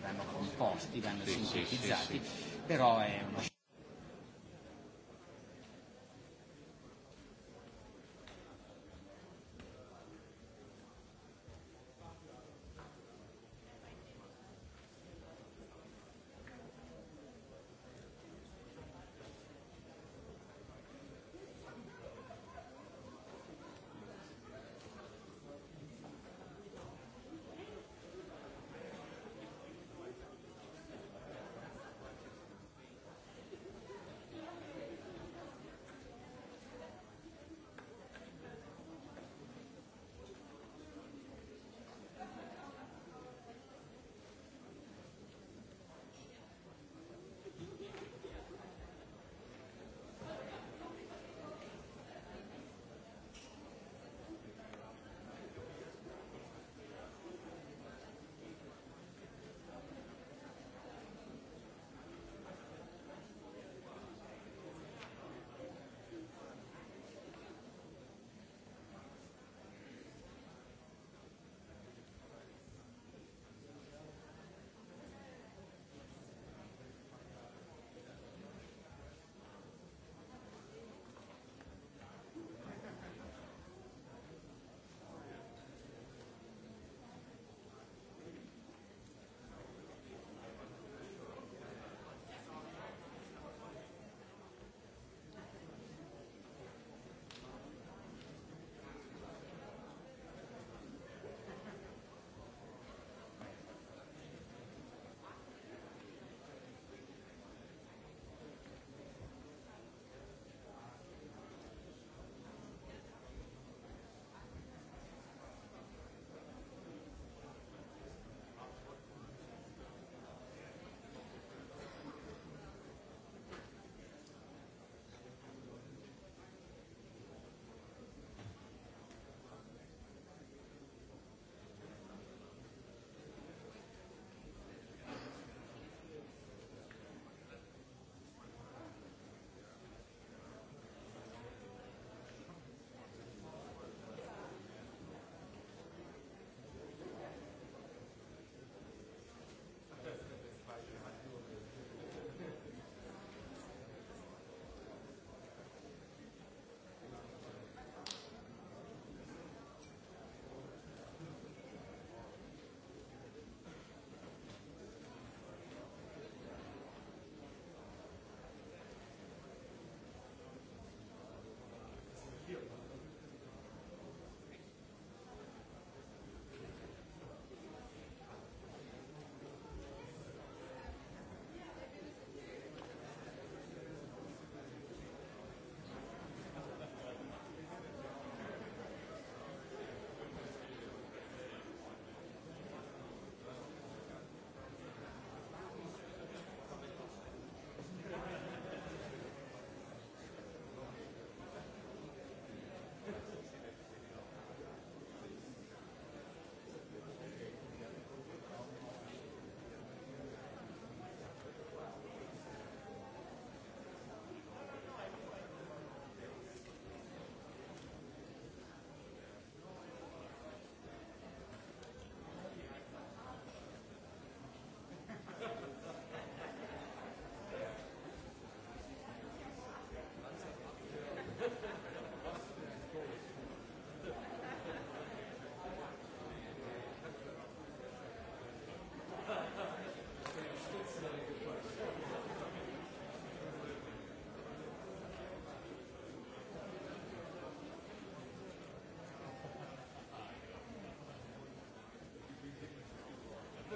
vanno composti, vanno sì, sintetizzati, sì, sì, sì. però è una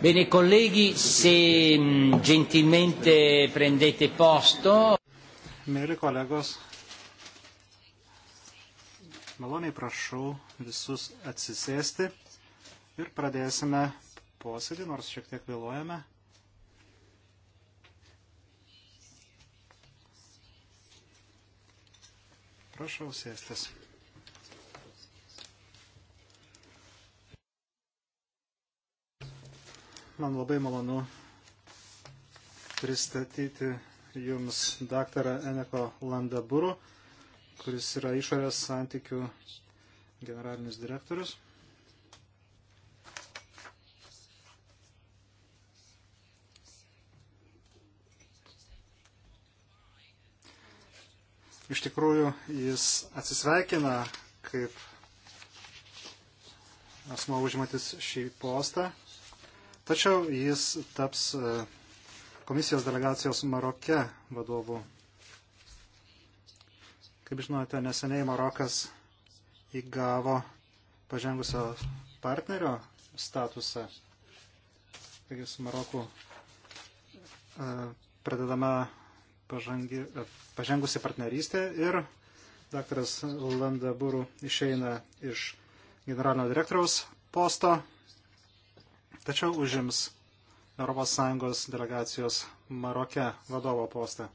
Bene, colleghi, se mm, gentilmente prendete posto. Mėly kolegos, maloniai prašau visus atsisėsti ir pradėsime posėdį, nors šiek tiek vėluojame. Prašau sėstis. Man labai malonu pristatyti Jums daktarą Eneko Landaburu, kuris yra išorės santykių generalinis direktorius. Iš tikrųjų, jis atsisveikina kaip asmo užimatis šį postą. Tačiau jis taps e, komisijos delegacijos Maroke vadovu. Kaip žinote, neseniai Marokas įgavo pažengusio partnerio statusą. Taigi su Maroku e, pradedama pažangi, e, pažengusi partnerystė ir daktaras Landabūrų išeina iš generalinio direktoriaus posto tačiau užims ES delegacijos Maroke vadovo postą.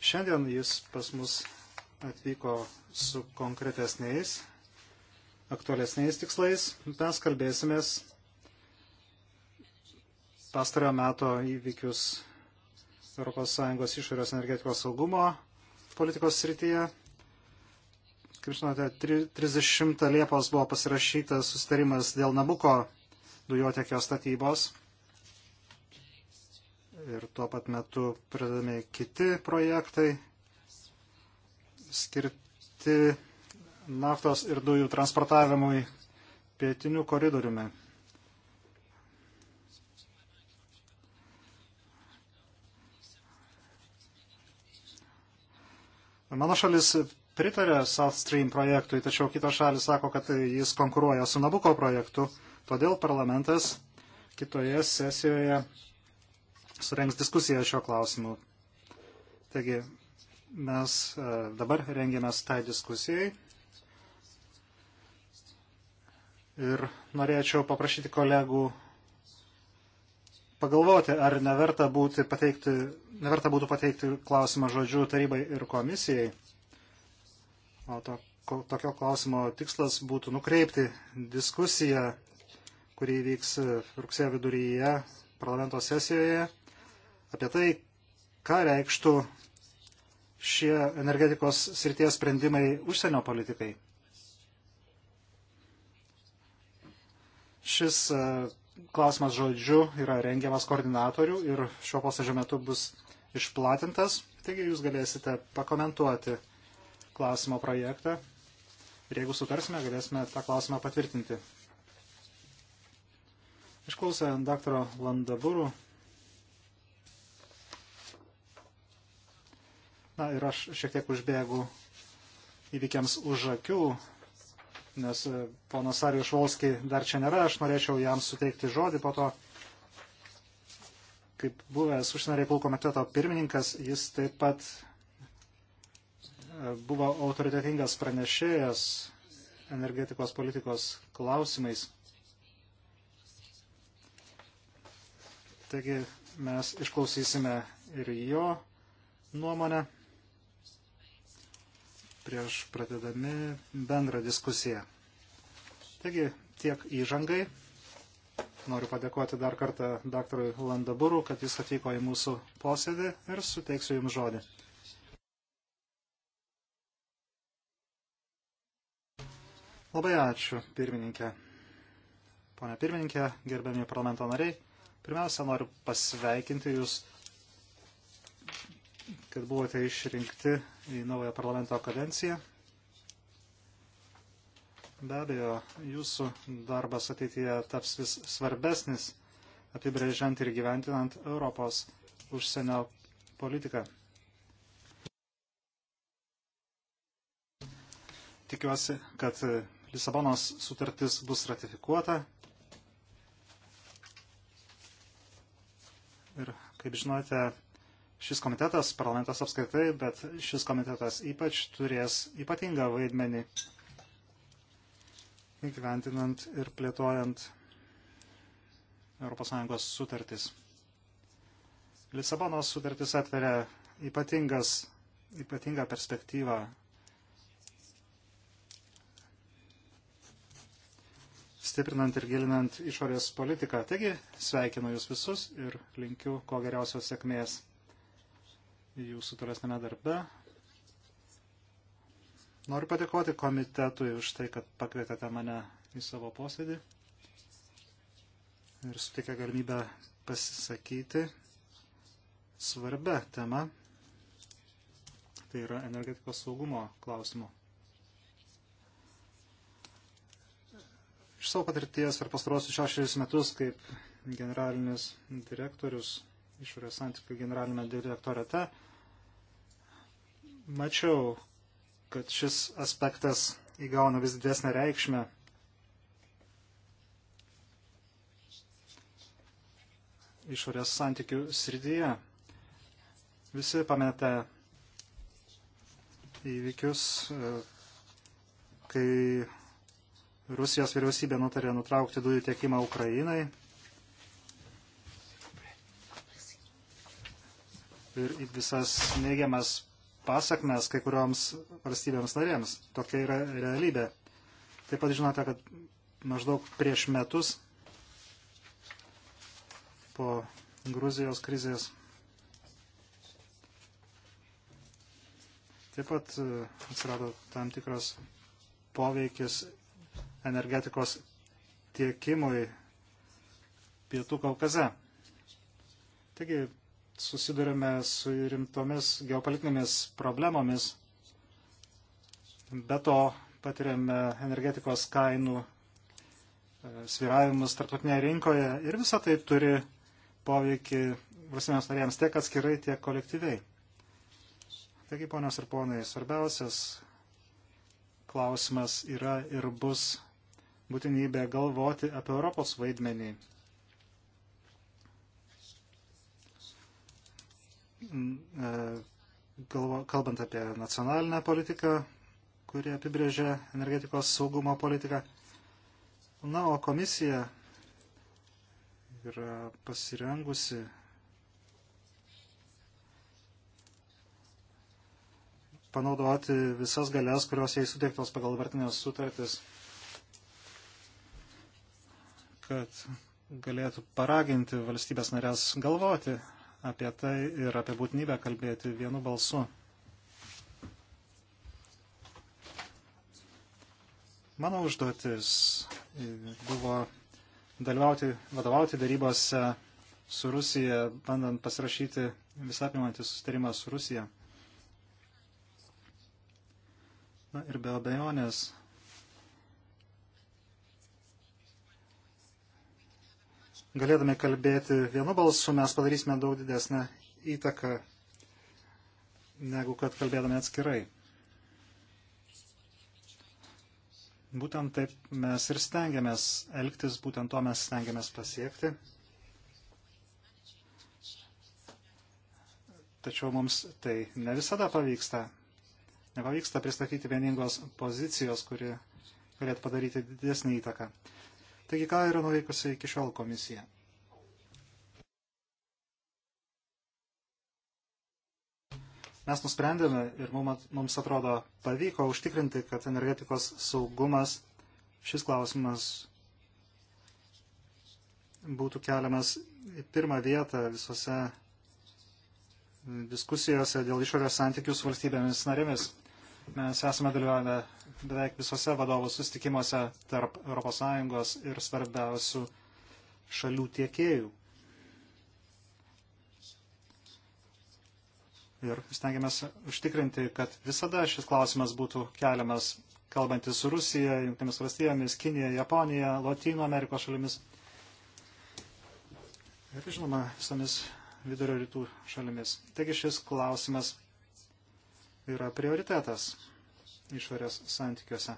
Šiandien jis pas mus atvyko su konkretesniais, aktualesniais tikslais. Mes kalbėsimės pastarojo meto įvykius ES išorės energetikos saugumo politikos srityje Kaip žinote, 30 Liepos buvo pasirašytas sustarimas dėl Nabuko dujotekio statybos. Ir tuo pat metu pradedami kiti projektai skirti naftos ir dujų transportavimui pietiniu koridoriumi. Mano šalis pritarė South Stream projektui, tačiau kitos šalis sako, kad jis konkuruoja su Nabuko projektu. Todėl parlamentas kitoje sesijoje surengs diskusiją šio klausimu. Taigi mes e, dabar rengiamės tai diskusijai. Ir norėčiau paprašyti kolegų pagalvoti, ar neverta, būti pateikti, neverta būtų pateikti klausimą žodžiu tarybai ir komisijai. O to, tokio klausimo tikslas būtų nukreipti diskusiją, kuri vyks rugsėjo viduryje parlamento sesijoje, apie tai, ką reikštų šie energetikos srities sprendimai užsienio politikai. Šis e, klausimas žodžiu yra rengiamas koordinatorių ir šio posėdžio metu bus išplatintas, taigi jūs galėsite pakomentuoti klausimo projektą ir jeigu sutarsime, galėsime tą klausimą patvirtinti. Išklausę dr. Landabūrų. Na ir aš šiek tiek užbėgu įvykiams už akių, nes e, ponas Arijus Volski dar čia nėra, aš norėčiau jam suteikti žodį po to kaip buvęs užsienio reikalų komiteto pirmininkas, jis taip pat buvo autoritetingas pranešėjas energetikos politikos klausimais. Taigi mes išklausysime ir jo nuomonę prieš pradedami bendrą diskusiją. Taigi tiek įžangai. Noriu padėkoti dar kartą daktarui Landaburu, kad jis atvyko į mūsų posėdį ir suteiksiu jums žodį. Labai ačiū, pirmininkė. Pone pirmininkė, gerbiami parlamento nariai, pirmiausia, noriu pasveikinti Jūs, kad buvote išrinkti į naują parlamento kadenciją. Be abejo, Jūsų darbas ateityje taps vis svarbesnis, apibrėžiant ir gyventinant Europos užsienio politiką. Tikiuosi, kad Lisabonos sutartis bus ratifikuota. Ir, kaip žinote, šis komitetas, parlamentas apskaitai, bet šis komitetas ypač turės ypatingą vaidmenį įgyventinant ir plėtojant ES sutartis. Lisabonos sutartis atveria ypatingas, ypatingą perspektyvą stiprinant ir gilinant išorės politiką. Taigi sveikinu Jūs visus ir linkiu kuo geriausios sėkmės Jūsų tolesnėme darbe. Noriu padėkoti komitetui už tai, kad pakvietėte mane į savo posėdį ir sutikė galimybę pasisakyti svarbę temą. Tai yra energetikos saugumo klausimų. Iš savo patirties per pastarosius šešerius metus kaip generalinis direktorius išorės santykių generalinėme direktorate, mačiau, kad šis aspektas įgauna vis didesnę reikšmę. Išorės santykių srityje. Visi pametė įvykius, e, kai Rusijos vyriausybė nutarė nutraukti dujų tiekimą Ukrainai. Ir visas neigiamas pasakmes kai kurioms valstybėms narėms. Tokia yra realybė. Taip pat žinote, kad maždaug prieš metus po Gruzijos krizės taip pat e, atsirado tam tikras poveikis energetikos tiekimui Pietų Kaukaze. Taigi susidurime su rimtomis geopolitinėmis problemomis, be to patiriame energetikos kainų e, sviravimus tarptautinėje rinkoje ir visą tai turi poveikį valstybėms narėms tiek atskirai, tiek kolektyviai. Taigi, ponios ir ponai, svarbiausias klausimas yra ir bus būtinybę galvoti apie Europos vaidmenį. E, galvo, kalbant apie nacionalinę politiką, kuri apibrėžia energetikos saugumo politiką. Na, o komisija yra pasirengusi panaudoti visas galės, kurios jai suteiktos pagal vartinės sutartis kad galėtų paraginti valstybės narės galvoti apie tai ir apie būtinybę kalbėti vienu balsu. Mano užduotis buvo dalyvauti, vadovauti darybose su Rusija, bandant pasirašyti visapimantį sustarimą su Rusija. Na ir be abejonės galėdami kalbėti vienu balsu, mes padarysime daug didesnę įtaką, negu kad kalbėdami atskirai. Būtent taip mes ir stengiamės elgtis, būtent to mes stengiamės pasiekti. Tačiau mums tai ne visada pavyksta. Nepavyksta pristatyti vieningos pozicijos, kuri galėtų padaryti didesnį įtaką. Taigi, ką yra nuveikusi iki šiol komisija? Mes nusprendėme ir mums atrodo pavyko užtikrinti, kad energetikos saugumas šis klausimas būtų keliamas į pirmą vietą visose diskusijose dėl išorės santykių su valstybėmis narėmis. Mes esame dalyvavę beveik visose vadovų sustikimuose tarp ES ir svarbiausių šalių tiekėjų. Ir stengiamės užtikrinti, kad visada šis klausimas būtų keliamas kalbantis su Rusija, Junktinėmis valstybėmis, Kinija, Japonija, Latino Amerikos šalimis. Ir žinoma, visomis vidurio rytų šalimis. Taigi šis klausimas yra prioritetas išorės santykiuose.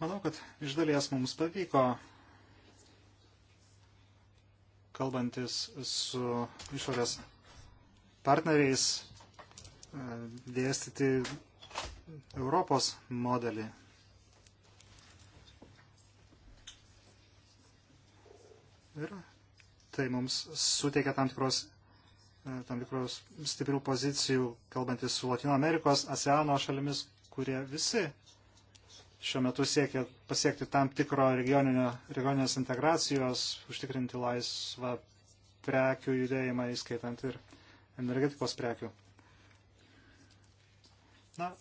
Manau, kad iš dalies mums pavyko, kalbantis su išorės partneriais, e, dėstyti Europos modelį Ir tai mums suteikia tam tikros e, tam tikros stiprių pozicijų, kalbantis su Latino Amerikos, ASEANO šalimis, kurie visi šiuo metu siekia pasiekti tam tikro regioninės integracijos, užtikrinti laisvą prekių judėjimą, įskaitant ir energetikos prekių. Na,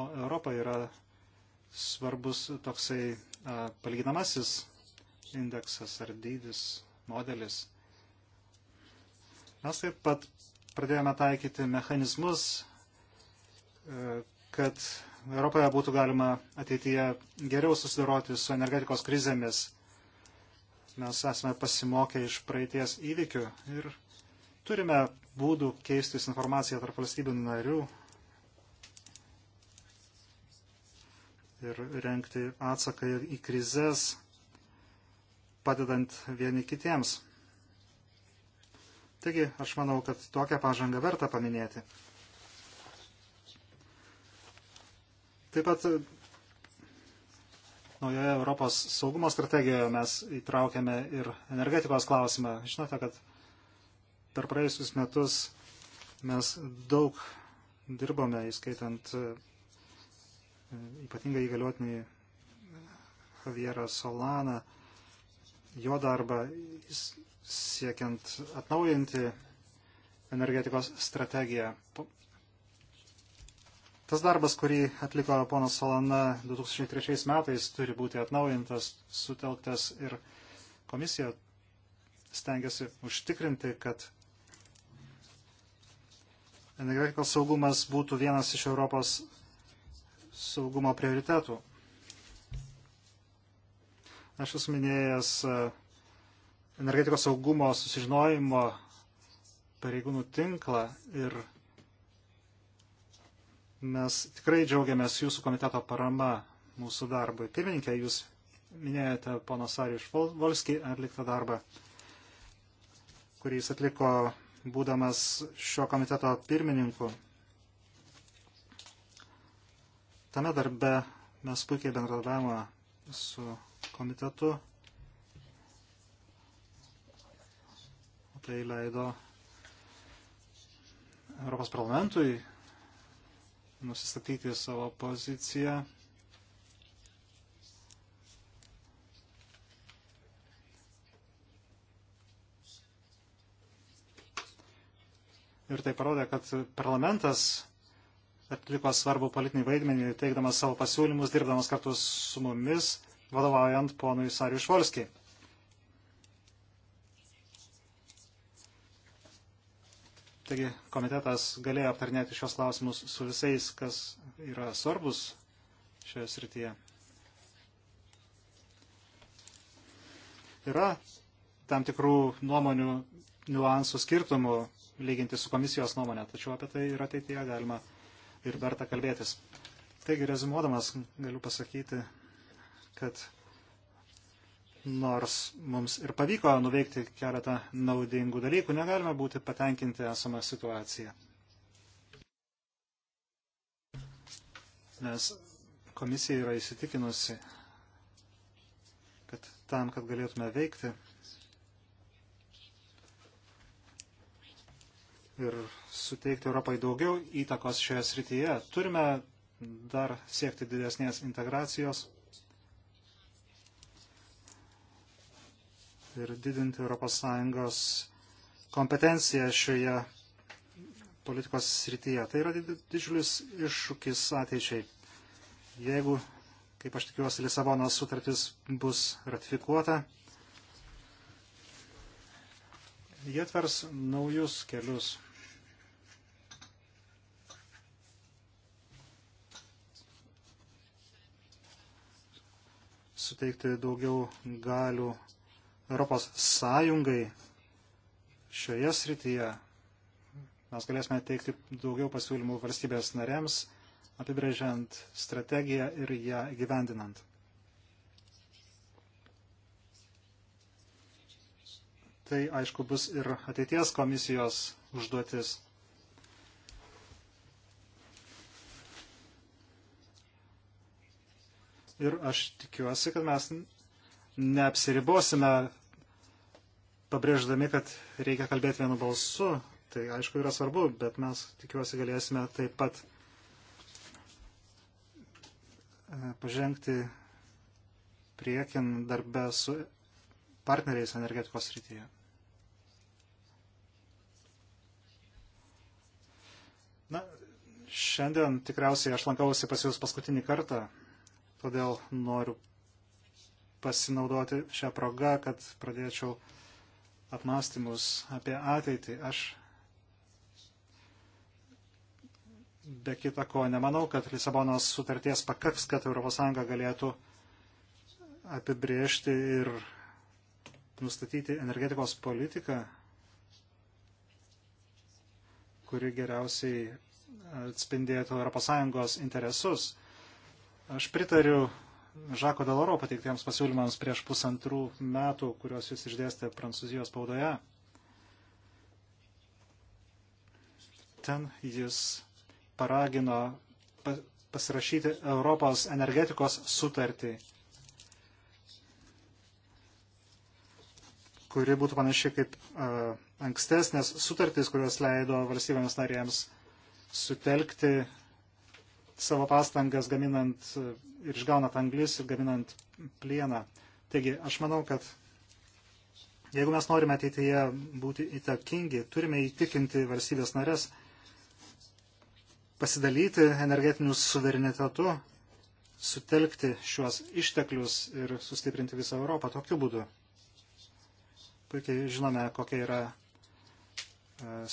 o Europa yra svarbus toksai a, palyginamasis indeksas ar dydis, modelis. Mes taip pat pradėjome taikyti mechanizmus, e, kad Europoje būtų galima ateityje geriau susidoroti su energetikos krizėmis. Mes esame pasimokę iš praeities įvykių ir turime būdų keistis informaciją tarp valstybių narių ir renkti atsaką į krizės padedant vieni kitiems. Taigi, aš manau, kad tokią pažangą verta paminėti. Taip pat e, naujoje Europos saugumo strategijoje mes įtraukėme ir energetikos klausimą. Žinote, kad per praėjusius metus mes daug dirbome, įskaitant e, ypatingai įgaliotinį Javierą Solaną jo darbą siekiant atnaujinti energetikos strategiją. Tas darbas, kurį atliko ponas Solana 2003 metais, turi būti atnaujintas, sutelktas ir komisija stengiasi užtikrinti, kad energetikos saugumas būtų vienas iš Europos saugumo prioritetų. Aš esu minėjęs e, energetikos saugumo susižinojimo pareigūnų tinklą ir mes tikrai džiaugiamės jūsų komiteto parama mūsų darbui. Pirmininkė, jūs minėjote pono Sarijus Volskį atliktą darbą, kurį jis atliko būdamas šio komiteto pirmininku. Tame darbe mes puikiai bendradavome su komitetu. Tai leido Europos parlamentui nusistatyti savo poziciją. Ir tai parodė, kad parlamentas atliko svarbų politinį vaidmenį, teikdamas savo pasiūlymus, dirbdamas kartu su mumis, vadovaujant ponui Sariu Švolskiai. Taigi komitetas galėjo aptarnėti šios klausimus su visais, kas yra svarbus šioje srityje. Yra tam tikrų nuomonių, niuansų skirtumų lyginti su komisijos nuomonė, tačiau apie tai ir ateityje galima ir verta kalbėtis. Taigi, rezumuodamas, galiu pasakyti, kad nors mums ir pavyko nuveikti keletą naudingų dalykų, negalime būti patenkinti esamą situaciją. Nes komisija yra įsitikinusi, kad tam, kad galėtume veikti ir suteikti Europai daugiau įtakos šioje srityje, turime dar siekti didesnės integracijos ir didinti ES kompetenciją šioje politikos srityje. Tai yra didžiulis iššūkis ateičiai. Jeigu, kaip aš tikiuosi, Lisabonos sutartis bus ratifikuota, jie atvers naujus kelius. suteikti daugiau galių Europos Sąjungai šioje srityje mes galėsime teikti daugiau pasiūlymų valstybės narėms, apibrėžiant strategiją ir ją gyvendinant. Tai aišku bus ir ateities komisijos užduotis. Ir aš tikiuosi, kad mes neapsiribosime pabrėždami, kad reikia kalbėti vienu balsu, tai aišku yra svarbu, bet mes tikiuosi galėsime taip pat e, pažengti priekin darbę su partneriais energetikos srityje. Na, šiandien tikriausiai aš lankausi pas Jūs paskutinį kartą, todėl noriu pasinaudoti šią progą, kad pradėčiau uh, apmąstymus apie ateitį. Aš be kita ko nemanau, kad Lisabonos sutarties pakaks, kad ES galėtų apibriežti ir nustatyti energetikos politiką, kuri geriausiai atspindėtų ES interesus. Aš pritariu Žako Deloro pateiktiems pasiūlymams prieš pusantrų metų, kuriuos jis išdėstė Prancūzijos spaudoje. Ten jis paragino pasirašyti Europos energetikos sutartį, kuri būtų panaši kaip ankstesnės sutartys, kurios leido valstybėms narėms sutelkti savo pastangas gaminant ir išgaunant anglis ir gaminant plieną. Taigi, aš manau, kad jeigu mes norime ateityje būti įtakingi, turime įtikinti valstybės narės pasidalyti energetiniu suverenitetu, sutelkti šiuos išteklius ir sustiprinti visą Europą tokiu būdu. Puikiai žinome, kokia yra e,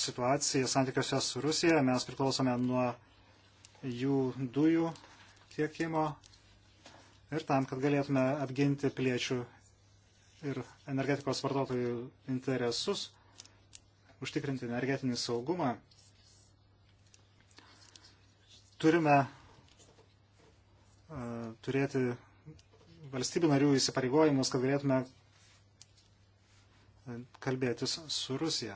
situacija santykiuose su Rusija. Mes priklausome nuo jų dujų tiekimo ir tam, kad galėtume apginti piliečių ir energetikos vartotojų interesus, užtikrinti energetinį saugumą, turime uh, turėti valstybių narių įsipareigojimus, kad galėtume e, kalbėtis su Rusija.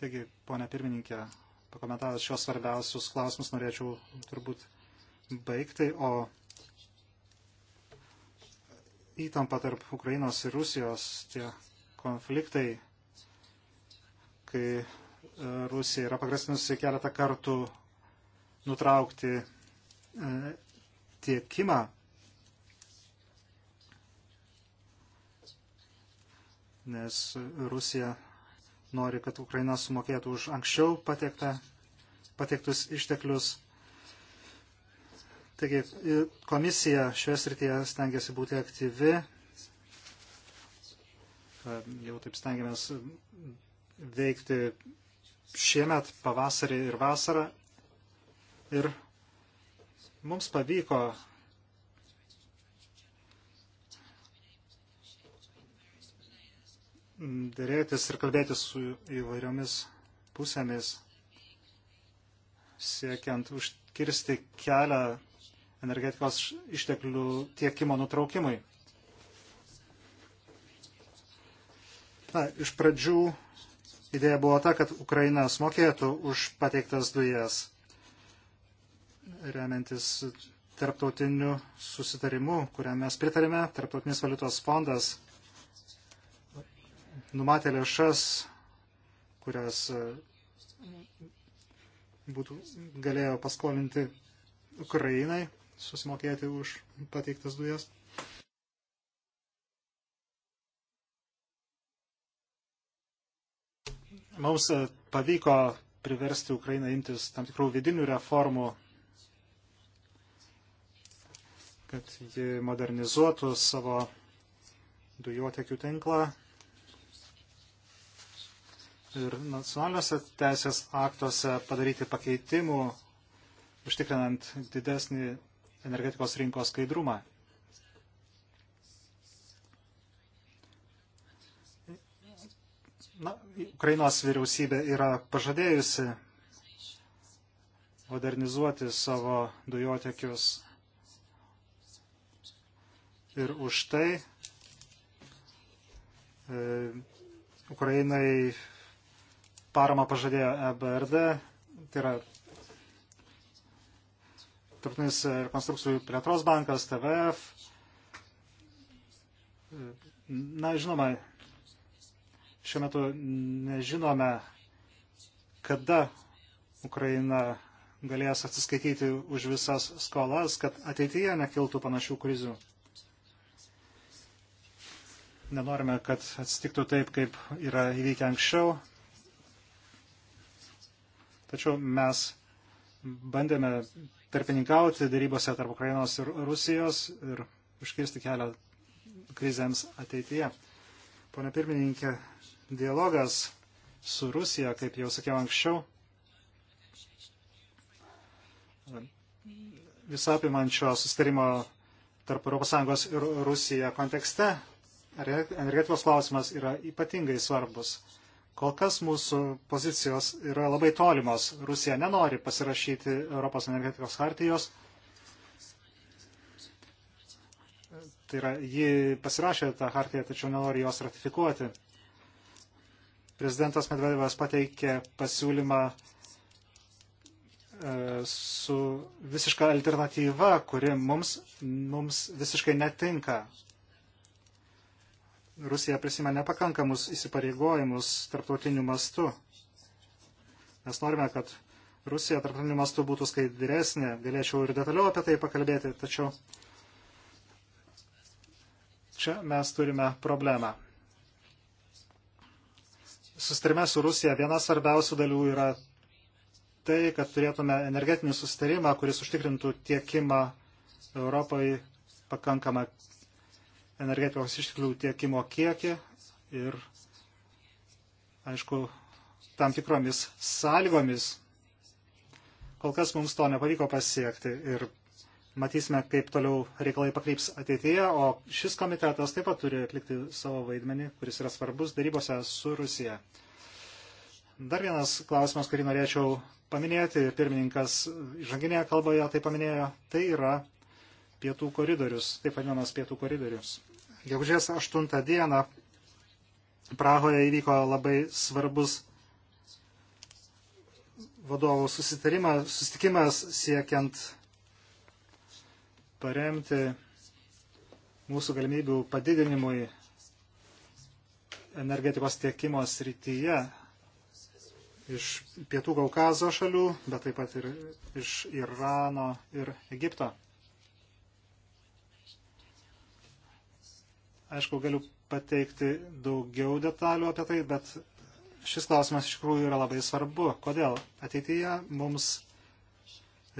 Taigi, ponia pirmininkė, pakomentavęs šios svarbiausius klausimus, norėčiau turbūt baigti, o įtampa tarp Ukrainos ir Rusijos, tie konfliktai, kai e, Rusija yra pagrasinusi keletą kartų nutraukti e, tiekimą. Nes Rusija nori, kad Ukraina sumokėtų už anksčiau pateiktą, pateiktus išteklius. Taigi komisija šioje srityje stengiasi būti aktyvi. E, jau taip stengiamės veikti šiemet, pavasarį ir vasarą. Ir mums pavyko dėrėtis ir kalbėtis su įvairiomis pusėmis, siekiant užkirsti kelią energetikos išteklių tiekimo nutraukimui. Na, iš pradžių idėja buvo ta, kad Ukraina smokėtų už pateiktas dujas, remiantis tarptautiniu susitarimu, kuriam mes pritarėme, tarptautinis valiutos fondas numatė lėšas, kurias e, būtų galėjo paskolinti Ukrainai, susimokėti už pateiktas dujas. Mums e, pavyko priversti Ukrainą imtis tam tikrų vidinių reformų, kad ji modernizuotų savo dujotekių tinklą, ir nacionaliniuose teisės aktuose padaryti pakeitimų, užtikrinant didesnį energetikos rinkos skaidrumą. Na, Ukrainos vyriausybė yra pažadėjusi modernizuoti savo dujotekius ir už tai e, Ukrainai paramą pažadėjo EBRD, tai yra Tarptautinis rekonstrukcijų plėtros bankas, TVF. Na, žinoma, šiuo metu nežinome, kada Ukraina galės atsiskaityti už visas skolas, kad ateityje nekiltų panašių krizių. Nenorime, kad atsitiktų taip, kaip yra įvykę anksčiau. Tačiau mes bandėme tarpininkauti darybose tarp Ukrainos ir Rusijos ir užkirsti kelią krizėms ateityje. Pone pirmininkė, dialogas su Rusija, kaip jau sakiau anksčiau, visapimančio sustarimo tarp ES ir Rusija kontekste energetikos klausimas yra ypatingai svarbus. Kol kas mūsų pozicijos yra labai tolimos. Rusija nenori pasirašyti Europos energetikos hartijos. Tai yra, ji pasirašė tą hartiją, tačiau nenori jos ratifikuoti. Prezidentas Medvedevas pateikė pasiūlymą e, su visiška alternatyva, kuri mums, mums visiškai netinka. Rusija prisima nepakankamus įsipareigojimus tarptautiniu mastu. Mes norime, kad Rusija tarptautiniu mastu būtų skaidresnė. Galėčiau ir detaliau apie tai pakalbėti, tačiau čia mes turime problemą. Sustarime su Rusija viena svarbiausių dalių yra tai, kad turėtume energetinį sustarimą, kuris užtikrintų tiekimą Europai pakankamą energetikos išteklių tiekimo kiekį ir, aišku, tam tikromis sąlygomis. Kol kas mums to nepavyko pasiekti ir matysime, kaip toliau reikalai pakryps ateityje, o šis komitetas taip pat turi atlikti savo vaidmenį, kuris yra svarbus darybose su Rusija. Dar vienas klausimas, kurį norėčiau paminėti, pirmininkas žanginėje kalboje tai paminėjo, tai yra pietų koridorius, taip vadinamas pietų koridorius. Gegužės 8 dieną Prahoje įvyko labai svarbus vadovų susitikimas siekiant paremti mūsų galimybių padidinimui energetikos tiekimo srityje iš Pietų Kaukazo šalių, bet taip pat ir iš Irano ir Egipto. Aišku, galiu pateikti daugiau detalių apie tai, bet šis klausimas iš tikrųjų yra labai svarbu. Kodėl ateityje mums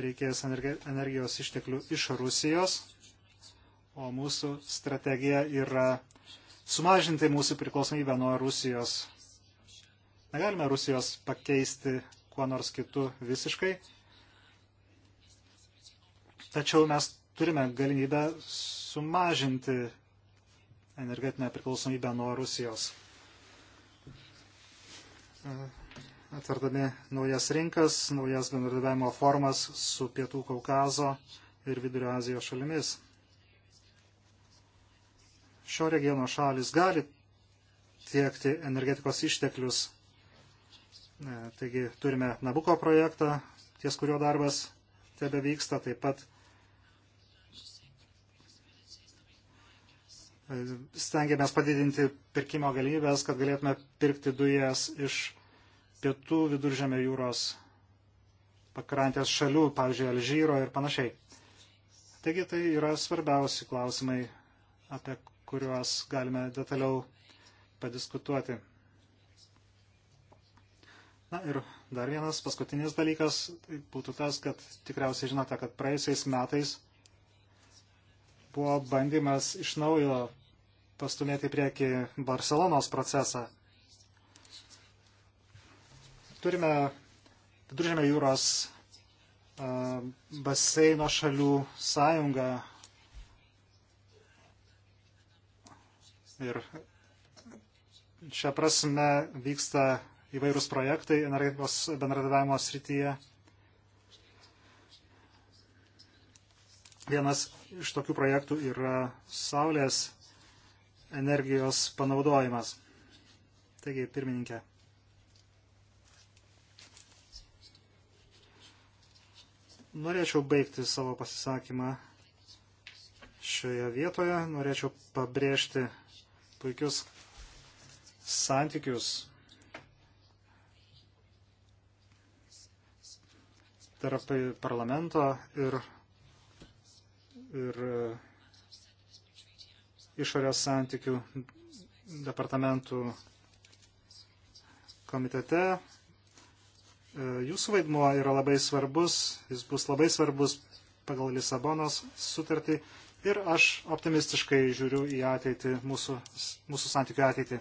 reikės energijos išteklių iš Rusijos, o mūsų strategija yra sumažinti mūsų priklausomybę nuo Rusijos. Negalime Rusijos pakeisti kuo nors kitu visiškai, tačiau mes turime galimybę sumažinti energetinę priklausomybę nuo Rusijos. E, atverdami naujas rinkas, naujas bendradarbiavimo formas su Pietų Kaukazo ir Vidurio Azijos šalimis. Šio regiono šalis gali tiekti energetikos išteklius. E, taigi turime Nabuko projektą, ties kurio darbas tebe vyksta, taip pat stengiamės padidinti pirkimo galimybės, kad galėtume pirkti dujas iš pietų viduržėmio jūros pakrantės šalių, pavyzdžiui, Alžyro ir panašiai. Taigi tai yra svarbiausi klausimai, apie kuriuos galime detaliau padiskutuoti. Na ir dar vienas paskutinis dalykas tai būtų tas, kad tikriausiai žinote, kad praėjusiais metais buvo bandymas iš naujo pastumėti prieki Barcelonos procesą. Turime Viduržėmio jūros baseino šalių sąjungą ir šią prasme vyksta įvairūs projektai energetikos bendradarbiavimo srityje. Vienas iš tokių projektų yra Saulės energijos panaudojimas. Taigi, pirmininkė. Norėčiau baigti savo pasisakymą šioje vietoje. Norėčiau pabrėžti puikius santykius tarp parlamento ir, ir išorės santykių departamentų komitete. E, jūsų vaidmuo yra labai svarbus, jis bus labai svarbus pagal Lisabonos sutartį ir aš optimistiškai žiūriu į ateitį, mūsų, mūsų santykių ateitį.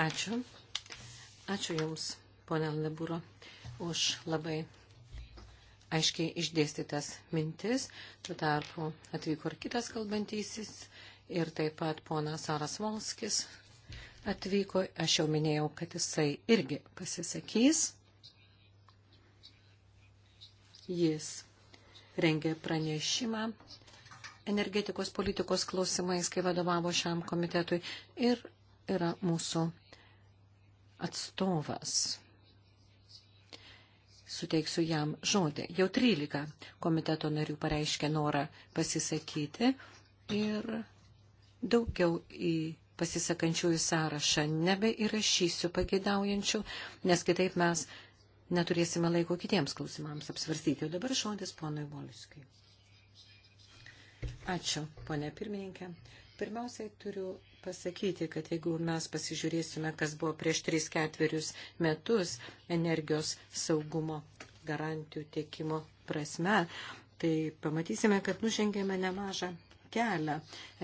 Ačiū. Ačiū Jums, ponė Leburo, už labai aiškiai išdėstytas mintis. Tuo tarpu atvyko ir kitas kalbantysis ir taip pat ponas Saras Volskis atvyko. Aš jau minėjau, kad jisai irgi pasisakys. Jis rengė pranešimą energetikos politikos klausimais, kai vadovavo šiam komitetui ir yra mūsų atstovas suteiksiu jam žodį. Jau 13 komiteto narių pareiškė norą pasisakyti ir daugiau į pasisakančiųjų sąrašą nebeįrašysiu pagėdaujančių, nes kitaip mes neturėsime laiko kitiems klausimams apsvarstyti. O dabar žodis ponui Voliskiui. Ačiū, ponė pirmininkė. Pirmiausiai turiu pasakyti, kad jeigu mes pasižiūrėsime, kas buvo prieš 3-4 metus energijos saugumo garantijų tiekimo prasme, tai pamatysime, kad nužengėme nemažą kelią.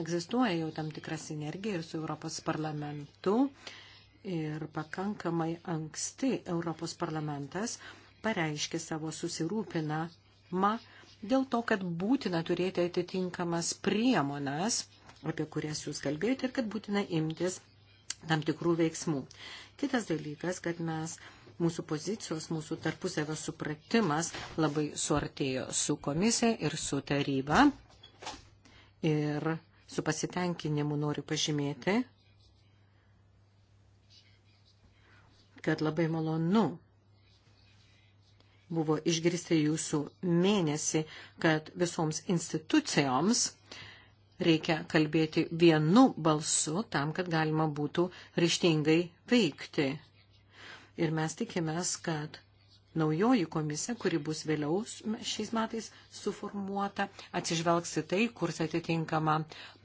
Egzistuoja jau tam tikra sinergija ir su Europos parlamentu. Ir pakankamai anksti Europos parlamentas pareiškė savo susirūpinamą dėl to, kad būtina turėti atitinkamas priemonas apie kurias jūs kalbėjote ir kad būtina imtis tam tikrų veiksmų. Kitas dalykas, kad mes mūsų pozicijos, mūsų tarpusavio supratimas labai suartėjo su komisija ir su taryba. Ir su pasitenkinimu noriu pažymėti, kad labai malonu buvo išgirsti jūsų mėnesį, kad visoms institucijoms reikia kalbėti vienu balsu tam, kad galima būtų ryštingai veikti. Ir mes tikimės, kad naujoji komisija, kuri bus vėliau šiais metais suformuota, atsižvelgs į tai, kurs atitinkama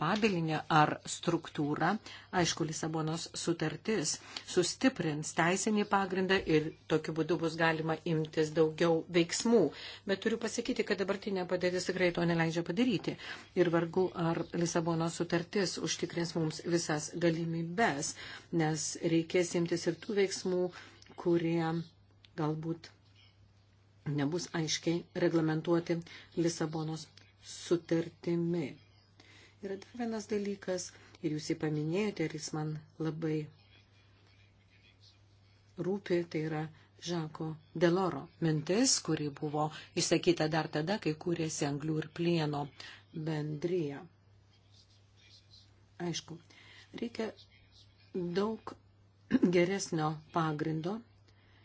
padalinė ar struktūra. Aišku, Lisabonos sutartis sustiprins teisinį pagrindą ir tokiu būdu bus galima imtis daugiau veiksmų. Bet turiu pasakyti, kad dabartinė padėtis tikrai to neleidžia padaryti. Ir vargu, ar Lisabonos sutartis užtikrins mums visas galimybės, nes reikės imtis ir tų veiksmų, kurie galbūt nebus aiškiai reglamentuoti Lisabonos sutartimi. Yra dar vienas dalykas, ir jūs jį paminėjote, ir jis man labai rūpi, tai yra Žako Deloro mintis, kuri buvo išsakyta dar tada, kai kūrėsi anglių ir plieno bendryje. Aišku, reikia daug geresnio pagrindo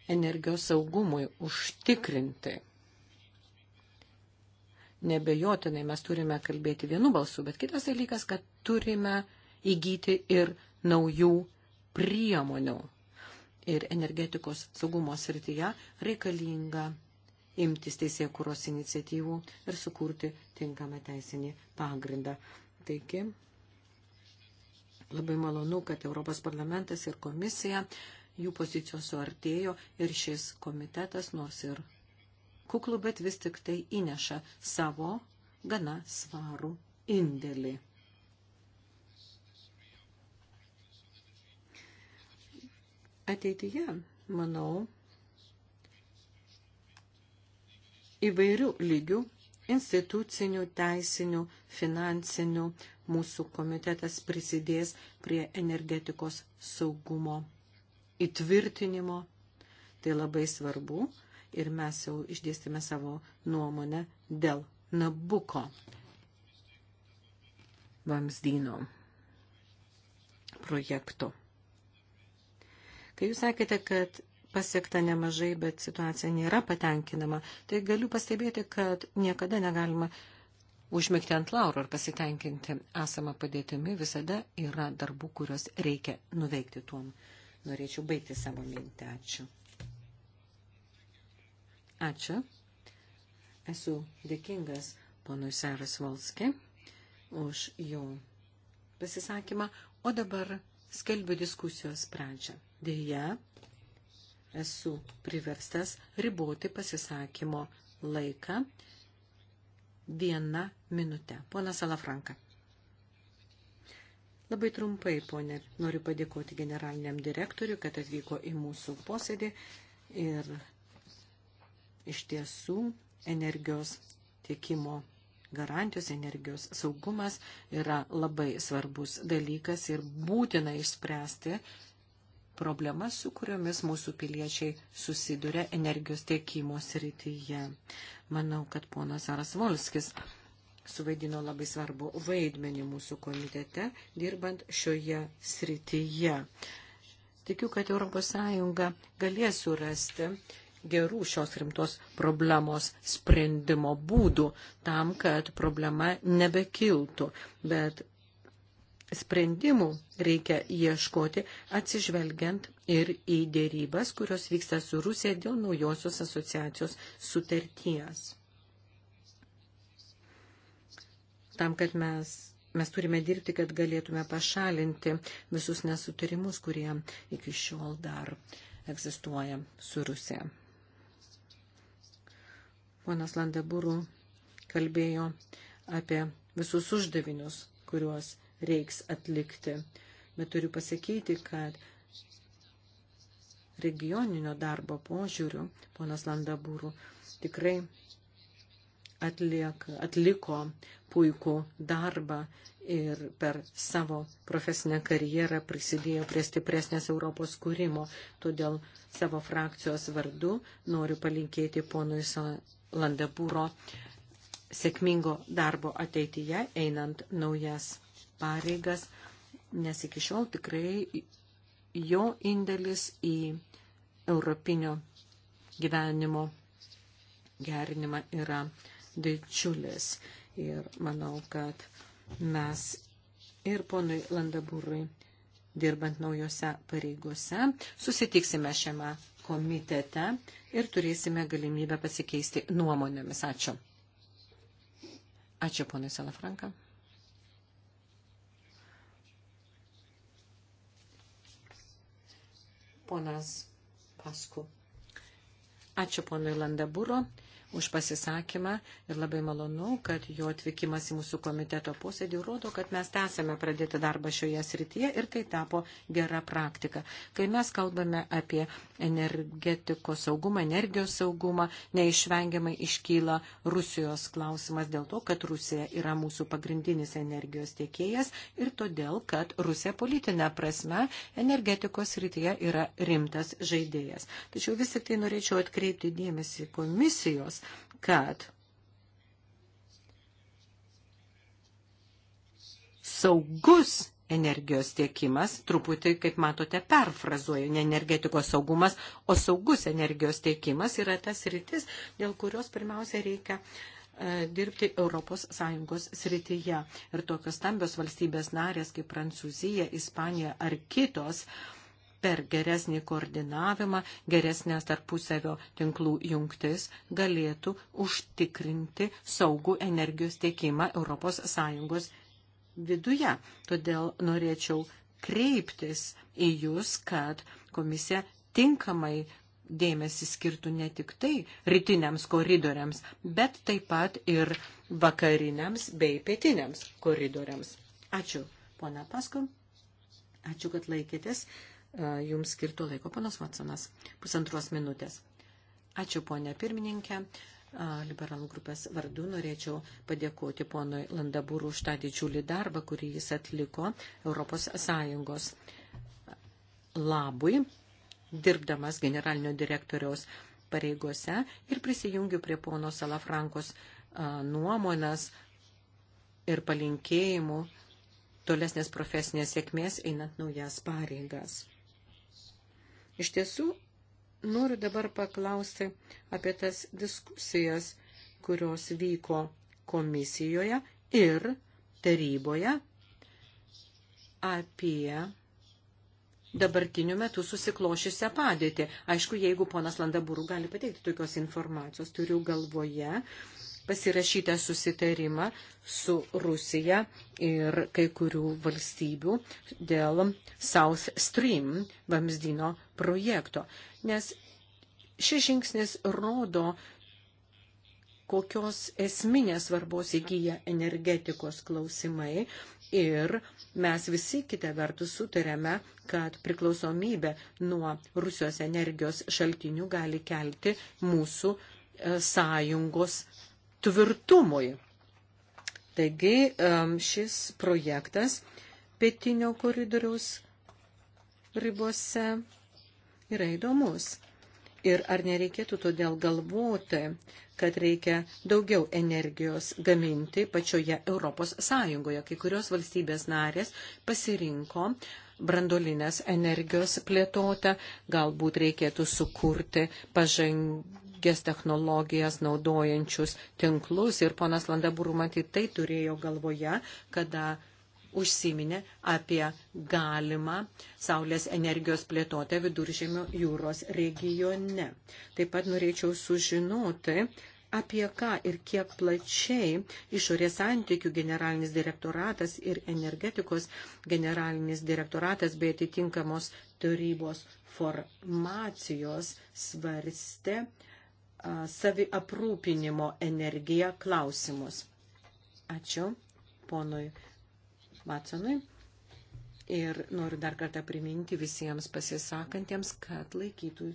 energijos saugumui užtikrinti. Nebejotinai mes turime kalbėti vienu balsu, bet kitas dalykas, kad turime įgyti ir naujų priemonių. Ir energetikos saugumo srityje reikalinga imtis teisėkuros iniciatyvų ir sukurti tinkamą teisinį pagrindą. Taigi, labai malonu, kad Europos parlamentas ir komisija jų pozicijos suartėjo ir šis komitetas, nors ir kuklų, bet vis tik tai įneša savo gana svarų indėlį. Ateityje, manau, įvairių lygių institucinių, teisinių, finansinių mūsų komitetas prisidės prie energetikos saugumo įtvirtinimo. Tai labai svarbu ir mes jau išdėstėme savo nuomonę dėl Nabuko vamzdyno projektų. Kai jūs sakėte, kad pasiekta nemažai, bet situacija nėra patenkinama, tai galiu pastebėti, kad niekada negalima užmigti ant lauro ir pasitenkinti esamą padėtimi, visada yra darbų, kuriuos reikia nuveikti tuom Norėčiau baigti savo mintį. Ačiū. Ačiū. Esu dėkingas ponui Saras Volski už jo pasisakymą, o dabar skelbiu diskusijos pradžią. Deja, esu priverstas riboti pasisakymo laiką vieną minutę. Pona Salafranka. Labai trumpai, ponė, noriu padėkoti generaliniam direktoriui, kad atvyko į mūsų posėdį ir iš tiesų energijos tiekimo garantijos, energijos saugumas yra labai svarbus dalykas ir būtina išspręsti problemas, su kuriomis mūsų piliečiai susiduria energijos tiekimo srityje. Manau, kad ponas Aras Volskis suvaidino labai svarbu vaidmenį mūsų komitete, dirbant šioje srityje. Tikiu, kad ES galės surasti gerų šios rimtos problemos sprendimo būdų tam, kad problema nebekiltų, bet sprendimų reikia ieškoti atsižvelgiant ir į dėrybas, kurios vyksta su Rusija dėl naujosios asociacijos sutarties. tam, kad mes, mes turime dirbti, kad galėtume pašalinti visus nesutarimus, kurie iki šiol dar egzistuoja su Rusija. Ponas Landebūrų kalbėjo apie visus uždavinius, kuriuos reiks atlikti. Bet turiu pasakyti, kad regioninio darbo požiūrių, ponas Landabūrų, tikrai atliek, atliko puikų darbą ir per savo profesinę karjerą prisidėjo prie stipresnės Europos kūrimo. Todėl savo frakcijos vardu noriu palinkėti ponui Landabūro sėkmingo darbo ateityje, einant naujas pareigas, nes iki šiol tikrai jo indėlis į europinio gyvenimo gerinimą yra uh, didžiulis. Ir manau, kad mes ir ponui Landabūrui, dirbant naujose pareigose, susitiksime šiame komitete ir turėsime galimybę pasikeisti nuomonėmis. Ačiū. Ačiū, ponai Salafranka. Ponas Pasku. Ačiū ponui Landaburo už pasisakymą ir labai malonu, kad jo atvykimas į mūsų komiteto posėdį rodo, kad mes tęsėme pradėti darbą šioje srityje ir tai tapo gera praktika. Kai mes kalbame apie energetikos saugumą, energijos saugumą, neišvengiamai iškyla Rusijos klausimas dėl to, kad Rusija yra mūsų pagrindinis energijos tiekėjas ir todėl, kad Rusija politinė prasme energetikos srityje yra rimtas žaidėjas. Tačiau vis tik tai norėčiau atkreipti dėmesį komisijos kad saugus energijos tiekimas, truputį, kaip matote, perfrazuoju, ne energetikos saugumas, o saugus energijos tiekimas yra tas rytis, dėl kurios pirmiausia reikia e, dirbti ES srityje. Ir tokios stambios valstybės narės kaip Prancūzija, Ispanija ar kitos per geresnį koordinavimą, geresnės tarpusavio tinklų jungtis galėtų užtikrinti saugų energijos tiekimą ES viduje. Todėl norėčiau kreiptis į Jūs, kad komisija tinkamai dėmesį skirtų ne tik tai rytiniams koridoriams, bet taip pat ir vakariniams bei pietiniams koridoriams. Ačiū, pona Pasku. Ačiū, kad laikėtės E, jums skirtų laiko. Panas Vatsonas, pusantros minutės. Ačiū, ponė pirmininkė. E, liberalų grupės vardu norėčiau padėkoti ponui Landabūrų už tą didžiulį darbą, kurį jis atliko Europos Sąjungos labui, dirbdamas generalinio direktoriaus pareigose ir prisijungiu prie pono Salafrankos e, nuomonės ir palinkėjimų tolesnės profesinės sėkmės einant naujas pareigas. Iš tiesų, noriu dabar paklausti apie tas diskusijas, kurios vyko komisijoje ir taryboje apie dabartiniu metu susiklošysią padėtį. Aišku, jeigu ponas Landaburų gali pateikti tokios informacijos, turiu galvoje pasirašytą susitarimą su Rusija ir kai kurių valstybių dėl South Stream vamzdino projekto, nes šis žingsnis rodo, kokios esminės svarbos įgyja energetikos klausimai ir mes visi kitą vertus sutarėme, kad priklausomybė nuo Rusijos energijos šaltinių gali kelti mūsų e, sąjungos tvirtumui. Taigi e, šis projektas pietinio koridoriaus ribose yra įdomus. Ir ar nereikėtų todėl galvoti, kad reikia daugiau energijos gaminti pačioje Europos Sąjungoje. Kai kurios valstybės narės pasirinko brandolinės energijos plėtotę, galbūt reikėtų sukurti pažangį energijas technologijas naudojančius tinklus. Ir ponas Landabūrų matyt tai turėjo galvoje, kada užsiminė apie galimą Saulės energijos plėtotę viduržėmio jūros regione. Taip pat norėčiau sužinoti, apie ką ir kiek plačiai išorės santykių generalinis direktoratas ir energetikos generalinis direktoratas bei atitinkamos tarybos formacijos svarstė savi aprūpinimo energiją klausimus. Ačiū ponui Vatsonui. Ir noriu dar kartą priminti visiems pasisakantiems, kad, laikytų,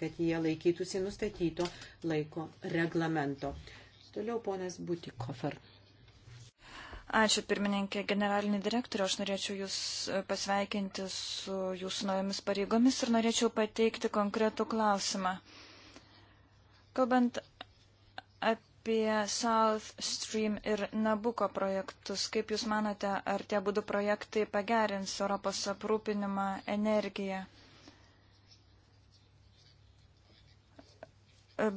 kad jie laikytųsi nustatyto laiko reglamento. Toliau ponas Butikofer. Ačiū pirmininkė, generalinį direktorių. Aš norėčiau Jūs e, pasveikinti su Jūsų naujomis pareigomis ir norėčiau pateikti konkretų klausimą. Kalbant apie apie South Stream ir Nabuko projektus. Kaip Jūs manote, ar tie būdų projektai pagerins Europos aprūpinimą energiją?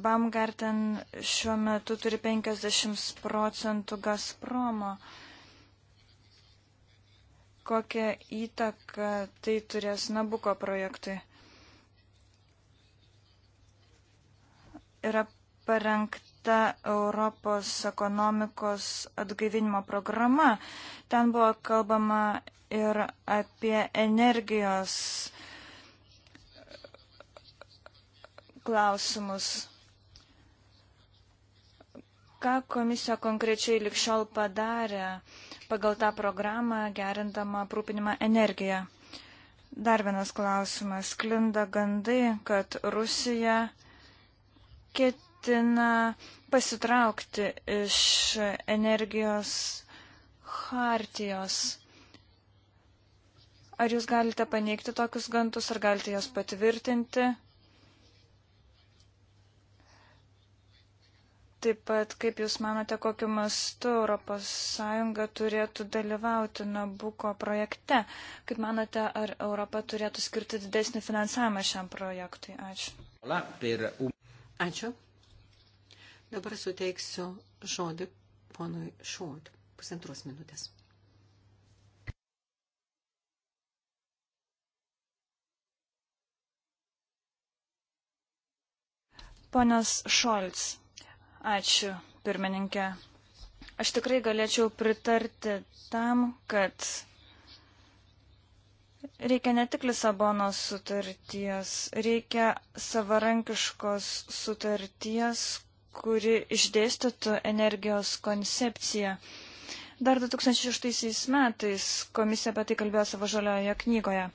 Baumgarten šiuo metu turi 50 procentų Gazpromo. Kokią įtaką tai turės Nabuko projektui? Yra parengt, pateikta Europos ekonomikos atgaivinimo programa. Ten buvo kalbama ir apie energijos klausimus. Ką komisija konkrečiai likščiol padarė pagal tą programą, gerindama aprūpinimą energiją? Dar vienas klausimas. Klinda gandai, kad Rusija ket, ketina pasitraukti iš energijos hartijos. Ar jūs galite paneigti tokius gantus, ar galite juos patvirtinti? Taip pat, kaip Jūs manote, kokiu mastu ES turėtų dalyvauti Nabuko projekte? Kaip manote, ar Europa turėtų skirti didesnį finansavimą šiam projektui? Ačiū. Ačiū. Dabar suteiksiu žodį ponui Šod. Pusantros minutės. Ponas Šolts, ačiū pirmininkė. Aš tikrai galėčiau pritarti tam, kad reikia ne tik Lisabonos sutarties, reikia savarankiškos sutarties, kuri išdėstytų energijos koncepciją. Dar 2006 metais komisija apie tai kalbėjo savo žalioje knygoje.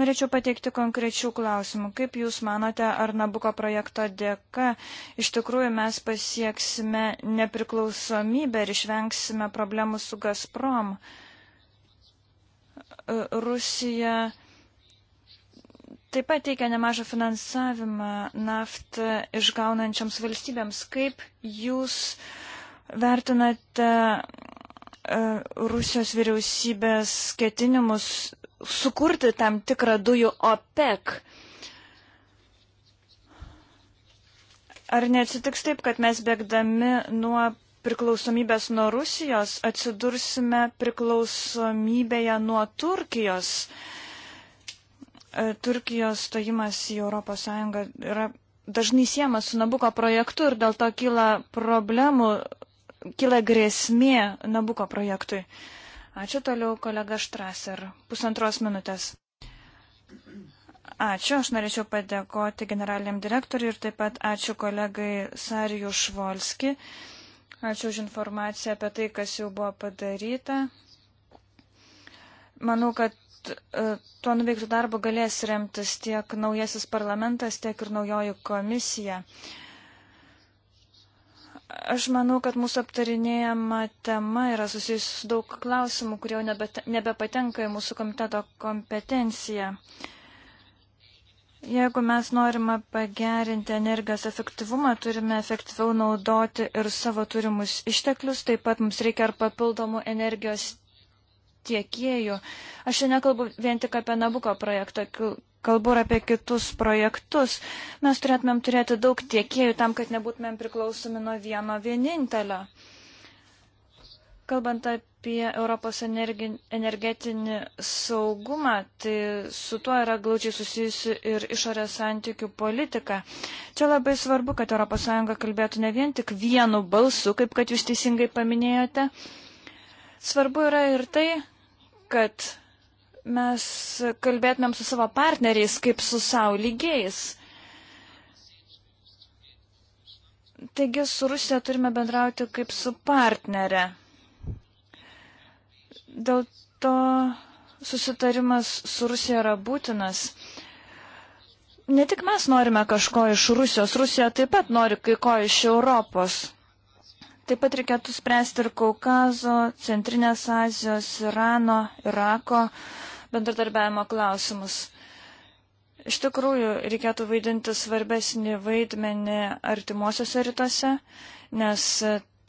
Norėčiau pateikti konkrečių klausimų. Kaip Jūs manote, ar Nabuko projekto dėka iš tikrųjų mes pasieksime nepriklausomybę ir išvengsime problemų su Gazprom? Rusija taip pat teikia nemažą finansavimą naftą išgaunančiams valstybėms. Kaip jūs vertinate e, Rusijos vyriausybės ketinimus sukurti tam tikrą dujų OPEC? Ar neatsitiks taip, kad mes bėgdami nuo priklausomybės nuo Rusijos atsidursime priklausomybėje nuo Turkijos? Uh, E, Turkijos stojimas į ES yra dažnai siemas su Nabuko projektu ir dėl to kyla problemų, kyla grėsmė Nabuko projektui. Ačiū toliau kolega Štraser. Pusantros minutės. Ačiū, aš norėčiau padėkoti generaliniam direktoriui ir taip pat ačiū kolegai Sarijų Švolski. Ačiū už informaciją apie tai, kas jau buvo padaryta. Manau, kad E, tuo nuveiktų darbu galės remtis tiek naujasis parlamentas, tiek ir naujoji komisija. Aš manau, kad mūsų aptarinėjama tema yra susijusi su daug klausimų, kurie jau nebe, nebepatenka į mūsų komiteto kompetenciją. Jeigu mes norime pagerinti energijos efektyvumą, turime efektyviau naudoti ir savo turimus išteklius, taip pat mums reikia ir papildomų energijos tiekėjų. Aš čia nekalbu vien tik apie Nabuko projektą, kalbu ir apie kitus projektus. Mes turėtumėm turėti daug tiekėjų tam, kad nebūtumėm priklausomi nuo vieno vienintelio. Kalbant apie Europos energetinį saugumą, tai su tuo yra glaučiai susijusi ir išorės santykių politika. Čia labai svarbu, kad ES kalbėtų ne vien tik vienu balsu, kaip kad jūs teisingai paminėjote. Svarbu yra ir tai, kad mes kalbėtumėm su savo partneriais kaip su savo lygiais. Taigi su Rusija turime bendrauti kaip su partnerė. Dėl to susitarimas su Rusija yra būtinas. Ne tik mes norime kažko iš Rusijos, Rusija taip pat nori kai ko iš Europos. Taip pat reikėtų spręsti ir Kaukazo, Centrinės Azijos, Irano, Irako bendradarbiavimo klausimus. Iš tikrųjų, reikėtų vaidinti svarbesnį vaidmenį artimuosiuose rytuose, nes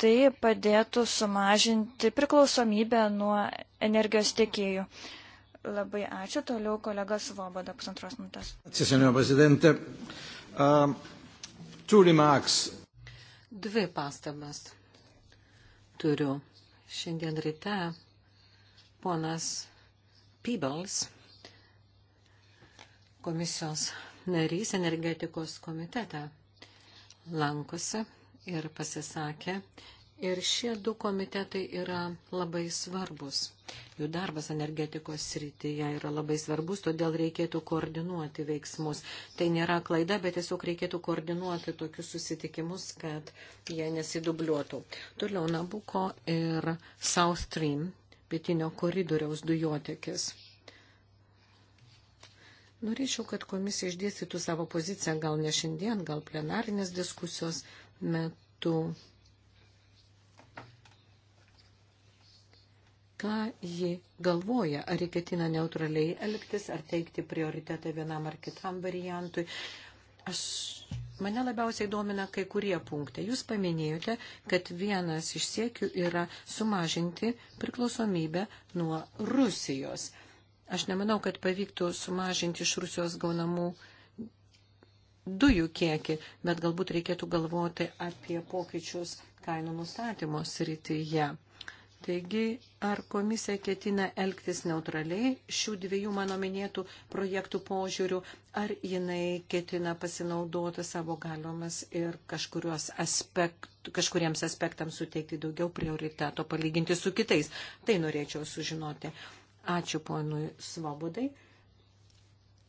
tai padėtų sumažinti priklausomybę nuo energijos tiekėjų. Labai ačiū. Toliau kolega Svoboda, pusantros minutės. Ačiū, senio prezidente. Uh, Dvi pastabas turiu. Šiandien ryte ponas Pybels, komisijos narys energetikos komitete, lankosi ir pasisakė Ir šie du komitetai yra labai svarbus. Jų darbas energetikos srityje yra labai svarbus, todėl reikėtų koordinuoti veiksmus. Tai nėra klaida, bet tiesiog reikėtų koordinuoti tokius susitikimus, kad jie nesidubliuotų. Toliau Nabuko ir South Stream, pietinio koridoriaus dujotekis. Norėčiau, kad komisija išdėstytų savo poziciją, gal ne šiandien, gal plenarinės diskusijos metu ką ji galvoja, ar ji ketina neutraliai elgtis, ar teikti prioritetą vienam ar kitam variantui. Aš Mane labiausiai domina kai kurie punktai. Jūs paminėjote, kad vienas iš siekių yra sumažinti priklausomybę nuo Rusijos. Aš nemanau, kad pavyktų sumažinti iš Rusijos gaunamų dujų kiekį, bet galbūt reikėtų galvoti apie pokyčius kainų nustatymo srityje. Taigi, ar komisija ketina elgtis neutraliai šių dviejų mano minėtų projektų požiūrių, ar jinai ketina pasinaudoti savo galiomis ir aspekt, kažkuriems aspektams suteikti daugiau prioriteto palyginti su kitais. Tai norėčiau sužinoti. Ačiū ponui Svobodai.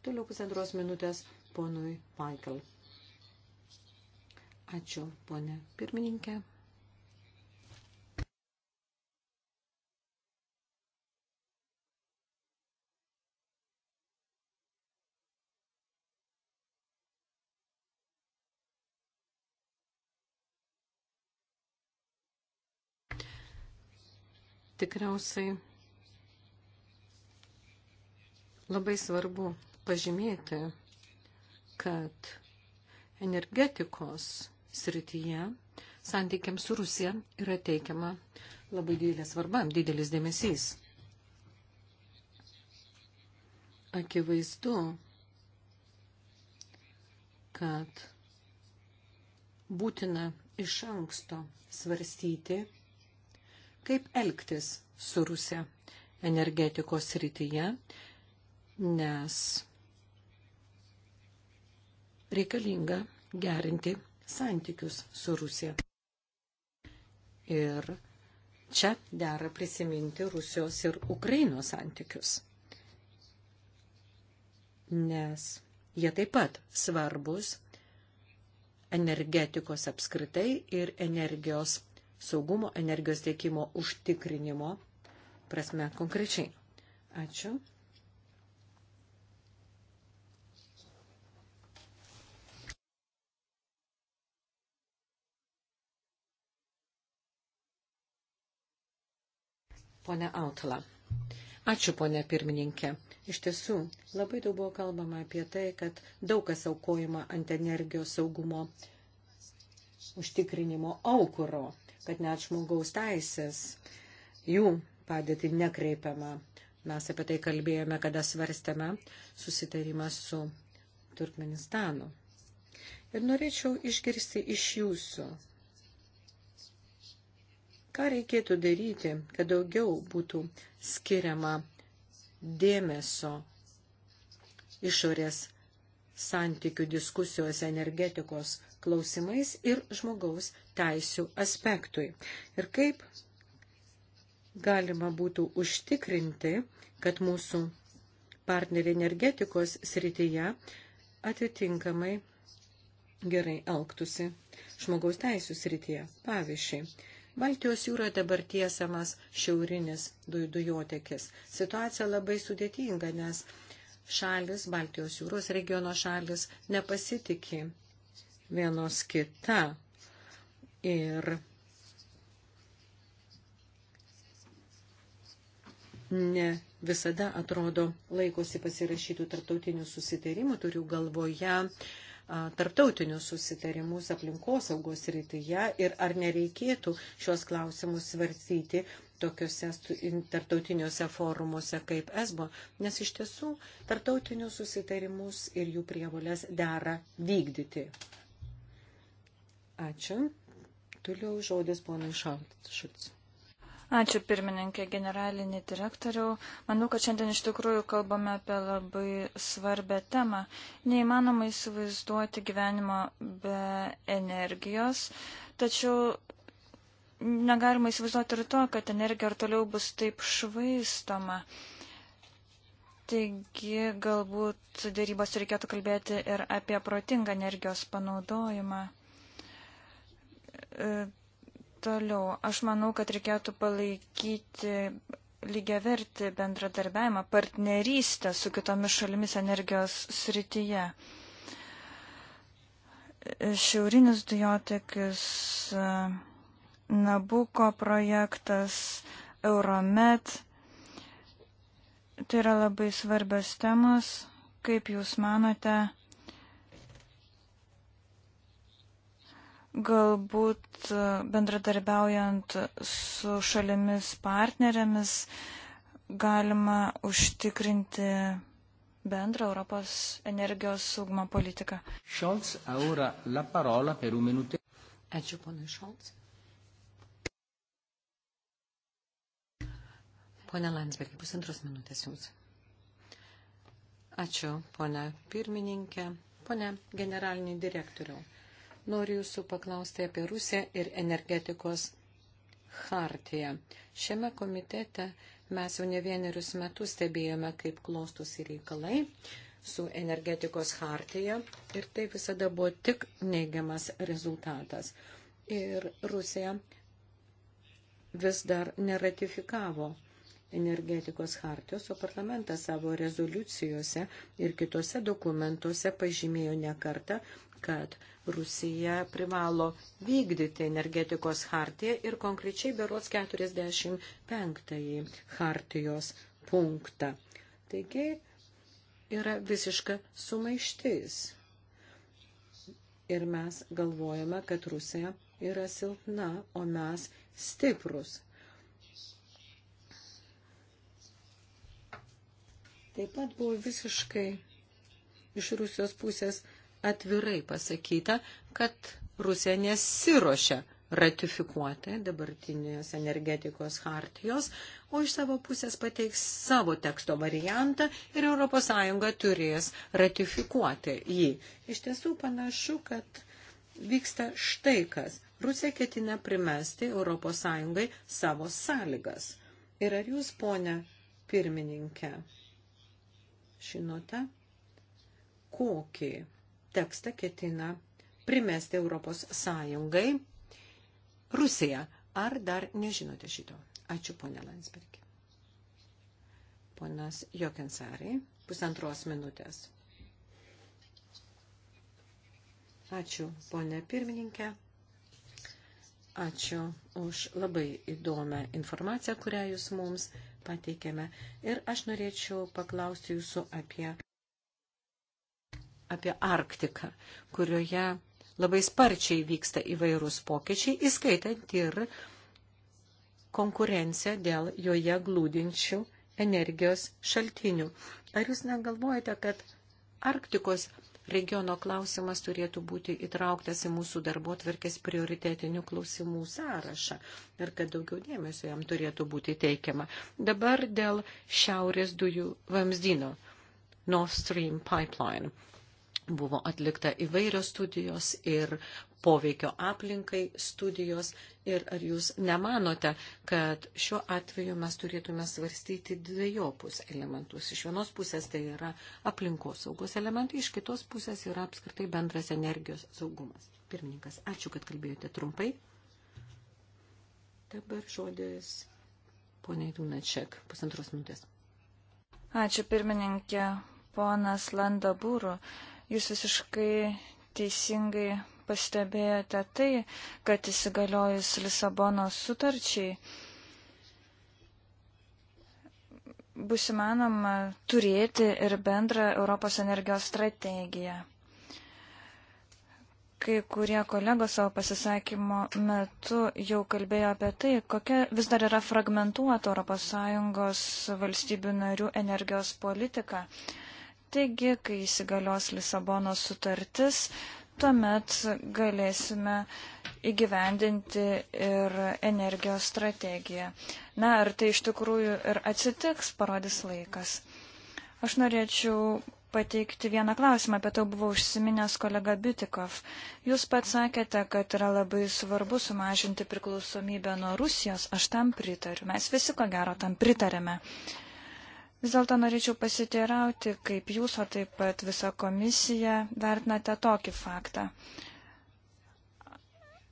Toliau pusantros minutės ponui Michael. Ačiū, ponė pirmininkė. Tikriausiai labai svarbu pažymėti, kad energetikos srityje santykiams su Rusija yra teikiama labai didelė svarba, didelis dėmesys. Akivaizdu, kad būtina iš anksto svarstyti kaip elgtis su Rusija energetikos rytyje, nes reikalinga gerinti santykius su Rusija. Ir čia dera prisiminti Rusijos ir Ukrainos santykius, nes jie taip pat svarbus energetikos apskritai ir energijos saugumo energijos tiekimo užtikrinimo prasme konkrečiai. Ačiū. Pone Autala. Ačiū, ponė pirmininkė. Iš tiesų, labai daug buvo kalbama apie tai, kad daug kas aukojama ant energijos saugumo užtikrinimo aukuro kad net žmogaus teisės jų padėti nekreipiama. Mes apie tai kalbėjome, kada svarstėme susitarimą su Turkmenistanu. Ir norėčiau išgirsti iš jūsų, ką reikėtų daryti, kad daugiau būtų skiriama dėmesio išorės santykių diskusijos energetikos klausimais ir žmogaus teisių aspektui. Ir kaip galima būtų užtikrinti, kad mūsų partneriai energetikos srityje atitinkamai gerai elgtųsi žmogaus teisų srityje. Pavyzdžiui, Baltijos jūroje dabar tiesiamas šiaurinis dujotekis. Situacija labai sudėtinga, nes šalis, Baltijos jūros regiono šalis, nepasitikė vienos kita. Ir ne visada atrodo laikosi pasirašytų tarptautinių susitarimų, turiu galvoje tarptautinius susitarimus aplinkosaugos rytyje ir ar nereikėtų šios klausimus svarstyti tokiuose tarptautiniuose forumuose kaip ESBO, nes iš tiesų tarptautinius susitarimus ir jų prievolės dera vykdyti. Ačiū. Toliau žodis ponui Šaltis. Ačiū pirmininkė, generalinį direktoriau. Manau, kad šiandien iš tikrųjų kalbame apie labai svarbę temą. Neįmanoma įsivaizduoti gyvenimo be energijos, tačiau negalima įsivaizduoti ir to, kad energija ir toliau bus taip švaistoma. Taigi galbūt dėrybos reikėtų kalbėti ir apie protingą energijos panaudojimą. E, toliau, aš manau, kad reikėtų palaikyti lygiavertį bendradarbiavimą, partnerystę su kitomis šalimis energijos srityje. Šiaurinis dujotekis, e, Nabuko projektas, Euromet. Tai yra labai svarbios temos. Kaip Jūs manote, Galbūt e, bendradarbiaujant su šalimis partnerėmis galima užtikrinti bendrą Europos energijos saugumo politiką. Šolts, aura la parola per un minutė. Ačiū, ponai Šolts. Pone Landsbergį, pusantros minutės jums. Ačiū, pone pirmininkė, pone generalinį direktoriau. Noriu jūsų paklausti apie Rusiją ir energetikos hartiją. Šiame komitete mes jau ne vienerius metus stebėjome, kaip klostosi reikalai su energetikos hartija ir tai visada buvo tik neigiamas rezultatas. Ir Rusija vis dar neratifikavo energetikos hartijos, o parlamentas savo rezoliucijose ir kitose dokumentuose pažymėjo ne kartą, kad Rusija privalo vykdyti energetikos hartiją ir konkrečiai berots 45 hartijos punktą. Taigi yra visiška sumaištis. Ir mes galvojame, kad Rusija yra silpna, o mes stiprus. Taip pat buvo visiškai iš Rusijos pusės atvirai pasakyta, kad Rusija nesirošia ratifikuoti dabartinės energetikos hartijos, o iš savo pusės pateiks savo teksto variantą ir ES turės ratifikuoti jį. Iš tiesų panašu, kad vyksta štai kas. Rusija ketina primesti ES savo sąlygas. Ir ar jūs, ponia pirmininkė, žinote, kokį tekstą ketina primesti Europos Sąjungai Rusija. Ar dar nežinote šito? Ačiū, ponė Landsbergė. Ponas Jokensari, pusantros minutės. Ačiū, ponė pirmininkė. Ačiū už labai įdomią informaciją, kurią jūs mums pateikėme. Ir aš norėčiau paklausti jūsų apie apie Arktiką, kurioje labai sparčiai vyksta įvairūs pokyčiai, įskaitant ir konkurenciją dėl joje glūdinčių energijos šaltinių. Ar jūs negalvojate, kad Arktikos regiono klausimas turėtų būti įtrauktas į mūsų darbo tvarkės prioritetinių klausimų sąrašą ir kad daugiau dėmesio jam turėtų būti teikiama. Dabar dėl šiaurės dujų vamzdino Nord Stream Pipeline. Buvo atlikta įvairios studijos ir poveikio aplinkai studijos. Ir ar jūs nemanote, kad šiuo atveju mes turėtume svarstyti dviejopus elementus? Iš vienos pusės tai yra aplinkos saugos elementai, iš kitos pusės yra apskritai bendras energijos saugumas. Pirmininkas, ačiū, kad kalbėjote trumpai. Dabar žodis poniai Dunačiak, pusantros minutės. Ačiū pirmininkė, ponas Landabūrų. Jūs visiškai teisingai pastebėjote tai, kad įsigaliojus Lisabonos sutarčiai bus įmanoma turėti ir bendrą Europos energijos strategiją. Kai kurie kolegos savo pasisakymo metu jau kalbėjo apie tai, kokia vis dar yra fragmentuota ES valstybių narių energijos politika. Uh, Taigi, kai įsigalios Lisabono sutartis, tuomet galėsime įgyvendinti ir energijos strategiją. Na, ar tai iš tikrųjų ir atsitiks, parodys laikas. Aš norėčiau pateikti vieną klausimą, apie to tai buvo užsiminęs kolega Bitikov. Jūs pats sakėte, kad yra labai svarbu sumažinti priklausomybę nuo Rusijos, aš tam pritariu, mes visi ko gero tam pritarėme. Uh, Vis dėlto norėčiau pasiteirauti, kaip jūs, o taip pat visa komisija vertinate tokį faktą.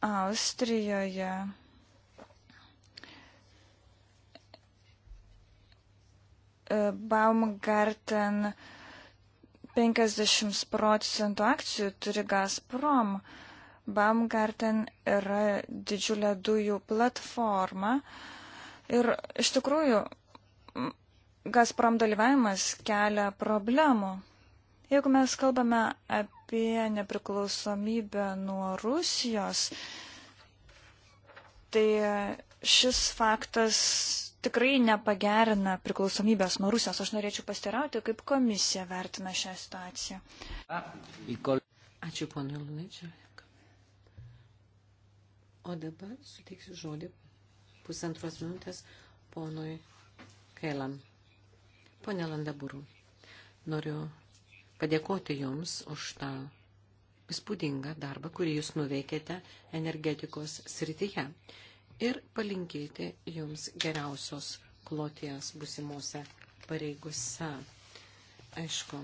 Austrijoje Baumgarten 50 procentų akcijų turi Gazprom. Baumgarten yra didžiulė dujų platforma. Ir iš tikrųjų Gazprom dalyvavimas kelia problemų. Jeigu mes kalbame apie nepriklausomybę nuo Rusijos, tai šis faktas tikrai nepagerina priklausomybės nuo Rusijos. Aš norėčiau pastirauti, kaip komisija vertina šią situaciją. Ačiū, ponė Lunečiai. O dabar suteiksiu žodį pusantros minutės ponui Kailam. Pone Landabūrų, noriu padėkoti Jums už tą įspūdingą darbą, kurį Jūs nuveikėte energetikos srityje ir palinkėti Jums geriausios kloties busimuose pareigose. Aišku,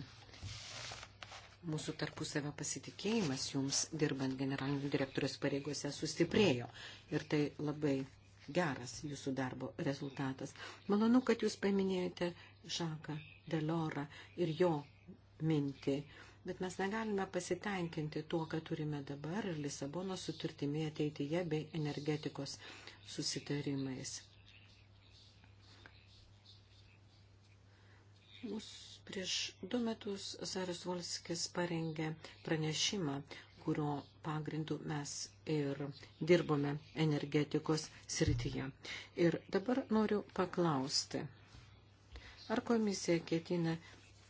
mūsų tarpusavio pasitikėjimas jums dirbant generalinių direktorius pareigose sustiprėjo. Ir tai labai geras jūsų darbo rezultatas. Malonu, kad jūs paminėjote Žaką Deliorą ir jo mintį. Bet mes negalime pasitenkinti tuo, ką turime dabar ir Lisabono sutartimi ateityje bei energetikos susitarimais. Mūsų prieš du metus Zaris Volskis parengė pranešimą, kurio pagrindų mes ir dirbome energetikos srityje. Ir dabar noriu paklausti, Ar komisija ketina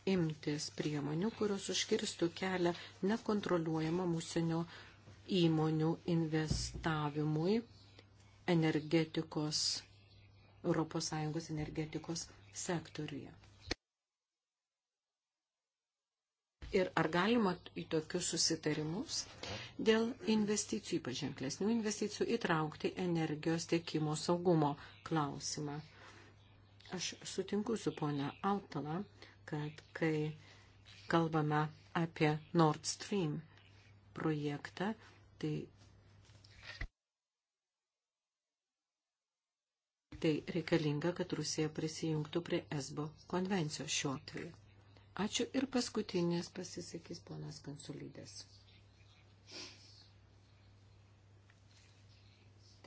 imtis priemonių, kurios užkirstų kelią nekontroliuojamam užsienio įmonių investavimui energetikos, ES energetikos sektoriuje. Ir ar galima į tokius susitarimus dėl investicijų, ypač ženklesnių investicijų, įtraukti energijos tiekimo saugumo klausimą? Aš sutinku su ponia Altala, kad kai kalbame apie Nord Stream projektą, tai, tai reikalinga, kad Rusija prisijungtų prie ESBO konvencijos šiuo atveju. Ačiū ir paskutinis pasisakys ponas Kansulydės.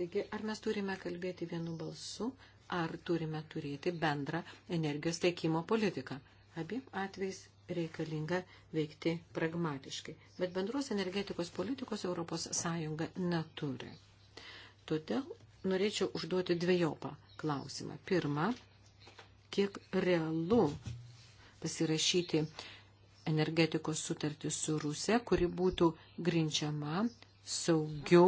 Taigi, ar mes turime kalbėti vienu balsu, ar turime turėti bendrą energijos teikimo politiką. Abiem atvejais reikalinga veikti pragmatiškai. Bet bendros energetikos politikos ES neturi. Todėl norėčiau užduoti dviejopą klausimą. Pirma, kiek realu pasirašyti energetikos sutartį su Rusija, kuri būtų grinčiama saugių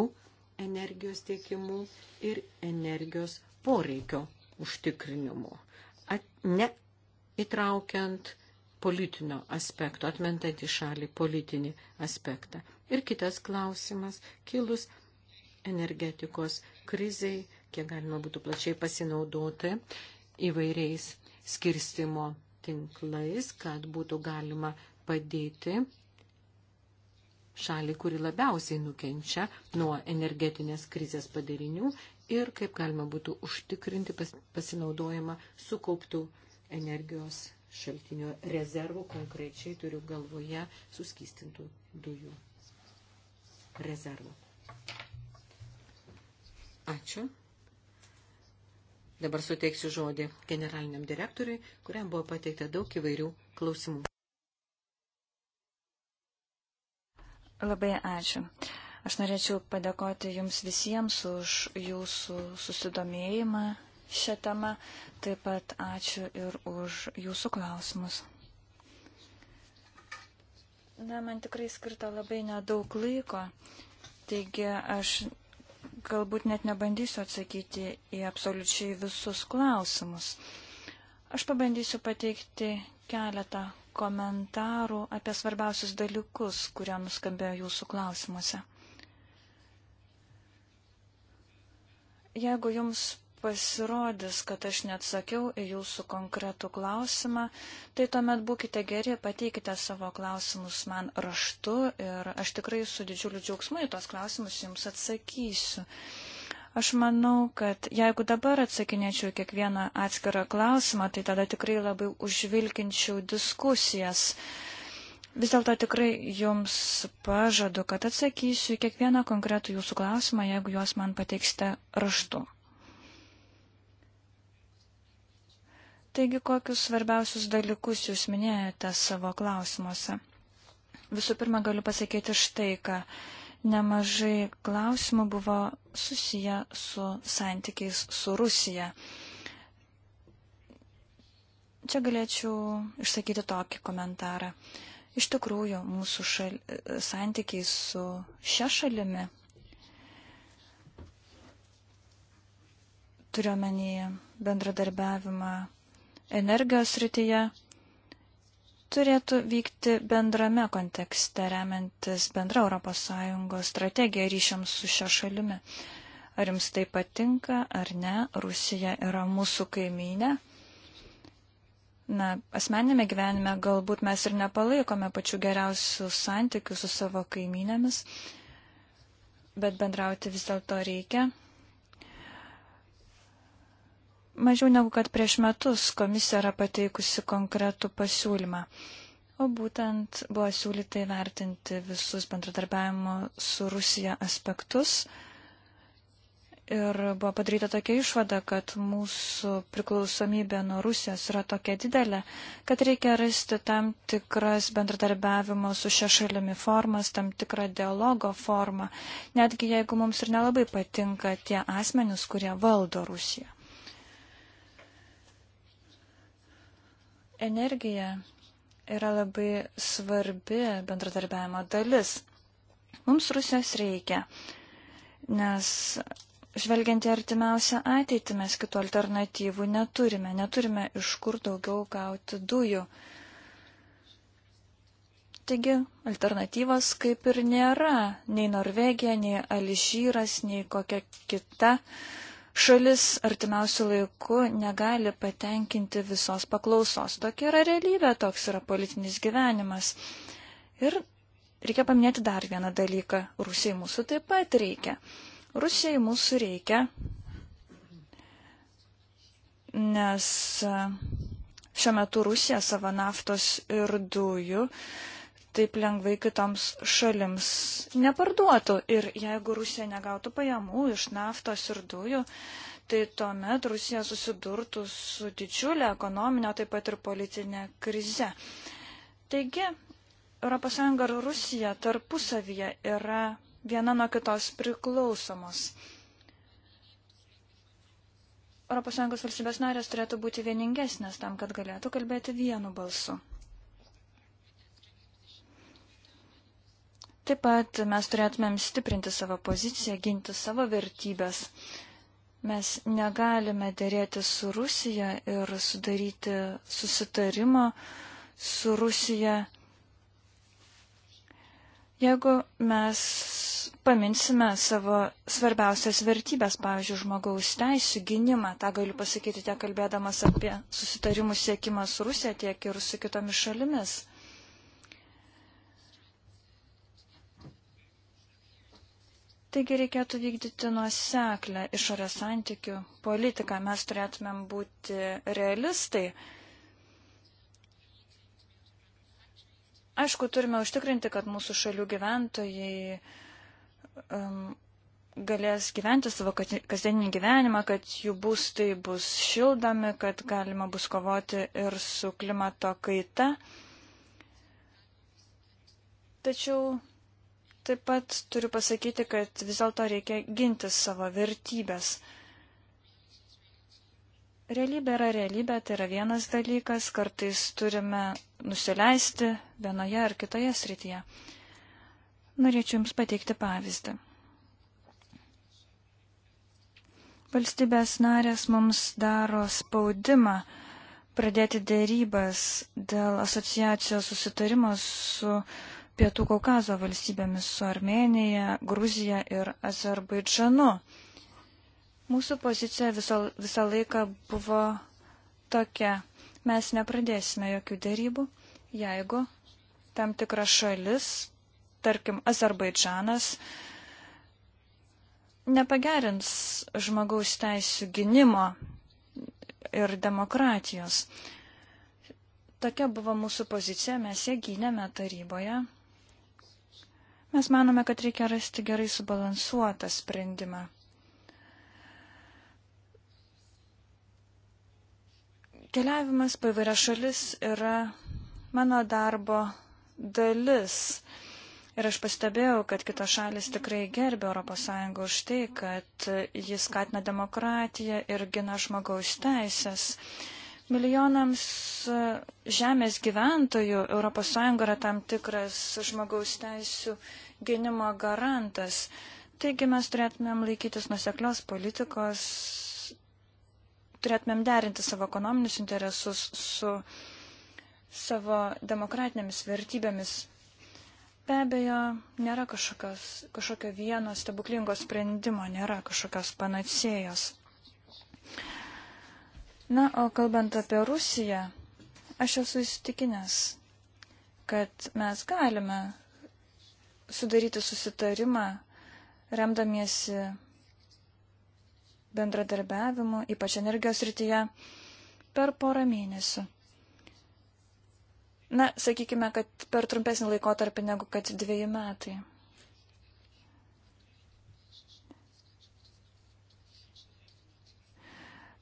energijos tiekimu ir energijos poreikio užtikrinimu, at, ne įtraukiant politinio aspekto, atmentant į šalį politinį aspektą. Ir kitas klausimas, kilus energetikos kriziai, kiek galima būtų plačiai pasinaudoti įvairiais skirstimo tinklais, kad būtų galima padėti šaliai, kuri labiausiai nukenčia nuo energetinės krizės padarinių ir kaip galima būtų užtikrinti pas, pasinaudojimą sukauptų energijos šaltinio rezervų, konkrečiai turiu galvoje suskystintų dujų rezervų. Ačiū. Dabar suteiksiu žodį generaliniam direktoriui, kuriam buvo pateikta daug įvairių klausimų. Labai ačiū. Uh, Aš norėčiau padėkoti Jums visiems už Jūsų susidomėjimą šią temą. Taip pat ačiū ir už Jūsų klausimus. Na, man tikrai skirta labai nedaug laiko, taigi aš galbūt net nebandysiu atsakyti į absoliučiai visus klausimus. Aš pabandysiu pateikti keletą komentarų apie svarbiausius dalykus, kurie nuskambėjo jūsų klausimuose. Jeigu jums pasirodys, kad aš neatsakiau į jūsų konkretų klausimą, tai tuomet būkite geri, pateikite savo klausimus man raštu ir aš tikrai su didžiuliu džiaugsmu į tuos klausimus jums atsakysiu. Aš manau, kad jeigu dabar atsakinėčiau kiekvieną atskirą klausimą, tai tada tikrai labai užvilkinčiau diskusijas. Uh, Vis dėlto tikrai jums pažadu, kad atsakysiu į kiekvieną konkretų jūsų klausimą, jeigu juos man pateiksite raštu. Taigi, kokius svarbiausius dalykus jūs minėjote savo klausimuose? Visų pirma, galiu pasakyti štai, ką nemažai klausimų buvo susiję su santykiais su Rusija. Čia galėčiau išsakyti tokį komentarą. Iš tikrųjų, mūsų šal... santykiai su šia šalimi, turiuomenį bendradarbiavimą energijos rytyje, turėtų vykti bendrame kontekste, remiantis bendra ES strategija ryšiams su šia šalimi. Ar jums tai patinka ar ne, Rusija yra mūsų kaimynė na, asmenėme gyvenime galbūt mes ir nepalaikome pačių geriausių santykių su savo kaimynėmis, bet bendrauti vis dėlto reikia. Mažiau negu kad prieš metus komisija yra pateikusi konkretų pasiūlymą, o būtent buvo siūlyta įvertinti visus bendradarbiavimo su Rusija aspektus Ir buvo padaryta tokia išvada, kad mūsų priklausomybė nuo Rusijos yra tokia didelė, kad reikia rasti tam tikras bendradarbiavimo su šia šalimi formas, tam tikrą dialogo formą, netgi jeigu mums ir nelabai patinka tie asmenys, kurie valdo Rusiją. Energija yra labai svarbi bendradarbiavimo dalis. Mums Rusijos reikia, nes žvelgiant į artimiausią ateitį, mes kitų alternatyvų neturime. Neturime iš kur daugiau gauti dujų. Taigi, alternatyvos kaip ir nėra. Nei Norvegija, nei Alžyras, nei kokia kita šalis artimiausių laikų negali patenkinti visos paklausos. Tokia yra realybė, toks yra politinis gyvenimas. Ir reikia paminėti dar vieną dalyką. Rusijai mūsų taip pat reikia. Rusijai mūsų reikia, nes e, šiuo metu Rusija savo naftos ir dujų taip lengvai kitoms šalims neparduotų. Ir jeigu Rusija negautų pajamų iš naftos ir dujų, tai tuomet Rusija susidurtų su didžiulė ekonominė, taip pat ir politinė krize. Taigi, ES ir Rusija tarpusavyje yra viena nuo kitos priklausomos. ES valstybės narės turėtų būti vieningesnės tam, kad galėtų kalbėti vienu balsu. Taip pat mes turėtumėm stiprinti savo poziciją, ginti savo vertybės. Mes negalime dėrėti su Rusija ir sudaryti susitarimo su Rusija Jeigu mes paminsime savo svarbiausias vertybės, pavyzdžiui, žmogaus teisų gynimą, tą galiu pasakyti tiek kalbėdamas apie susitarimų siekimą su Rusija, tiek ir su kitomis šalimis. Taigi reikėtų vykdyti nuoseklę išorės santykių politiką. Mes turėtumėm būti realistai. Aišku, turime užtikrinti, kad mūsų šalių gyventojai um, galės gyventi savo kasdieninį gyvenimą, kad jų būstai bus šildomi, kad galima bus kovoti ir su klimato kaita. Tačiau taip pat turiu pasakyti, kad vis dėlto reikia ginti savo vertybės. Realybė yra realybė, tai yra vienas dalykas, kartais turime nusileisti vienoje ar kitoje srityje. Norėčiau Jums pateikti pavyzdį. Valstybės narės mums daro spaudimą pradėti dėrybas dėl asociacijos susitarimo su Pietų Kaukazo valstybėmis, su Armenija, Gruzija ir Azerbaidžanu. Mūsų pozicija viso, visą laiką buvo tokia. Mes nepradėsime jokių dėrybų, jeigu tam tikra šalis, tarkim, Azerbaidžanas, nepagerins žmogaus teisų gynimo ir demokratijos. Tokia buvo mūsų pozicija, mes ją gynėme taryboje. Mes manome, kad reikia rasti gerai subalansuotą sprendimą. Keliavimas po įvairią šalis yra mano darbo dalis. Ir aš pastebėjau, kad kitos šalis tikrai gerbė ES už tai, kad jis skatina demokratiją ir gina žmogaus teisės. Milijonams žemės gyventojų ES yra tam tikras žmogaus teisų gynimo garantas. Taigi mes turėtumėm laikytis nuseklios politikos turėtumėm derinti savo ekonominius interesus su savo demokratinėmis vertybėmis. Be abejo, nėra kažkokios, kažkokio vieno stebuklingo sprendimo, nėra kažkokios panacėjos. Na, o kalbant apie Rusiją, aš esu įsitikinęs, kad mes galime sudaryti susitarimą, remdamiesi bendradarbiavimu, ypač energijos rytyje, per porą mėnesių. Na, sakykime, kad per trumpesnį laikotarpį negu kad dviejų metai.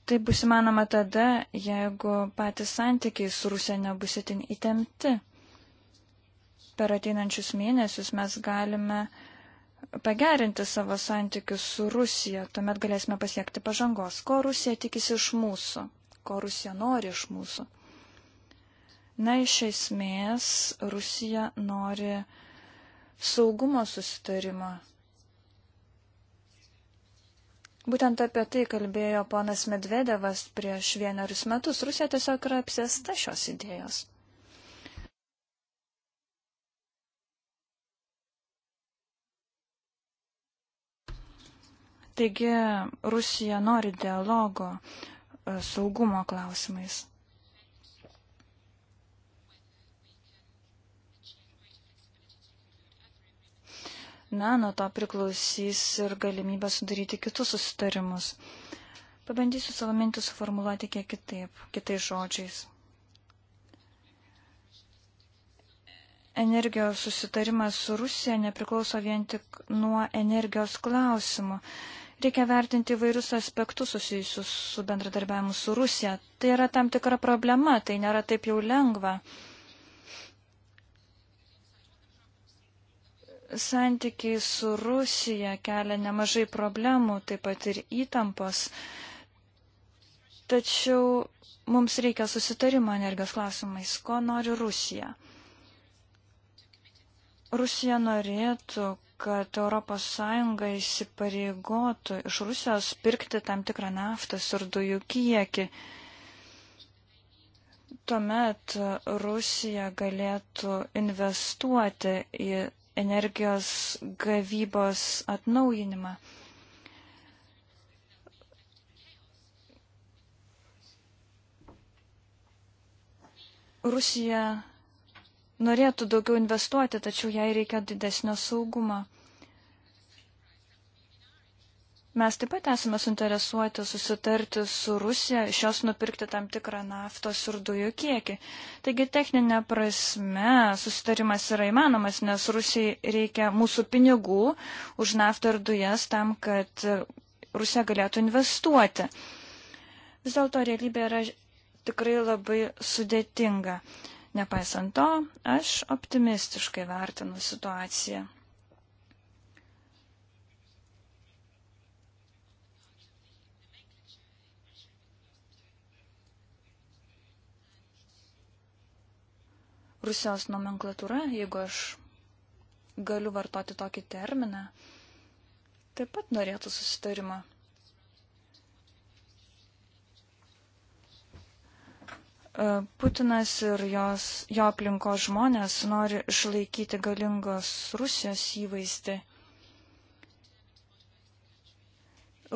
Tai bus įmanoma tada, jeigu patys santykiai su Rusija nebus itin įtempti. Per ateinančius mėnesius mes galime uh, pagerinti savo santykius su Rusija, tuomet galėsime pasiekti pažangos. Ko Rusija tikisi iš mūsų? Ko Rusija nori iš mūsų? Na, iš esmės, Rusija nori saugumo susitarimo. Būtent apie tai kalbėjo ponas Medvedevas prieš vienerius metus. Rusija tiesiog yra apsėsta šios idėjos. Taigi Rusija nori dialogo e, saugumo klausimais. Na, nuo to priklausys ir galimybė sudaryti kitus susitarimus. Pabandysiu savo mintį suformuoluoti kiek kitaip, kitais žodžiais. Energijos susitarimas su Rusija nepriklauso vien tik nuo energijos klausimų. Reikia vertinti vairius aspektus susijusius su bendradarbiavimu su Rusija. Tai yra tam tikra problema, tai nėra taip jau lengva. Santykiai su Rusija kelia nemažai problemų, taip pat ir įtampos. Tačiau mums reikia susitarimo energijos klausimais, ko nori Rusija. Rusija norėtų, kad ES įsipareigotų iš Rusijos pirkti tam tikrą naftos ir dujų kiekį. Tuomet Rusija galėtų investuoti į energijos gavybos atnaujinimą. Rusija norėtų daugiau investuoti, tačiau jai reikia didesnio saugumo. Mes taip pat esame suinteresuoti susitarti su Rusija, iš jos nupirkti tam tikrą naftos ir dujų kiekį. Taigi techninė prasme susitarimas yra įmanomas, nes Rusijai reikia mūsų pinigų už naftą ir dujas tam, kad Rusija galėtų investuoti. Vis dėlto realybė yra tikrai labai sudėtinga. Nepaisant to, aš optimistiškai vertinu situaciją. Rusijos nomenklatūra, jeigu aš galiu vartoti tokį terminą, taip pat norėtų susitarimą. E, Putinas ir jos, jo aplinkos žmonės nori išlaikyti galingos Rusijos įvaizdį.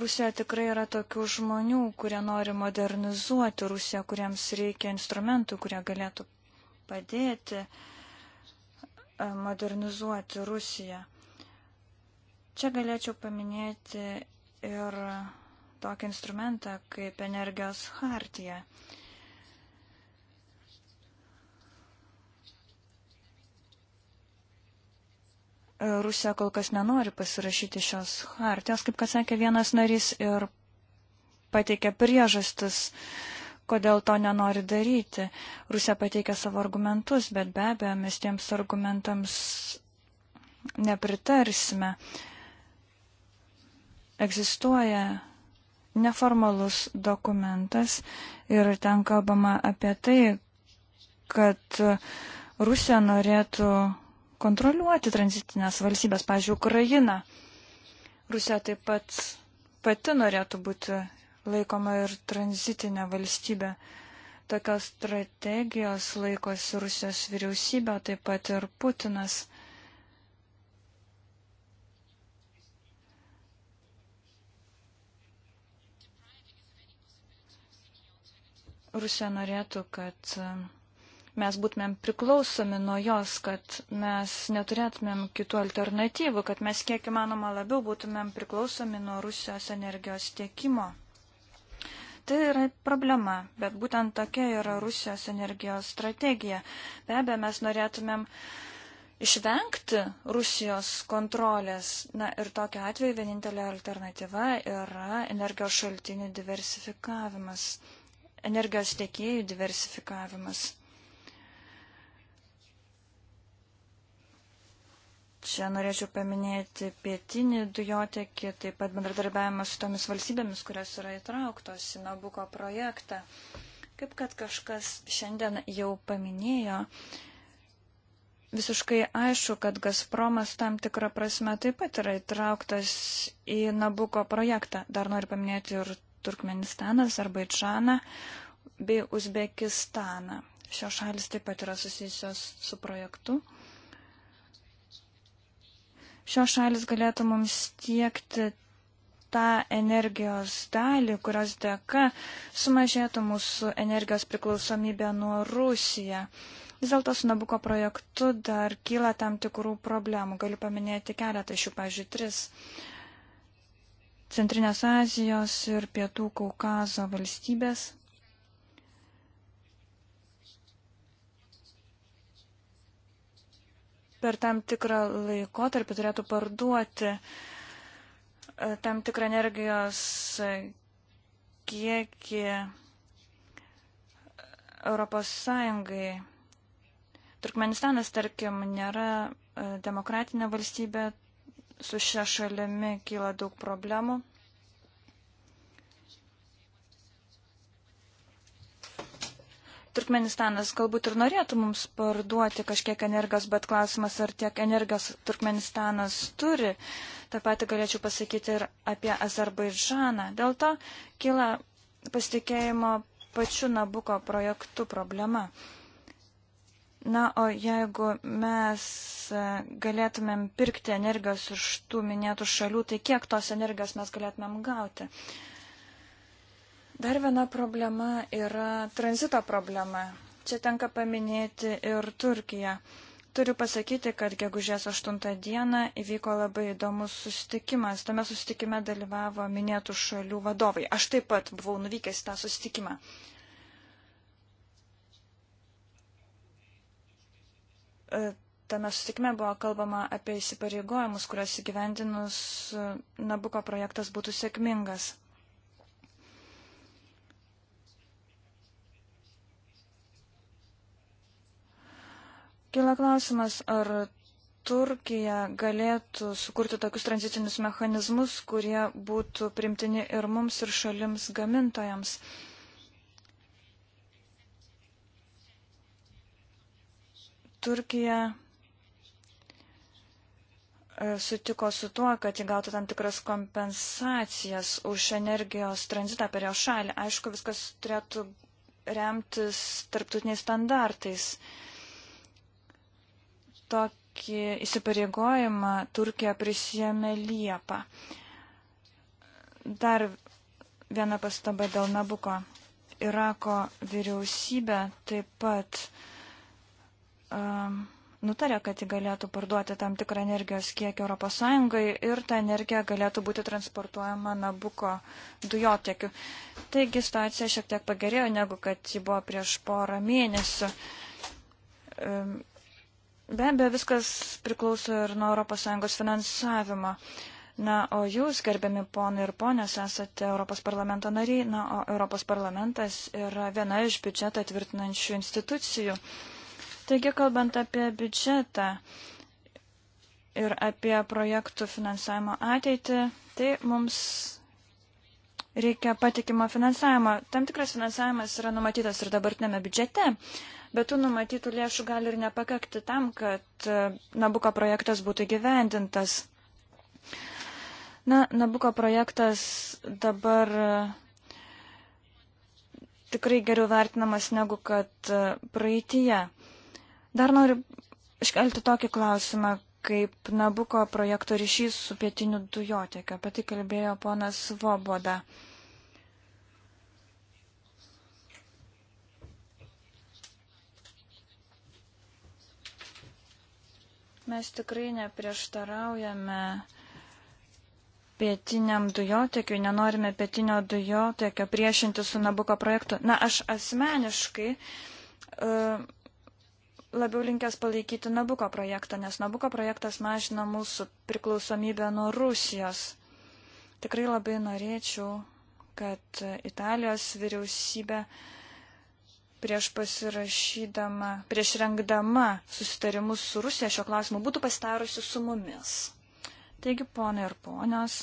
Rusijoje tikrai yra tokių žmonių, kurie nori modernizuoti Rusiją, kuriems reikia instrumentų, kurie galėtų padėti e, modernizuoti Rusiją. Čia galėčiau paminėti ir tokį instrumentą kaip energijos hartija. Rusija kol kas nenori pasirašyti šios hartijos, kaip kad sakė vienas narys, ir pateikė priežastis, kodėl to nenori daryti. Rusija pateikė savo argumentus, bet be abejo mes tiems argumentams nepritarsime. Egzistuoja neformalus dokumentas ir ten kalbama apie tai, kad Rusija norėtų kontroliuoti tranzitinės valstybės, pažiūrėjau, Ukrainą. Rusija taip pat pati norėtų būti laikoma ir tranzitinė valstybė. Tokios strategijos laikosi Rusijos vyriausybė, taip pat ir Putinas. Rusija norėtų, kad mes būtumėm priklausomi nuo jos, kad mes neturėtumėm kitų alternatyvų, kad mes kiek įmanoma labiau būtumėm priklausomi nuo Rusijos energijos tiekimo. Tai yra problema, bet būtent tokia yra Rusijos energijos strategija. Be abejo, mes norėtumėm išvengti Rusijos kontrolės. Na ir tokiu atveju vienintelė alternatyva yra energijos šaltinių diversifikavimas, energijos tiekėjų diversifikavimas. Čia norėčiau paminėti pietinį dujotekį, taip pat bendradarbiavimą su tomis valstybėmis, kurios yra įtrauktos į Nabuko projektą. Kaip kad kažkas šiandien jau paminėjo, visiškai aišku, kad Gazpromas tam tikrą prasme taip pat yra įtrauktas į Nabuko projektą. Dar noriu paminėti ir Turkmenistaną, Azerbaidžaną bei Uzbekistaną. Šios šalis taip pat yra susijusios su projektu. Šios šalis galėtų mums tiekti tą energijos dalį, kurios dėka sumažėtų mūsų energijos priklausomybė nuo Rusija. Vis dėlto su Nabuko projektu dar kyla tam tikrų problemų. Galiu paminėti keletą iš jų, pažiūrėjau, tris. Centrinės Azijos ir Pietų Kaukazo valstybės per tam tikrą laikotarpį turėtų parduoti e, tam tikrą energijos kiekį Europos Sąjungai. Turkmenistanas, tarkim, nėra e, demokratinė valstybė, su šia šalimi kyla daug problemų. Turkmenistanas galbūt ir norėtų mums parduoti kažkiek energijos, bet klausimas, ar tiek energijos Turkmenistanas turi. Ta pati galėčiau pasakyti ir apie Azerbaidžaną. Dėl to kyla pasitikėjimo pačiu Nabuko projektu problema. Na, o jeigu mes e, galėtumėm pirkti energijos iš tų minėtų šalių, tai kiek tos energijos mes galėtumėm gauti? Uh, Dar viena problema yra tranzito problema. Čia tenka paminėti ir Turkiją. Turiu pasakyti, kad gegužės 8 dieną įvyko labai įdomus susitikimas. Tame susitikime dalyvavo minėtų šalių vadovai. Aš taip pat buvau nuvykęs į tą susitikimą. E, tame susitikime buvo kalbama apie įsipareigojimus, kurios įgyvendinus Nabuko projektas būtų sėkmingas. Kila klausimas, ar Turkija galėtų sukurti tokius tranzitinius mechanizmus, kurie būtų primtini ir mums, ir šalims gamintojams. Turkija e, sutiko su tuo, kad įgautų tam tikras kompensacijas už energijos tranzitą per jo šalį. Aišku, viskas turėtų remtis tarptautiniais standartais. Uh, Tokį įsipareigojimą Turkija prisėmė Liepą. Dar viena pastaba dėl Nabuko. Irako vyriausybė taip pat um, nutarė, kad ji galėtų parduoti tam tikrą energijos kiekį ES ir ta energija galėtų būti transportuojama Nabuko dujotiekiu. Taigi situacija šiek tiek pagerėjo, negu kad ji buvo prieš porą mėnesių. Um, Be abejo, viskas priklauso ir nuo ES finansavimo. Na, o jūs, gerbiami ponai ir ponės, esate Europos parlamento nariai, na, o Europos parlamentas yra viena iš biudžetą tvirtinančių institucijų. Taigi, kalbant apie biudžetą ir apie projektų finansavimo ateitį, tai mums reikia patikimo finansavimo. Tam tikras finansavimas yra numatytas ir dabartinėme biudžete, bet tų numatytų lėšų gali ir nepakakti tam, kad e, Nabuko projektas būtų gyvendintas. Na, Nabuko projektas dabar e, tikrai geriau vertinamas negu kad e, praeitie. Dar noriu iškelti tokį klausimą, kaip Nabuko projekto ryšys su pietiniu dujotiek. Apie tai kalbėjo ponas Svoboda. Mes tikrai neprieštaraujame pietiniam dujotiekiui, nenorime pietinio dujotiekio priešinti su Nabuko projektu. Na, aš asmeniškai uh, labiau linkęs palaikyti Nabuko projektą, nes Nabuko projektas mažina mūsų priklausomybę nuo Rusijos. Tikrai labai norėčiau, kad Italijos vyriausybė prieš pasirašydama, prieš rengdama susitarimus su Rusija šio klausimu būtų pasitarusi su mumis. Taigi, ponai ir ponios,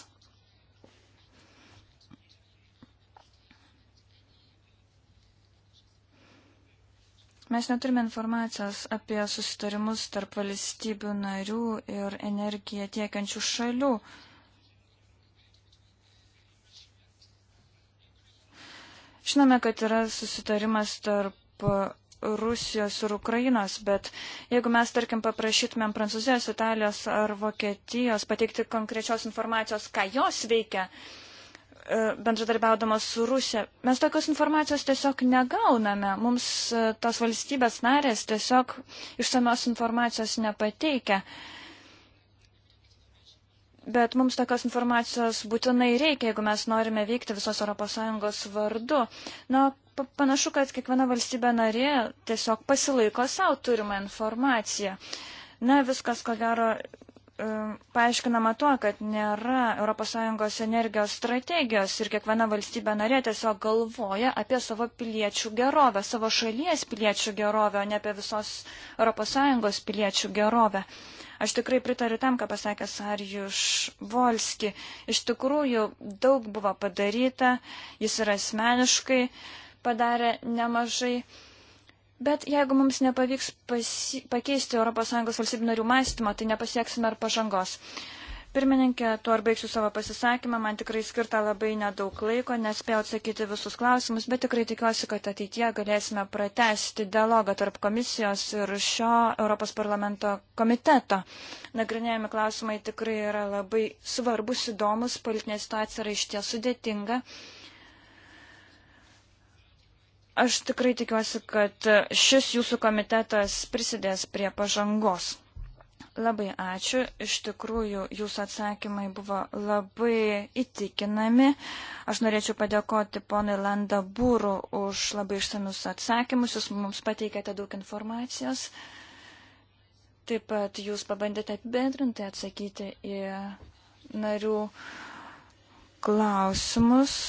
Mes neturime informacijos apie susitarimus tarp valstybių narių ir energiją tiekiančių šalių. Žinome, kad yra susitarimas tarp Rusijos ir Ukrainos, bet jeigu mes, tarkim, paprašytumėm Prancūzijos, Italijos ar Vokietijos pateikti konkrečios informacijos, ką jos veikia, uh, E, bendradarbiaudama su Rusija. Mes tokios informacijos tiesiog negauname. Mums e, tos valstybės narės tiesiog išsamios informacijos nepateikia. Bet mums tokios informacijos būtinai reikia, jeigu mes norime veikti visos ES vardu. Na, panašu, kad kiekviena valstybė narė tiesiog pasilaiko savo turimą informaciją. Na, viskas, ko gero, E, paaiškinama tuo, kad nėra ES energijos strategijos ir kiekviena valstybė narė tiesiog galvoja apie savo piliečių gerovę, savo šalies piliečių gerovę, o ne apie visos ES piliečių gerovę. Aš tikrai pritariu tam, ką pasakė Sarijus Volski. Iš tikrųjų, daug buvo padaryta, jis yra asmeniškai padarė nemažai. Bet jeigu mums nepavyks pasi... pakeisti ES valstybių narių mąstymą, tai nepasieksime ir pažangos. Pirmininkė, tuo ar baigsiu savo pasisakymą, man tikrai skirta labai nedaug laiko, nespėjau atsakyti visus klausimus, bet tikrai tikiuosi, kad ateityje galėsime pratesti dialogą tarp komisijos ir šio Europos parlamento komiteto. Nagrinėjami klausimai tikrai yra labai svarbus, įdomus, politinė situacija yra iš ties sudėtinga. Aš tikrai tikiuosi, kad šis jūsų komitetas prisidės prie pažangos. Labai ačiū. Iš tikrųjų, jūsų atsakymai buvo labai įtikinami. Aš norėčiau padėkoti ponui Landa Būru už labai išsamius atsakymus. Jūs mums pateikėte daug informacijos. Taip pat jūs pabandėte apibendrintai atsakyti į narių klausimus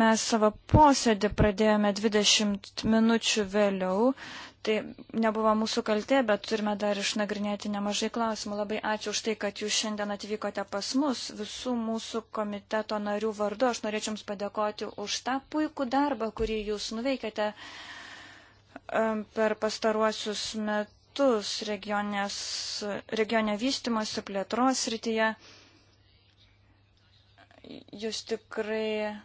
mes savo posėdį pradėjome 20 minučių vėliau. Tai nebuvo mūsų kaltė, bet turime dar išnagrinėti nemažai klausimų. Labai ačiū už tai, kad jūs šiandien atvykote pas mus. Visų mūsų komiteto narių vardu aš norėčiau Jums padėkoti už tą puikų darbą, kurį Jūs nuveikėte um, per pastaruosius metus regionės, regionė vystimosi plėtros rytyje. Jūs tikrai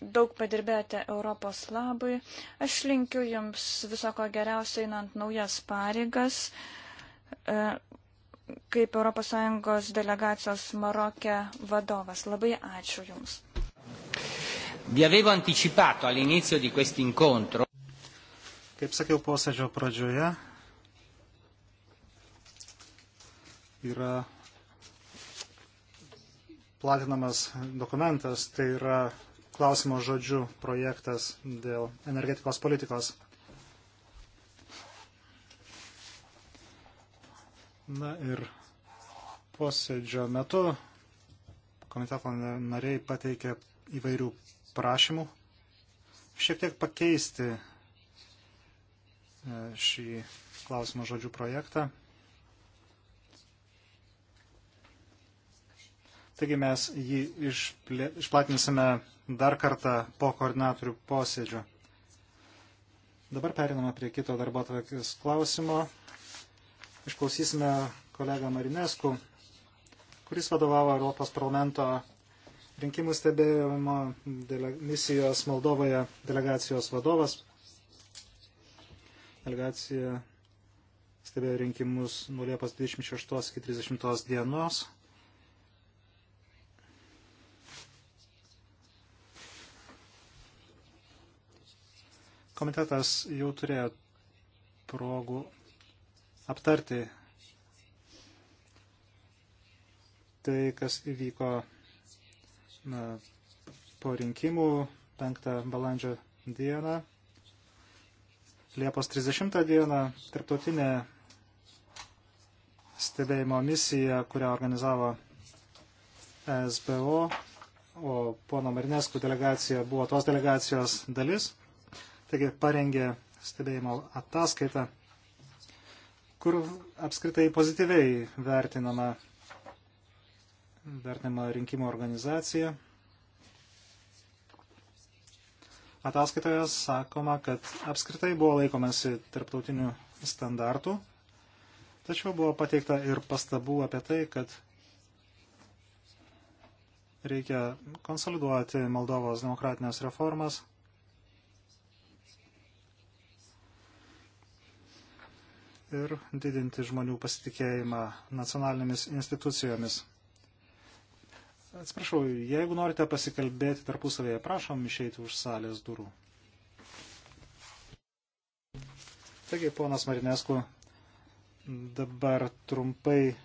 daug padirbėjote Europos labui. Aš linkiu Jums viso ko geriausio einant naujas pareigas. E, kaip ES delegacijos Marokė vadovas. Labai ačiū Jums. Vi avevo anticipato all'inizio di questo incontro. Kaip sakiau posėdžio pradžioje, yra platinamas dokumentas, tai yra klausimo žodžių projektas dėl energetikos politikos. Na ir posėdžio metu komiteto nariai pateikė įvairių prašymų šiek tiek pakeisti e, šį klausimo žodžių projektą. Taigi mes jį išplė, išplatinsime dar kartą po koordinatorių posėdžio. Dabar periname prie kito darbo atvarkės klausimo. Išklausysime kolegą Marinesku, kuris vadovavo Europos parlamento rinkimų stebėjimo dele, misijos Moldovoje delegacijos vadovas. Delegacija stebėjo rinkimus nuo Liepos 26 iki 30 dienos. Komitetas jau turėjo progų aptarti tai, kas įvyko na, po rinkimų 5 balandžio dieną. Liepos 30 dieną tarptautinė stebėjimo misija, kurią organizavo SBO, o pono Marinesku delegacija buvo tos delegacijos dalis taigi parengė stebėjimo ataskaitą, kur apskritai pozityviai vertinama, vertinama rinkimų organizacija. Ataskaitoje sakoma, kad apskritai buvo laikomasi tarptautinių standartų, tačiau buvo pateikta ir pastabų apie tai, kad reikia konsoliduoti Moldovos demokratinės reformas ir didinti žmonių pasitikėjimą nacionalinėmis institucijomis. Atsiprašau, jeigu norite pasikalbėti tarpusavėje, prašom išeiti už salės durų. Taigi, ponas Marinesku, dabar trumpai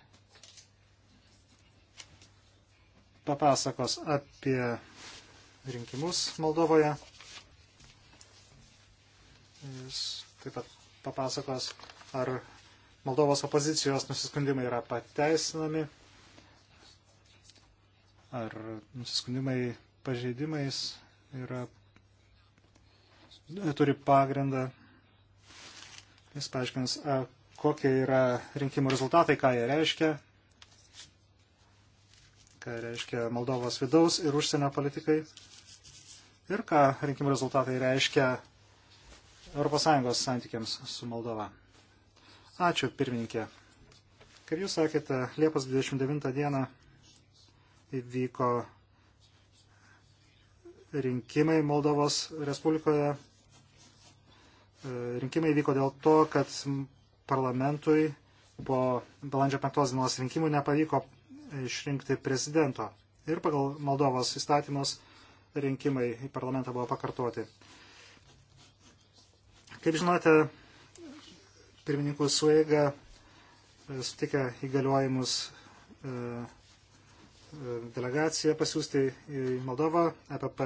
papasakos apie rinkimus Moldovoje. Jis taip pat papasakos ar Moldovos opozicijos nusiskundimai yra pateisinami, ar nusiskundimai pažeidimais yra, turi pagrindą. Jis paaiškins, kokie yra rinkimų rezultatai, ką jie reiškia, ką reiškia Moldovos vidaus ir užsienio politikai ir ką rinkimų rezultatai reiškia ES santykiams su Moldova. Ačiū, pirmininkė. Kaip jūs sakėte, Liepos 29 dieną įvyko rinkimai Moldovos Respublikoje. E, rinkimai vyko dėl to, kad parlamentui po balandžio 5 dienos rinkimų nepavyko išrinkti prezidento. Ir pagal Moldovos įstatymus rinkimai į parlamentą buvo pakartoti. Kaip žinote, pirmininkų suėga e, sutikę įgaliojimus e, e, delegaciją pasiūsti į Moldovą, EPP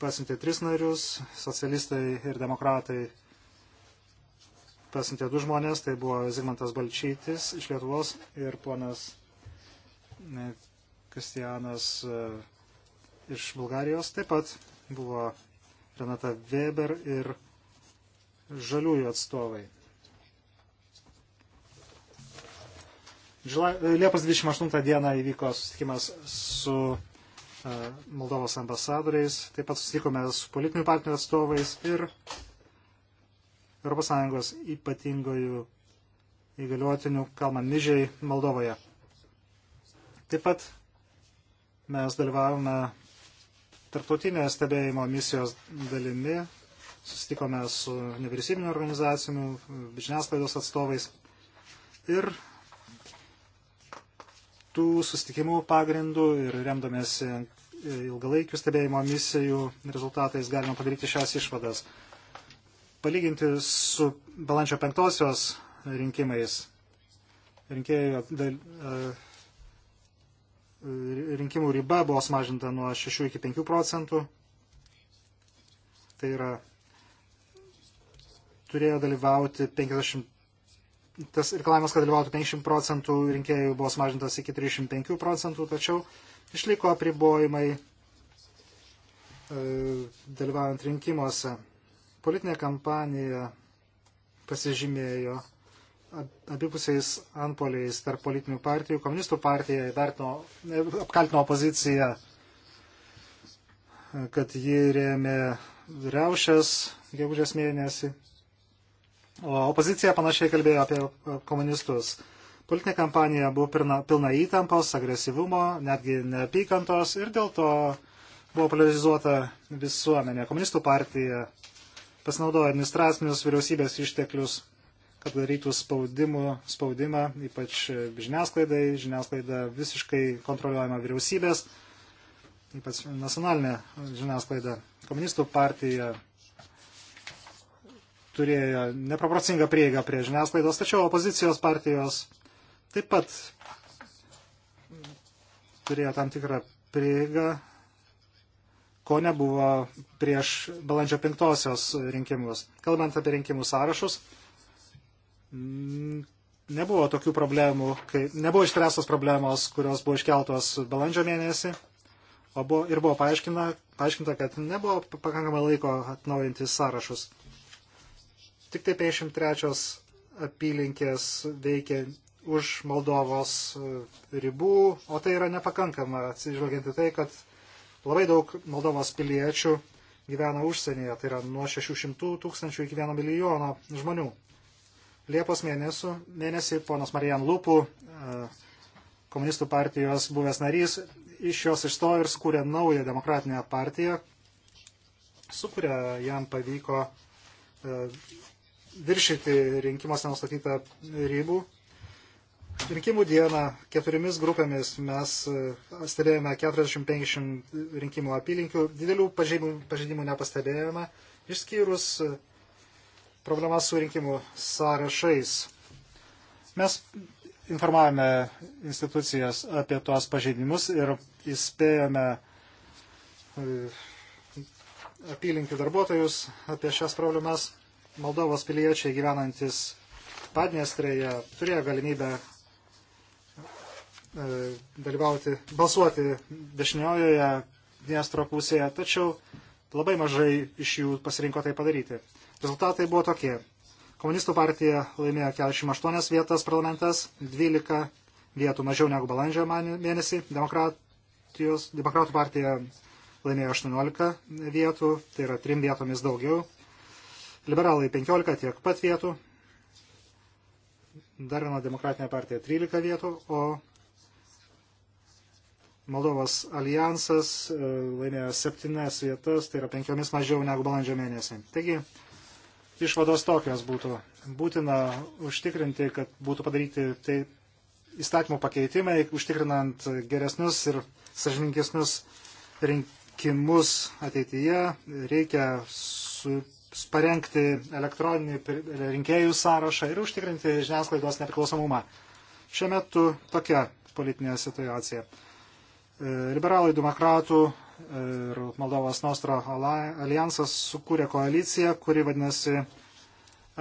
pasiuntė tris narius, socialistai ir demokratai pasiuntė du žmonės, tai buvo Zigmantas Balčytis iš Lietuvos ir ponas Kristijanas iš Bulgarijos taip pat buvo Renata Weber ir žaliųjų atstovai. Liepos 28 dieną įvyko susitikimas su e, Moldovos ambasadoriais, taip pat susitikome su politinių partnerių atstovais ir ES ypatingojų įgaliuotinių Kalman Nižiai Moldovoje. Taip pat mes dalyvavome tarptautinės stebėjimo misijos dalimi. Susitikome su nevyriausybinio organizacijų, žiniasklaidos atstovais. Ir tų susitikimų pagrindų ir remdamėsi ilgalaikių stebėjimo misijų rezultatais galima padaryti šias išvadas. Palyginti su balandžio penktosios rinkimais, rinkėjų rinkimų riba buvo sumažinta nuo 6 iki 5 procentų. Tai yra turėjo dalyvauti 50, tas reikalavimas, kad dalyvautų 50 procentų rinkėjų buvo sumažintas iki 35 procentų, tačiau išliko apribojimai e, dalyvaujant rinkimuose. Politinė kampanija pasižymėjo abipusiais antpoliais tarp politinių partijų. Komunistų partija vertino, apkaltino opoziciją, kad ji rėmė reušės gegužės mėnesį. O opozicija panašiai kalbėjo apie komunistus. Politinė kampanija buvo pilna, pilna įtampos, agresyvumo, netgi neapykantos ir dėl to buvo polarizuota visuomenė. Komunistų partija pasinaudojo administracinius vyriausybės išteklius kad darytų spaudimą, spaudimą ypač žiniasklaidai. Žiniasklaida visiškai kontroliuojama vyriausybės, ypač nacionalinė žiniasklaida. Komunistų partija turėjo neproporcingą prieigą prie žiniasklaidos, tačiau opozicijos partijos taip pat turėjo tam tikrą prieigą, ko nebuvo prieš balandžio penktosios rinkimus. Kalbant apie rinkimų sąrašus, Mm, nebuvo tokių problemų, kai nebuvo išspręstos problemos, kurios buvo iškeltos balandžio mėnesį, o buvo, ir buvo paaiškina, paaiškinta, kad nebuvo pakankamai laiko atnaujinti sąrašus. Tik tai 53 apylinkės veikia už Moldovos e, ribų, o tai yra nepakankama, atsižvelgiant į tai, kad labai daug Moldovos piliečių gyvena užsienyje, tai yra nuo 600 tūkstančių iki 1 milijono žmonių. Liepos mėnesų, mėnesį ponas Marijan Lupų, e, komunistų partijos buvęs narys, iš jos išstojo ir sukūrė naują demokratinę partiją, su kuria jam pavyko e, viršyti rinkimuose nustatytą ribų. Rinkimų dieną keturiomis grupėmis mes e, stebėjome 40-50 rinkimų apylinkių, didelių pažeidimų nepastebėjome, išskyrus Problema su rinkimų sąrašais. Mes informavome institucijas apie tuos pažeidimus ir įspėjome e, apylinkių darbuotojus apie šias problemas. Moldovos piliečiai gyvenantis Padniestrėje turėjo galimybę e, dalyvauti, balsuoti dešiniojoje Dniestro pusėje, tačiau labai mažai iš jų pasirinko tai padaryti. Rezultatai buvo tokie. Komunistų partija laimėjo 48 vietas parlamentas, 12 vietų mažiau negu balandžio mėnesį. Demokratų partija laimėjo 18 vietų, tai yra trim vietomis daugiau. Liberalai 15 tiek pat vietų. Dar viena demokratinė partija 13 vietų, o Moldovos alijansas e, laimėjo septynes vietas, tai yra penkiomis mažiau negu balandžio mėnesį. Taigi, išvados tokios būtų. Būtina užtikrinti, kad būtų padaryti tai įstatymų pakeitimai, užtikrinant geresnius ir sažininkesnius rinkimus ateityje. Reikia su, parengti elektroninį rinkėjų sąrašą ir užtikrinti žiniasklaidos nepriklausomumą. Šiuo metu tokia politinė situacija. E, liberalai demokratų ir Moldovos Nostro alijansas sukūrė koaliciją, kuri vadinasi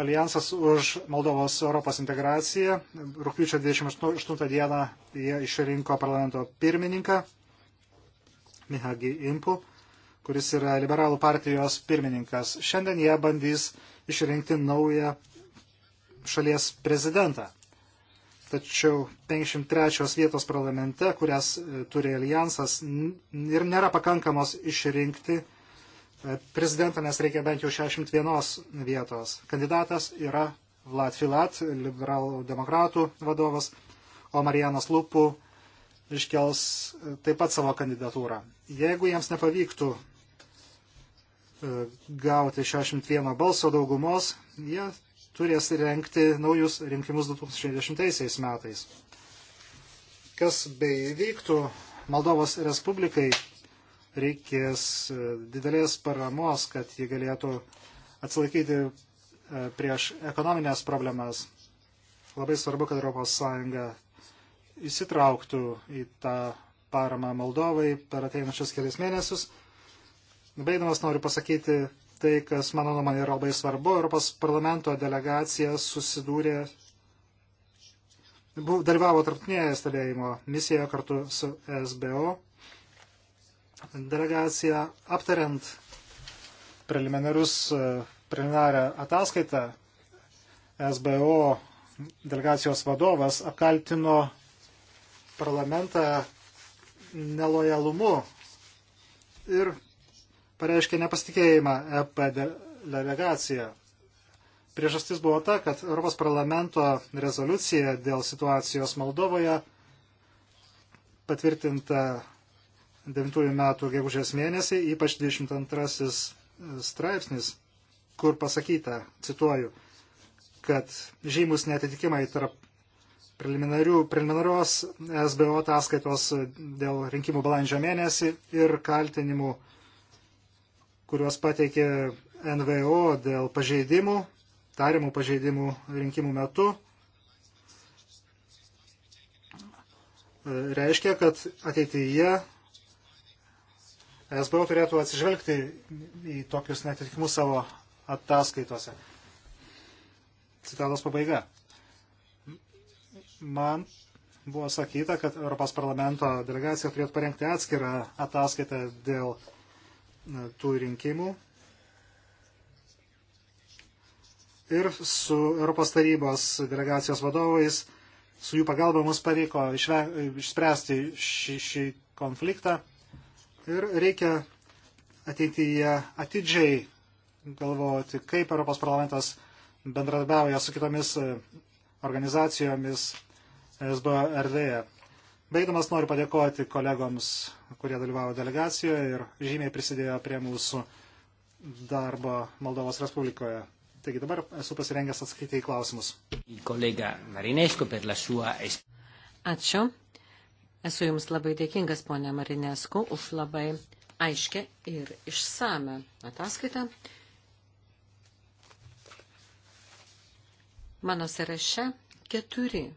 Alijansas už Moldovos Europos integraciją. Rūpiučio 28 dieną jie išrinko parlamento pirmininką Mihagi Impu, kuris yra liberalų partijos pirmininkas. Šiandien jie bandys išrinkti naują šalies prezidentą. Tačiau 53 vietos parlamente, kurias e, turi alijansas, ir nėra pakankamos išrinkti e, prezidentą, nes reikia bent jau 61 vietos. Kandidatas yra Vlad Filat, liberalų demokratų vadovas, o Marijanas Lūpų iškels e, taip pat savo kandidatūrą. Jeigu jiems nepavyktų gauti 61 balso daugumos, jie turės renkti naujus rinkimus 2060 metais. Kas bei vyktų, Moldovos Respublikai reikės e, didelės paramos, kad ji galėtų atsilaikyti e, prieš ekonominės problemas. Labai svarbu, kad ES įsitrauktų į tą paramą Moldovai per ateinančius kelias mėnesius. Baigdamas noriu pasakyti, tai, kas mano nuomonė yra labai svarbu. Europos parlamento delegacija susidūrė, bu, dalyvavo tarptinėje stebėjimo misijoje kartu su SBO. Delegacija aptariant preliminarius, e, preliminarią ataskaitą, SBO delegacijos vadovas apkaltino parlamentą nelojalumu ir pareiškė nepasitikėjimą EP delegacija. Priežastis buvo ta, kad Europos parlamento rezoliucija dėl situacijos Moldovoje patvirtinta 9 metų gegužės mėnesį, ypač 22 straipsnis, kur pasakyta, cituoju, kad žymus netitikimai tarp preliminarios SBO ataskaitos dėl rinkimų balandžio mėnesį ir kaltinimų kuriuos pateikė NVO dėl pažeidimų, tarimų pažeidimų rinkimų metu, e, reiškia, kad ateityje SBO turėtų atsižvelgti į tokius netitikimus savo ataskaitose. Citatos pabaiga. Man buvo sakyta, kad Europos parlamento delegacija turėtų parengti atskirą ataskaitą dėl tų rinkimų ir su Europos tarybos delegacijos vadovais, su jų pagalba mus pavyko išspręsti šį, šį konfliktą ir reikia ateityje atidžiai galvoti, kaip Europos parlamentas bendradarbiauja su kitomis e, organizacijomis SBO erdvėje. Baigdamas noriu padėkoti kolegoms, kurie dalyvavo delegacijoje ir žymiai prisidėjo prie mūsų darbo Moldovos Respublikoje. Taigi dabar esu pasirengęs atsakyti į klausimus. Ačiū. Esu Jums labai dėkingas, ponė Marinesku, už labai aiškę ir išsame ataskaitą. Mano sąraše keturi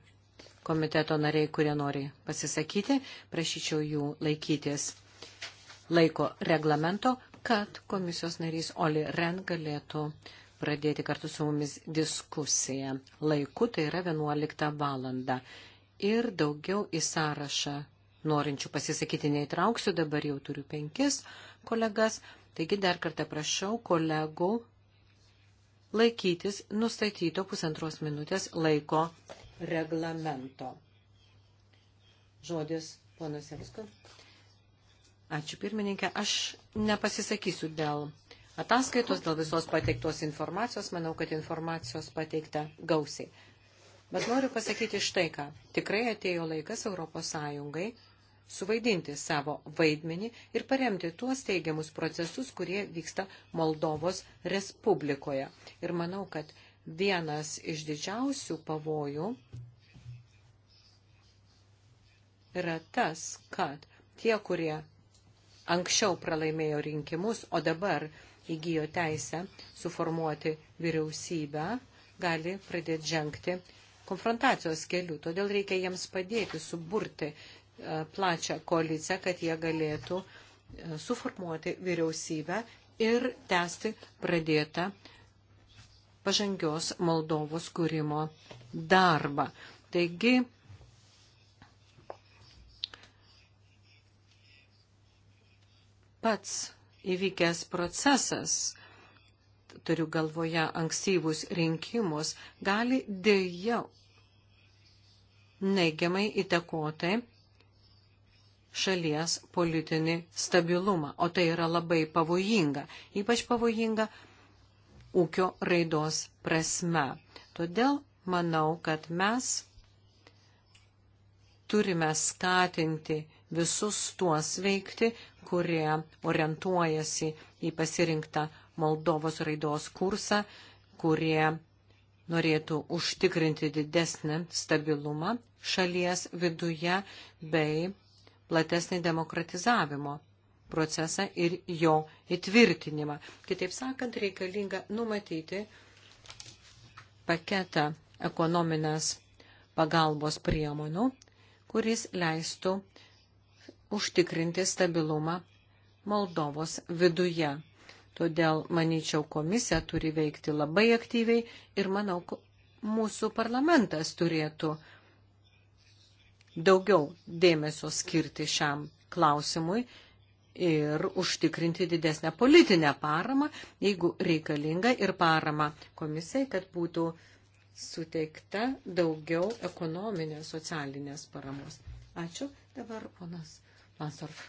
komiteto nariai, kurie nori pasisakyti, prašyčiau jų laikytis laiko reglamento, kad komisijos narys Oli Ren galėtų pradėti kartu su mumis diskusiją. Laiku tai yra 11 valanda. Ir daugiau į sąrašą norinčių pasisakyti neįtrauksiu, dabar jau turiu penkis kolegas. Taigi dar kartą prašau kolegų laikytis nustatyto pusantros minutės laiko reglamento. Žodis, ponas Jevskas. Ačiū pirmininkė. Aš nepasisakysiu dėl ataskaitos, dėl visos pateiktos informacijos. Manau, kad informacijos pateikta gausiai. Bet noriu pasakyti štai ką. Tikrai atėjo laikas Europos Sąjungai suvaidinti savo vaidmenį ir paremti tuos teigiamus procesus, kurie vyksta Moldovos Respublikoje. Ir manau, kad vienas iš didžiausių pavojų yra tas, kad tie, kurie anksčiau pralaimėjo rinkimus, o dabar įgyjo teisę suformuoti vyriausybę, gali pradėti žengti konfrontacijos keliu. Todėl reikia jiems padėti suburti e, plačią koaliciją, kad jie galėtų e, suformuoti vyriausybę ir tęsti pradėtą uh, pažangios Moldovos kūrimo darbą. Taigi, pats įvykęs procesas, turiu galvoje ankstyvus rinkimus, gali dėja neigiamai įtakoti šalies politinį stabilumą, o tai yra labai pavojinga, ypač pavojinga ūkio raidos prasme. Todėl manau, kad mes turime skatinti visus tuos veikti, kurie orientuojasi į pasirinktą Moldovos raidos kursą, kurie norėtų užtikrinti didesnį stabilumą šalies viduje bei platesnį demokratizavimo procesą ir jo įtvirtinimą. Kitaip sakant, reikalinga numatyti paketą ekonominės pagalbos priemonių, kuris leistų užtikrinti stabilumą Moldovos viduje. Todėl, manyčiau, komisija turi veikti labai aktyviai ir, manau, mūsų parlamentas turėtų daugiau dėmesio skirti šiam klausimui ir užtikrinti didesnę politinę paramą, jeigu reikalinga, ir paramą komisijai, kad būtų suteikta daugiau ekonominės, socialinės paramos. Ačiū. Dabar ponas Mansdorf.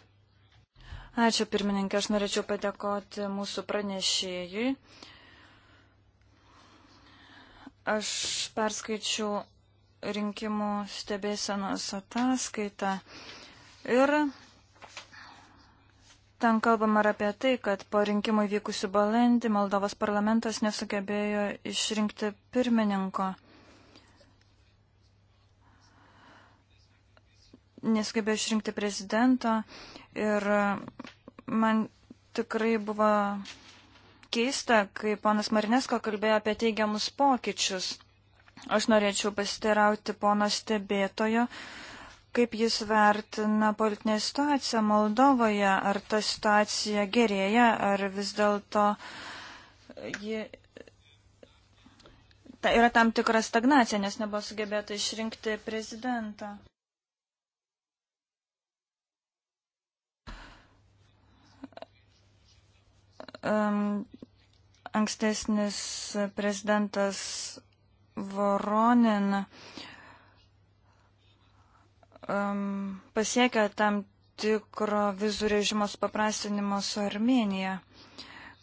Ačiū pirmininkė, aš norėčiau padėkoti mūsų pranešėjui. Aš perskaičiau rinkimų stebėsenos ataskaitą ir Ten kalbama ir apie tai, kad po rinkimų įvykusių balandį Moldovos parlamentas nesugebėjo išrinkti pirmininko. Nesugebėjo išrinkti prezidento ir man tikrai buvo keista, kai ponas Marinesko kalbėjo apie teigiamus pokyčius. Aš norėčiau pasiteirauti pono stebėtojo, uh, kaip jis vertina politinę situaciją Moldovoje, ar ta situacija gerėja, ar vis dėlto ji... Ta yra tam tikra stagnacija, nes nebuvo sugebėta išrinkti prezidentą. Um, ankstesnis prezidentas Voronin uh, um, pasiekę tam tikro vizų režimo supaprastinimo su Armenija.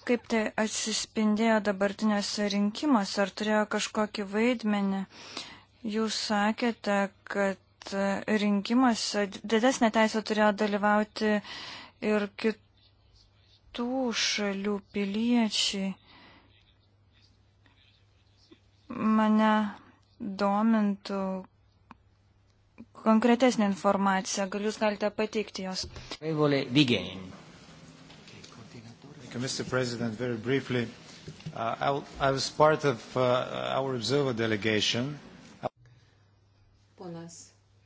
Kaip tai atsispindėjo dabartiniuose rinkimuose, ar turėjo kažkokį vaidmenį? Jūs sakėte, kad e, rinkimuose didesnė teisė turėjo dalyvauti ir kitų šalių piliečiai. Mane domintų, konkretesnę informaciją, gal jūs galite pateikti jos. Mr. President, very briefly, uh, I, I was part of uh, our observer delegation. Ponas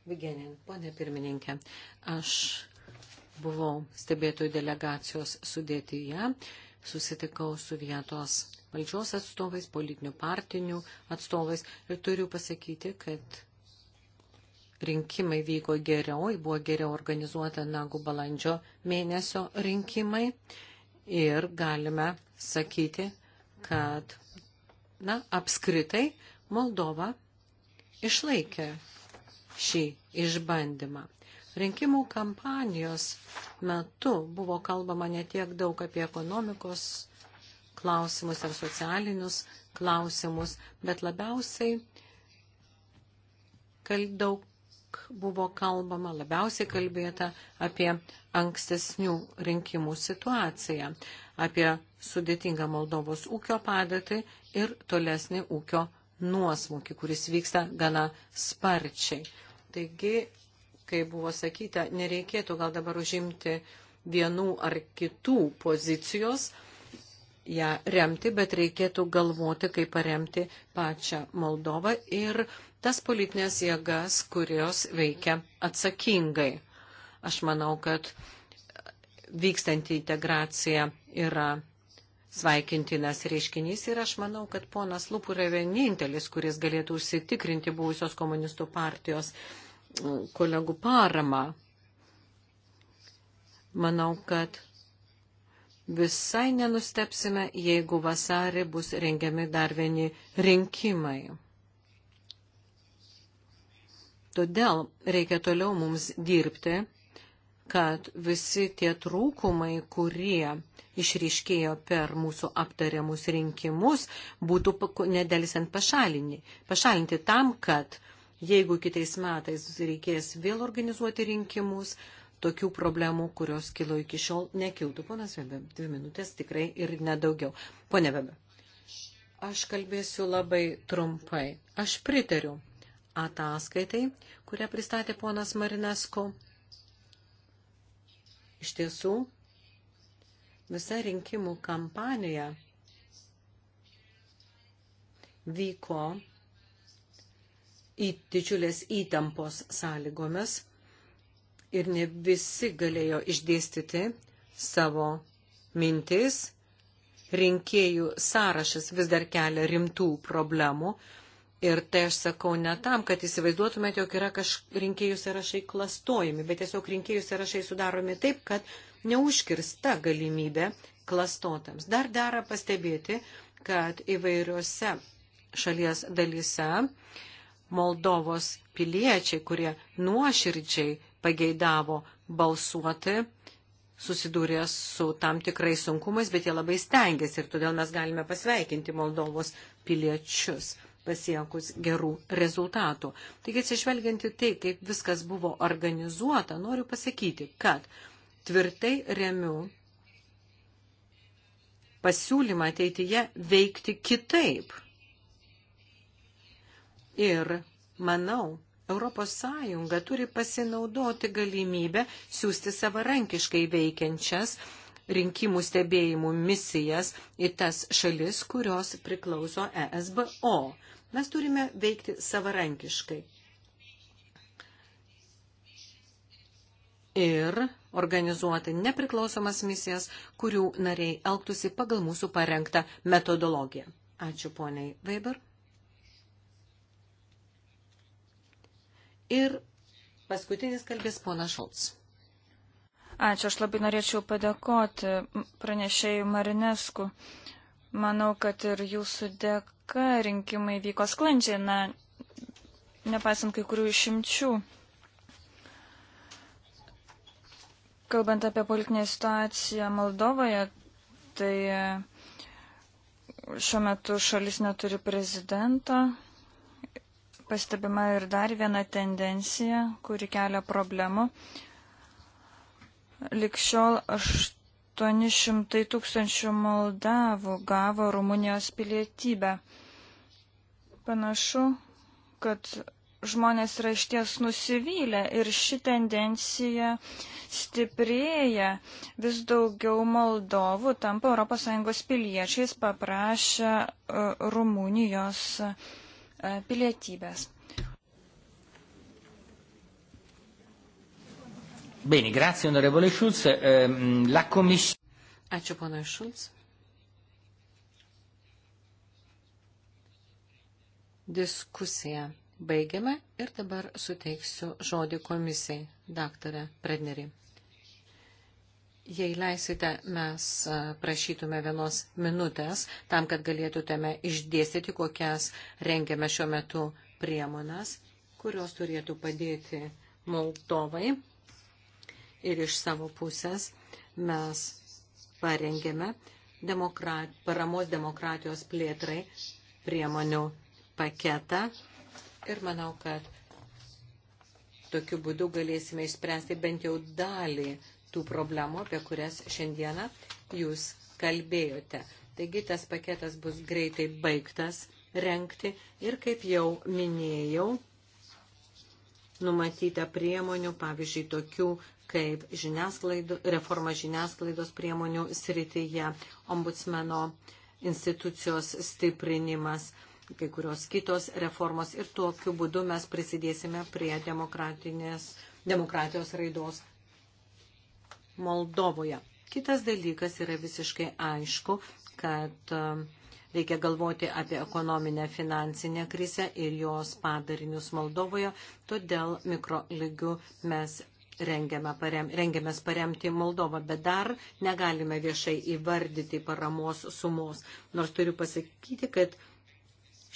Vigenin, ponė pirmininkė, aš buvau stebėtojų delegacijos sudėtyje, susitikau su vietos valdžios atstovais, politinių partinių atstovais ir turiu pasakyti, kad rinkimai vyko geriau, buvo geriau organizuota negu balandžio mėnesio rinkimai ir galime sakyti, kad, na, apskritai Moldova išlaikė šį išbandymą. Rinkimų kampanijos metu buvo kalbama ne tiek daug apie ekonomikos klausimus ar socialinius klausimus, bet labiausiai daug buvo kalbama, labiausiai kalbėta apie ankstesnių rinkimų situaciją, apie sudėtingą Moldovos ūkio padėtį ir tolesnį ūkio nuosmukį, kuris vyksta gana sparčiai. Taigi, kaip buvo sakyta, nereikėtų gal dabar užimti vienų ar kitų pozicijos, ją remti, bet reikėtų galvoti, kaip paremti pačią Moldovą ir tas politinės jėgas, kurios veikia atsakingai. Aš manau, kad vykstanti integracija yra sveikintinas reiškinys ir aš manau, kad ponas Lupų yra vienintelis, kuris galėtų užsitikrinti buvusios komunistų partijos mm, kolegų paramą. Manau, kad visai nenustepsime, jeigu vasarį bus rengiami dar vieni rinkimai. Todėl reikia toliau mums dirbti, kad visi tie trūkumai, kurie išryškėjo per mūsų aptariamus rinkimus, būtų nedelsiant pašalinti. Pašalinti tam, kad jeigu kitais metais reikės vėl organizuoti rinkimus, tokių problemų, kurios kilo iki šiol, nekiltų. Ponas Vebe, dvi minutės tikrai ir nedaugiau. Pone Vebe, aš kalbėsiu labai trumpai. Aš pritariu ataskaitai, kurią pristatė ponas Marinesko. Iš tiesų, visa rinkimų kampanija vyko į didžiulės įtampos sąlygomis ir ne visi galėjo išdėstyti savo mintis. Rinkėjų sąrašas vis dar kelia rimtų problemų, Ir tai aš sakau ne tam, kad įsivaizduotumėte, jog yra kažkokie rinkėjų sąrašai klastojami, bet tiesiog rinkėjų sąrašai sudaromi taip, kad neužkirsta galimybė klastotams. Dar dera pastebėti, kad įvairiose šalies dalyse Moldovos piliečiai, kurie nuoširdžiai pageidavo balsuoti, susidūrė su tam tikrais sunkumais, bet jie labai stengiasi ir todėl mes galime pasveikinti Moldovos piliečius pasiekus gerų rezultatų. Taigi, atsižvelgianti tai, kaip viskas buvo organizuota, noriu pasakyti, kad tvirtai remiu pasiūlymą ateityje veikti kitaip. Ir manau, Europos Sąjunga turi pasinaudoti galimybę siūsti savarankiškai veikiančias rinkimų stebėjimų misijas į tas šalis, kurios priklauso ESBO. Mes turime veikti savarankiškai. Ir organizuoti nepriklausomas misijas, kurių nariai elgtųsi pagal mūsų parengtą metodologiją. Ačiū poniai Weber. Ir paskutinis kalbės ponas Šolts. Ačiū, aš labai norėčiau padėkoti pranešėjų Marinesku. Manau, kad ir jūsų dėka rinkimai vyko sklandžiai, na, nepaisant kai kurių išimčių. Kalbant apie politinę situaciją Moldovoje, tai šiuo metu šalis neturi prezidento. Pastebima ir dar viena tendencija, kuri kelia problemų. Likščiol 800 tūkstančių Moldavų gavo Rumunijos pilietybę. Panašu, kad žmonės yra išties nusivylę ir ši tendencija stiprėja. Vis daugiau Moldovų tampa ES piliečiais paprašę e, Rumunijos e, pilietybės. Bene, grazie onorevole Schulz. Ehm, la commissione. Ačiū ponui Šulc. Diskusiją baigiame ir dabar suteiksiu žodį komisijai, daktarė Prednerį. Jei leisite, mes e, prašytume vienos minutės tam, kad galėtume išdėstyti, kokias rengiame šiuo metu priemonas, kurios turėtų padėti Moldovai ir iš savo pusės mes parengėme demokrat, paramos demokratijos plėtrai priemonių paketą ir manau, kad tokiu būdu galėsime išspręsti bent jau dalį tų problemų, apie kurias šiandieną jūs kalbėjote. Taigi tas paketas bus greitai baigtas renkti ir, kaip jau minėjau, numatyta priemonių, pavyzdžiui, tokių kaip žiniasklaido, reforma žiniasklaidos priemonių srityje, ombudsmeno institucijos stiprinimas, kai kurios kitos reformos ir tokiu būdu mes prisidėsime prie demokratijos raidos Moldovoje. Kitas dalykas yra visiškai aišku, kad um, reikia galvoti apie ekonominę finansinę krizę ir jos padarinius Moldovoje, todėl mikrolygių mes rengiame parem, rengiamės paremti Moldovą, bet dar negalime viešai įvardyti paramos sumos. Nors turiu pasakyti, kad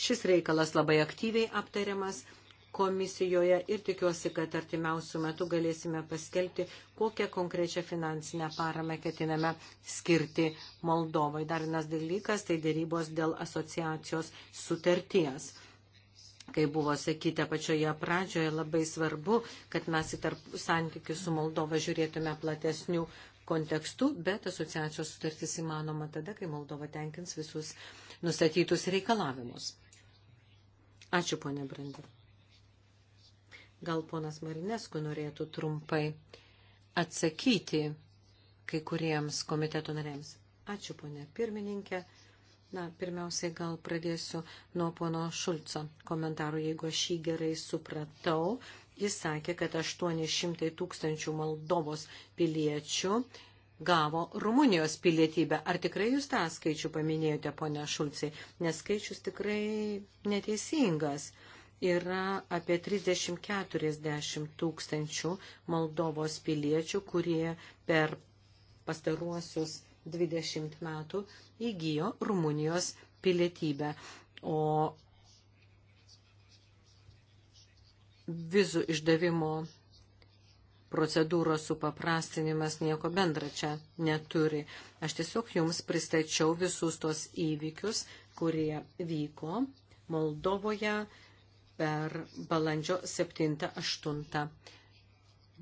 šis reikalas labai aktyviai aptariamas komisijoje ir tikiuosi, kad artimiausių metų galėsime paskelbti, kokią konkrečią finansinę paramą ketiname skirti Moldovai. Dar vienas dalykas - tai dėrybos dėl asociacijos sutarties kai buvo sakyta pačioje pradžioje, labai svarbu, kad mes į tarp santykių su Moldova žiūrėtume platesnių kontekstų, bet asociacijos sutartis įmanoma tada, kai Moldova tenkins visus nustatytus reikalavimus. Ačiū, ponė Brandi. Gal ponas Marinesku norėtų trumpai atsakyti kai kuriems komiteto narėms. Ačiū, ponė pirmininkė. Na, pirmiausiai gal pradėsiu nuo pono Šulco komentarų, jeigu aš jį gerai supratau. Jis sakė, kad 800 tūkstančių Moldovos piliečių gavo Rumunijos pilietybę. Ar tikrai jūs tą skaičių paminėjote, ponia Šulcai? Nes skaičius tikrai neteisingas. Yra apie 30-40 tūkstančių Moldovos piliečių, kurie per pastaruosius 20 metų įgyjo Rumunijos pilietybę. O vizų išdavimo procedūros supaprastinimas nieko bendra čia neturi. Aš tiesiog jums pristačiau visus tos įvykius, kurie vyko Moldovoje per balandžio 7-8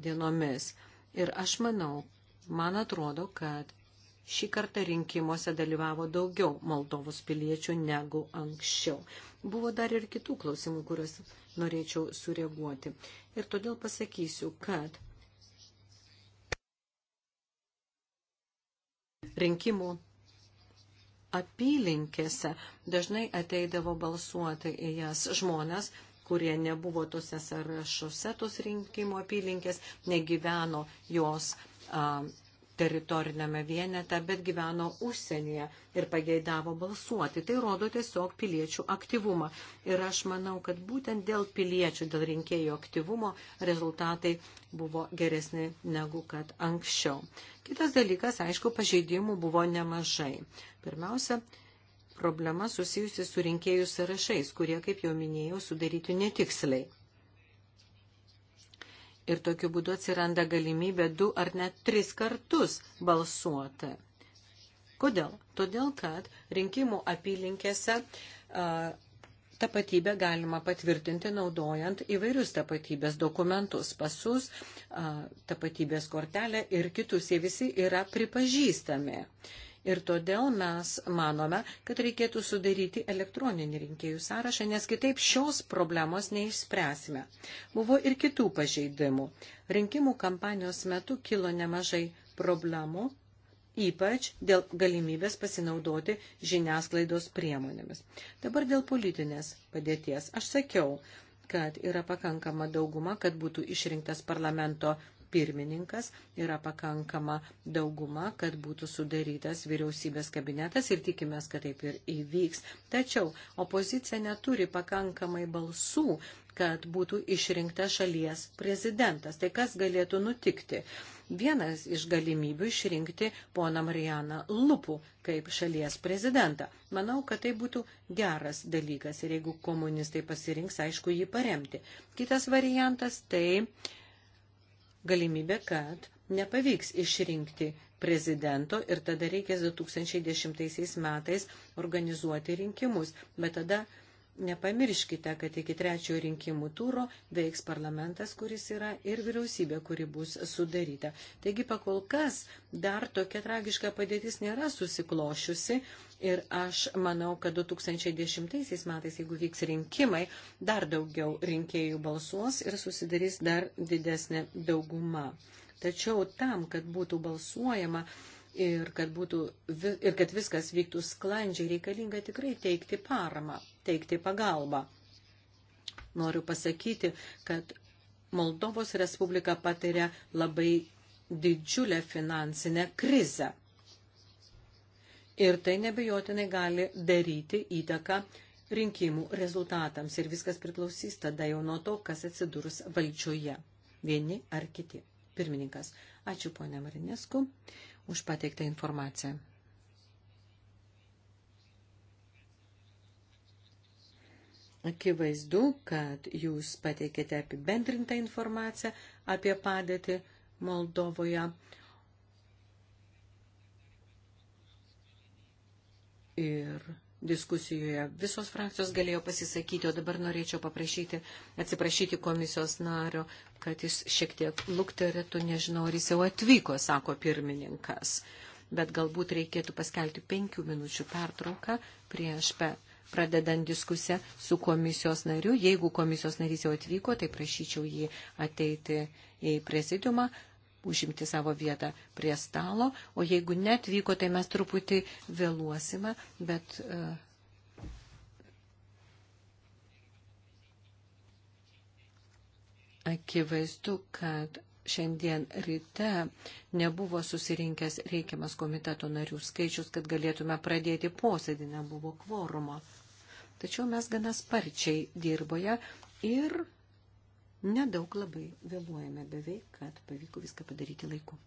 dienomis. Ir aš manau, man atrodo, kad šį kartą rinkimuose dalyvavo daugiau Moldovos piliečių negu anksčiau. Buvo dar ir kitų klausimų, kuriuos norėčiau sureaguoti. Ir todėl pasakysiu, kad rinkimų apylinkėse dažnai ateidavo balsuoti į jas žmonės, kurie nebuvo tose sąrašuose tos rinkimų apylinkės, negyveno jos a, teritorinėme vienete, bet gyveno užsienyje ir pageidavo balsuoti. Tai rodo tiesiog piliečių aktyvumą. Ir aš manau, kad būtent dėl piliečių, dėl rinkėjų aktyvumo rezultatai buvo geresni negu kad anksčiau. Kitas dalykas, aišku, pažeidimų buvo nemažai. Pirmiausia, problema susijusi su rinkėjų sąrašais, kurie, kaip jau minėjau, sudaryti netiksliai. Ir tokiu būdu atsiranda galimybė du ar net tris kartus balsuoti. Kodėl? Todėl, kad rinkimų apylinkėse a, tapatybę galima patvirtinti naudojant įvairius tapatybės dokumentus, pasus, a, tapatybės kortelę ir kitus. Jie visi yra pripažįstami. A, Ir todėl mes manome, kad reikėtų sudaryti elektroninį rinkėjų sąrašą, nes kitaip šios problemos neišspręsime. Buvo ir kitų pažeidimų. Rinkimų kampanijos metu kilo nemažai problemų ypač dėl galimybės pasinaudoti žiniasklaidos priemonėmis. Dabar dėl politinės padėties. Aš sakiau, kad yra pakankama dauguma, kad būtų išrinktas parlamento pirmininkas yra pakankama dauguma, kad būtų sudarytas vyriausybės kabinetas ir tikimės, kad taip ir įvyks. Tačiau opozicija neturi pakankamai balsų, kad būtų išrinktas šalies prezidentas. Tai kas galėtų nutikti? Vienas iš galimybių išrinkti poną Marijaną Lupų kaip šalies prezidentą. Manau, kad tai būtų geras dalykas ir jeigu komunistai pasirinks, aišku, jį paremti. Kitas variantas tai galimybė, kad nepavyks išrinkti prezidento ir tada reikės 2010 metais organizuoti rinkimus. Bet tada Nepamirškite, kad iki trečiojo rinkimų tūro veiks parlamentas, kuris yra ir vyriausybė, kuri bus sudaryta. Taigi pakol kas dar tokia tragiška padėtis nėra susiklošiusi ir aš manau, kad 2010 metais, jeigu vyks rinkimai, dar daugiau rinkėjų balsuos ir susidarys dar didesnė dauguma. Tačiau tam, kad būtų balsuojama, ir kad, būtų, ir kad viskas vyktų sklandžiai, reikalinga tikrai teikti paramą, teikti pagalbą. Noriu pasakyti, kad Moldovos Respublika patiria labai didžiulę finansinę krizę. Ir tai nebejotinai gali daryti įtaką rinkimų rezultatams. Ir viskas priklausys tada jau nuo to, kas atsidurs valdžioje. Vieni ar kiti. Pirmininkas. Ačiū, ponė Marinesku už pateiktą informaciją. Akivaizdu, kad jūs pateikėte apibendrintą informaciją apie padėtį Moldovoje. Ir diskusijoje. Visos frakcijos galėjo pasisakyti, o dabar norėčiau paprašyti, atsiprašyti komisijos nario, kad jis šiek tiek lukterėtų, nežinau, ar jis jau atvyko, sako pirmininkas. Bet galbūt reikėtų paskelti penkių minučių pertrauką prieš pe pradedant diskusiją su komisijos nariu. Jeigu komisijos narys jau atvyko, tai prašyčiau jį ateiti į prezidiumą užimti savo vietą prie stalo, o jeigu netvyko, tai mes truputį vėluosime, bet. E, akivaizdu, kad šiandien ryte nebuvo susirinkęs reikiamas komiteto narių skaičius, kad galėtume pradėti posėdį, nebuvo kvorumo. Tačiau mes gana sparčiai dirboje ir Nedaug labai vėluojame beveik, kad pavyko viską padaryti laiku.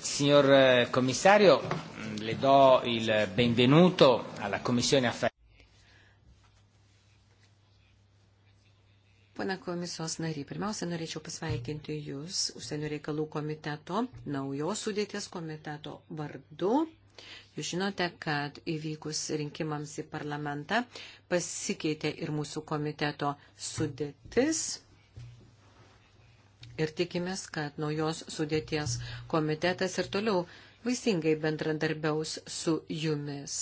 Signor eh, Commissario, le do il benvenuto alla Commissione Affari. Pana komisijos nariai, pirmiausia, norėčiau pasveikinti Jūs užsienio reikalų komiteto, naujos sudėties komiteto vardu. Jūs žinote, kad įvykus rinkimams į parlamentą pasikeitė ir mūsų komiteto sudėtis. Ir tikimės, kad naujos sudėties komitetas ir toliau vaisingai bendradarbiaus su Jumis,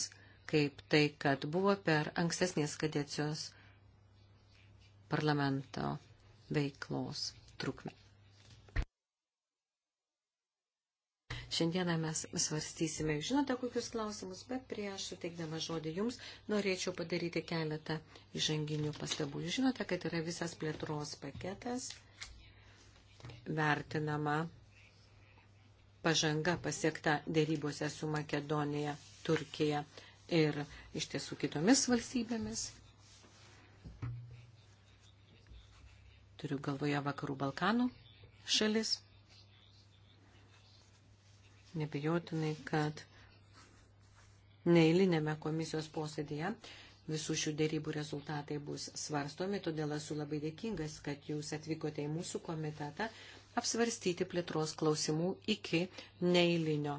kaip tai, kad buvo per ankstesnės kadencijos parlamento veiklos trukmę. Šiandieną mes svarstysime, žinote, kokius klausimus, bet prieš suteikdama žodį jums norėčiau padaryti keletą įžanginių pastabų. Žinote, kad yra visas plėtros paketas, vertinama pažanga pasiekta dėrybose su Makedonija, Turkija ir iš tiesų kitomis valstybėmis. turiu galvoje Vakarų Balkanų šalis. Nebijotinai, kad neįlinėme komisijos posėdėje visų šių dėrybų rezultatai bus svarstomi, todėl esu labai dėkingas, kad jūs atvykote į mūsų komitetą apsvarstyti plėtros klausimų iki neįlinio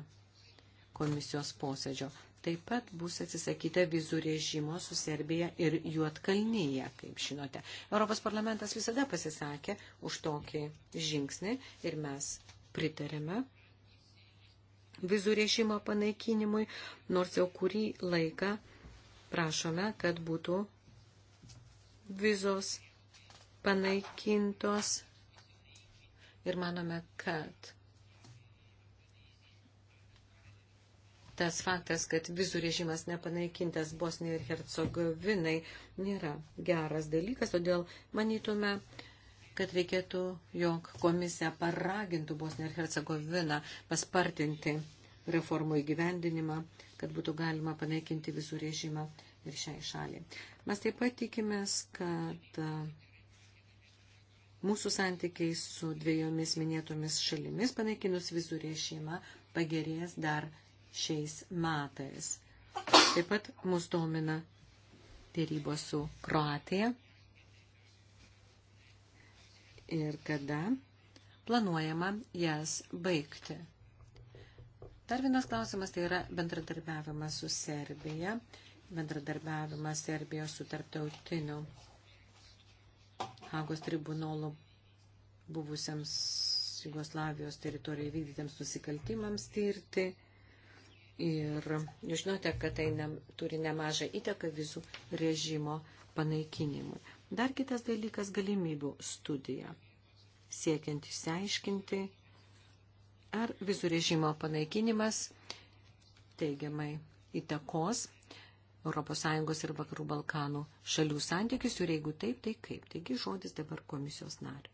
komisijos posėdžio. Taip pat bus atsisakyta vizų režimo su Serbija ir Juotkalnyje, kaip žinote. Europos parlamentas visada pasisakė už tokį žingsnį ir mes pritarėme vizų režimo panaikinimui, nors jau kurį laiką prašome, kad būtų vizos panaikintos ir manome, kad tas faktas, kad vizų režimas nepanaikintas Bosnijai ir Hercegovinai, nėra geras dalykas, todėl manytume, kad reikėtų, jog komisija paragintų Bosniją ir Hercegoviną paspartinti reformų įgyvendinimą, kad būtų galima panaikinti visų režimą ir šiai šaliai. Mes taip pat tikimės, kad e, mūsų santykiai su dviejomis minėtomis šalimis panaikinus visų režimą pagerės dar šiais metais. Taip pat mus domina dėrybos su Kroatija ir kada planuojama jas baigti. Dar vienas klausimas tai yra bendradarbiavimas su Serbija, bendradarbiavimas Serbijos su tarptautiniu Hagos tribunolu buvusiems Jugoslavijos teritorijoje vykdytiems nusikaltimams tirti. Tai Ir jūs žinote, kad tai ne, turi nemažą įtaką vizų režimo panaikinimui. Dar kitas dalykas - galimybių studija, siekiant išsiaiškinti, ar vizų režimo panaikinimas teigiamai įtakos ES ir Vakarų Balkanų šalių santykius ir jeigu taip, tai kaip. Taigi žodis dabar komisijos nariu.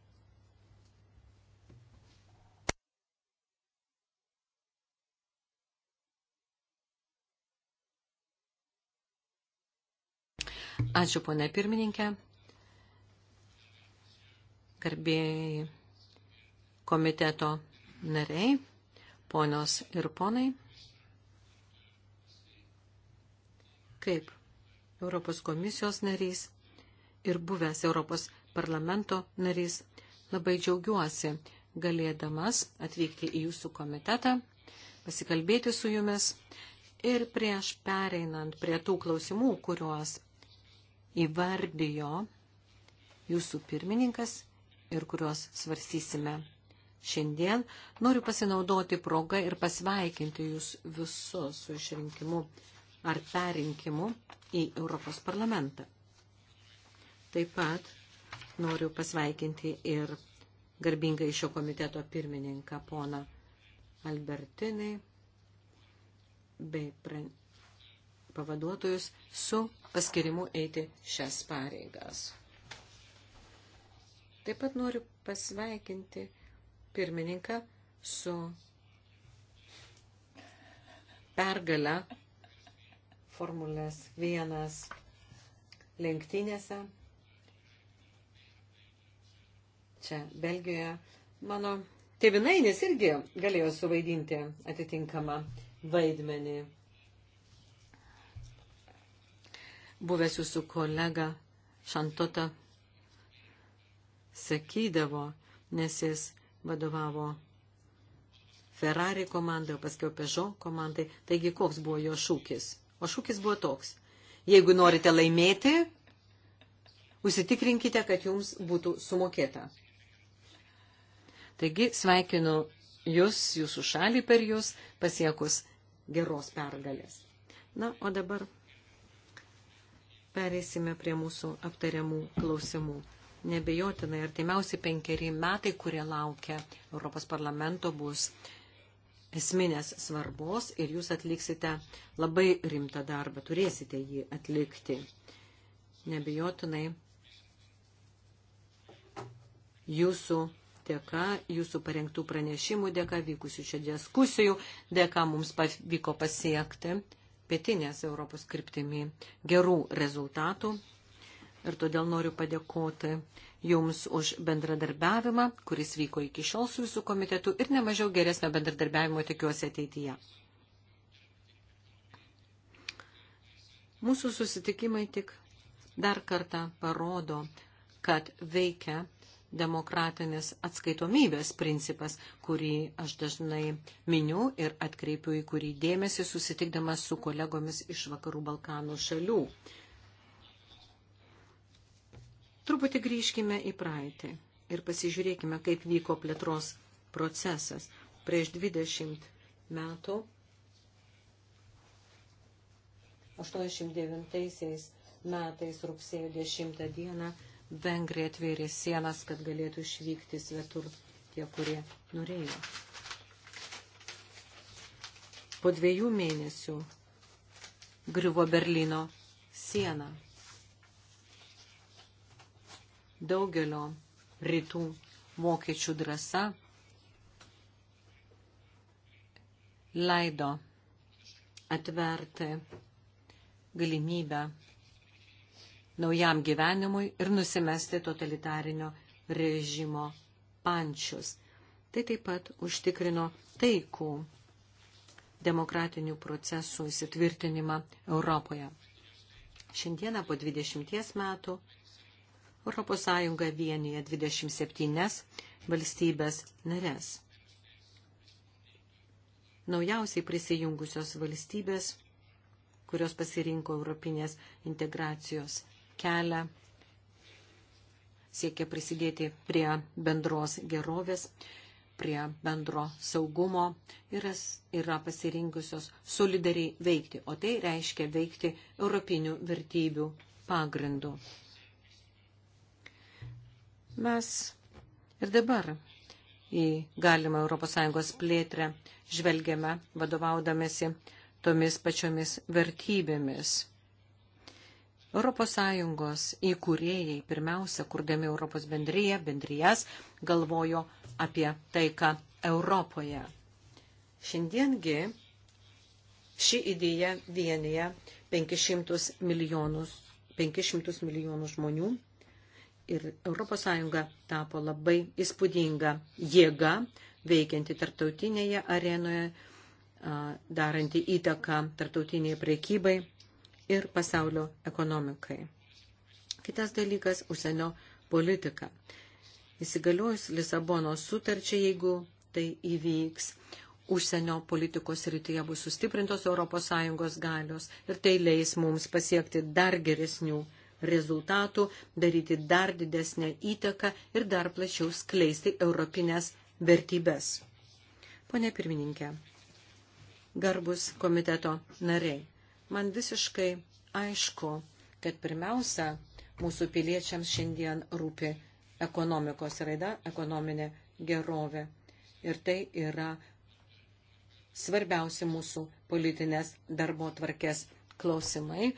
Ačiū, ponė pirmininkė. Garbėjai komiteto nariai, ponios ir ponai. Kaip Europos komisijos narys ir buvęs Europos parlamento narys, labai džiaugiuosi galėdamas atvykti į jūsų komitetą, pasikalbėti su jumis ir prieš pereinant prie tų klausimų, kuriuos įvardijo jūsų pirmininkas ir kuriuos svarstysime šiandien. Noriu pasinaudoti progą ir pasveikinti jūs visus su išrinkimu ar perinkimu į Europos parlamentą. Taip pat noriu pasveikinti ir garbingai šio komiteto pirmininką poną Albertinai bei pavaduotojus su paskirimu eiti šias pareigas. Taip pat noriu pasveikinti pirmininką su pergale Formulės 1 lenktynėse. Čia Belgijoje mano Tevinainis irgi galėjo suvaidinti atitinkamą vaidmenį. buvęs jūsų kolega Šantota sakydavo, nes jis vadovavo Ferrari komandai, o paskiau Peugeot komandai. Taigi, koks buvo jo šūkis? O šūkis buvo toks. Jeigu norite laimėti, užsitikrinkite, kad jums būtų sumokėta. Taigi, sveikinu jūs, jūsų šalį per jūs, pasiekus geros pergalės. Na, o dabar Pereisime prie mūsų aptariamų klausimų. Nebejotinai, artimiausi penkeri metai, kurie laukia Europos parlamento, bus esminės svarbos ir jūs atliksite labai rimtą darbą, turėsite jį atlikti. Nebijotinai jūsų dėka, jūsų parengtų pranešimų dėka, vykusių čia diskusijų dėka mums pavyko pasiekti pietinės Europos kryptimi gerų rezultatų. Ir todėl noriu padėkoti Jums už bendradarbiavimą, kuris vyko iki šiol su visų komitetu ir nemažiau geresnio bendradarbiavimo tikiuosi ateityje. Mūsų susitikimai tik dar kartą parodo, kad veikia demokratinės atskaitomybės principas, kurį aš dažnai miniu ir atkreipiu į kurį dėmesį susitikdamas su kolegomis iš Vakarų Balkanų šalių. Truputį grįžkime į praeitį ir pasižiūrėkime, kaip vyko plėtros procesas. Prieš 20 metų 89 metais rugsėjo 10 dieną Vengrija atvėrė sienas, kad galėtų išvykti svetur tie, kurie norėjo. Po dviejų mėnesių griuvo Berlyno siena. Daugelio rytų vokiečių drąsa leido atverti galimybę naujam gyvenimui ir nusimesti totalitarinio režimo pančius. Tai taip pat užtikrino taikų demokratinių procesų įsitvirtinimą Europoje. Šiandieną po 20 metų ES vienyje 27 valstybės narės. Naujausiai prisijungusios valstybės, kurios pasirinko Europinės integracijos kelią, siekia prisidėti prie bendros gerovės, prie bendro saugumo ir yra pasirinkusios solidariai veikti, o tai reiškia veikti europinių vertybių pagrindų. Mes ir dabar į galimą ES plėtrę žvelgiame vadovaudamėsi tomis pačiomis vertybėmis Europos Sąjungos įkūrėjai pirmiausia, kurdami Europos bendryje, bendryjas, galvojo apie taiką Europoje. Šiandiengi ši idėja vienyje 500 milijonus, 500 milijonų žmonių ir Europos Sąjunga tapo labai įspūdinga jėga, veikianti tarptautinėje arenoje, daranti įtaką tarptautinėje priekybai ir pasaulio ekonomikai. Kitas dalykas – užsienio politika. Įsigaliojus Lisabono sutarčiai, jeigu tai įvyks, užsienio politikos rytyje bus sustiprintos ES galios ir tai leis mums pasiekti dar geresnių rezultatų, daryti dar didesnę įtaką ir dar plačiau skleisti europinės vertybės. Pone pirmininkė, garbus komiteto nariai, Man visiškai aišku, kad pirmiausia, mūsų piliečiams šiandien rūpi ekonomikos raida, ekonominė gerovė. Ir tai yra svarbiausi mūsų politinės darbo tvarkės klausimai.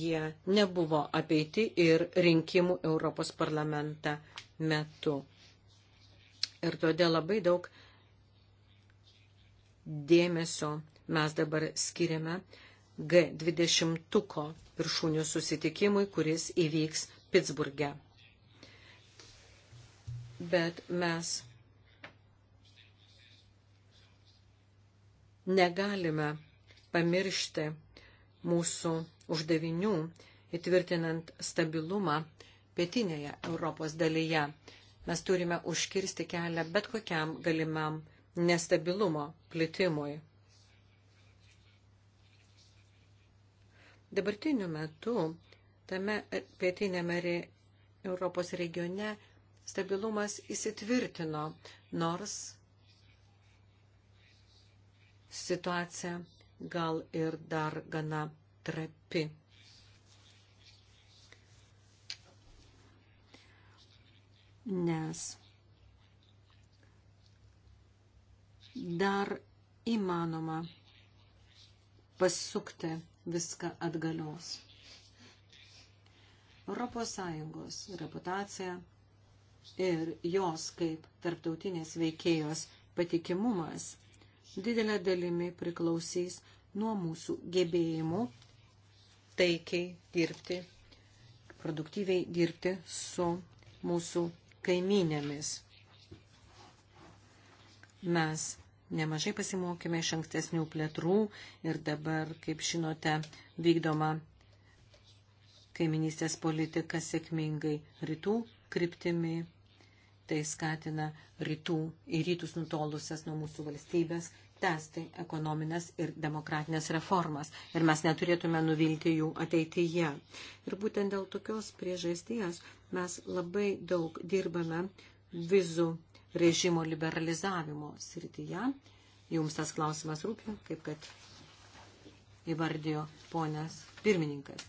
Jie nebuvo apeiti ir rinkimų Europos parlamentą metu. Ir todėl labai daug dėmesio mes dabar skiriame G20 viršūnių susitikimui, kuris įvyks Pittsburgė. Bet mes negalime pamiršti mūsų uždavinių įtvirtinant stabilumą pietinėje Europos dalyje. Mes turime užkirsti kelią bet kokiam galimam nestabilumo plitimui. Dabartiniu metu tame pietinėme re, Europos regione stabilumas įsitvirtino, nors situacija gal ir dar gana trapi. Nes dar įmanoma pasukti viską atgalios. Europos Sąjungos reputacija ir jos kaip tarptautinės veikėjos patikimumas didelė dalimi priklausys nuo mūsų gebėjimų taikiai dirbti, produktyviai dirbti su mūsų kaiminėmis. Mes nemažai pasimokėme iš ankstesnių plėtrų ir dabar, kaip žinote, vykdoma kaiminystės politika sėkmingai rytų kryptimi. Tai skatina rytų į rytus nutolusias nuo mūsų valstybės tęsti ekonominės ir demokratinės reformas ir mes neturėtume nuvilti jų ateityje. Ir būtent dėl tokios priežasties mes labai daug dirbame vizų režimo liberalizavimo srityje. Jums tas klausimas rūpi, kaip kad įvardijo ponas pirmininkas.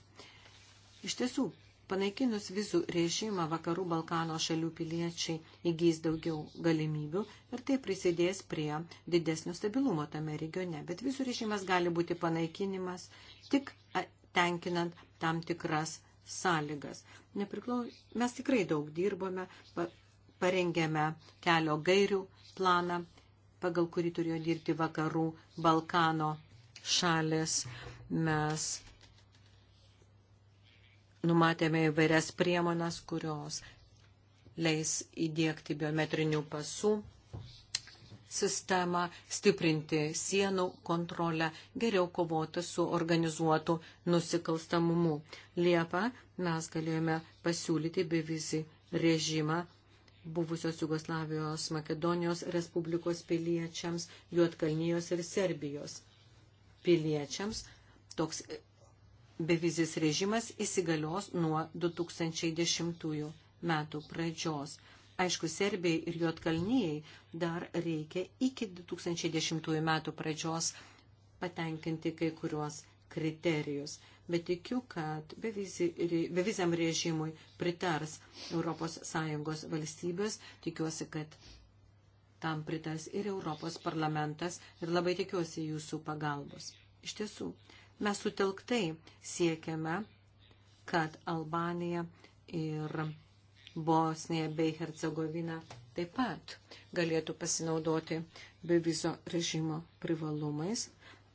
Iš tiesų, panaikinus vizų režimą vakarų Balkano šalių piliečiai įgys daugiau galimybių ir tai prisidės prie didesnio stabilumo tame regione. Bet vizų režimas gali būti panaikinimas tik tenkinant tam tikras sąlygas. Nepriklau... Mes tikrai daug dirbome parengėme kelio gairių planą, pagal kurį turėjo dirbti vakarų Balkano šalis. Mes numatėme įvairias priemonas, kurios leis įdėkti biometrinių pasų sistemą, stiprinti sienų kontrolę, geriau kovoti su organizuotu nusikalstamumu. Liepą mes galėjome pasiūlyti bevizį režimą buvusios Jugoslavijos, Makedonijos Respublikos piliečiams, Juotkalnijos ir Serbijos piliečiams. Toks bevizis režimas įsigalios nuo 2010 metų pradžios. Aišku, Serbijai ir Juotkalnijai dar reikia iki 2010 metų pradžios patenkinti kai kuriuos kriterijus. Bet tikiu, kad beviziam režimui pritars ES valstybės. Tikiuosi, kad tam pritars ir Europos parlamentas ir labai tikiuosi jūsų pagalbos. Iš tiesų, mes sutelktai siekiame, kad Albanija ir Bosnija bei Hercegovina taip pat galėtų pasinaudoti bevizio režimo privalumais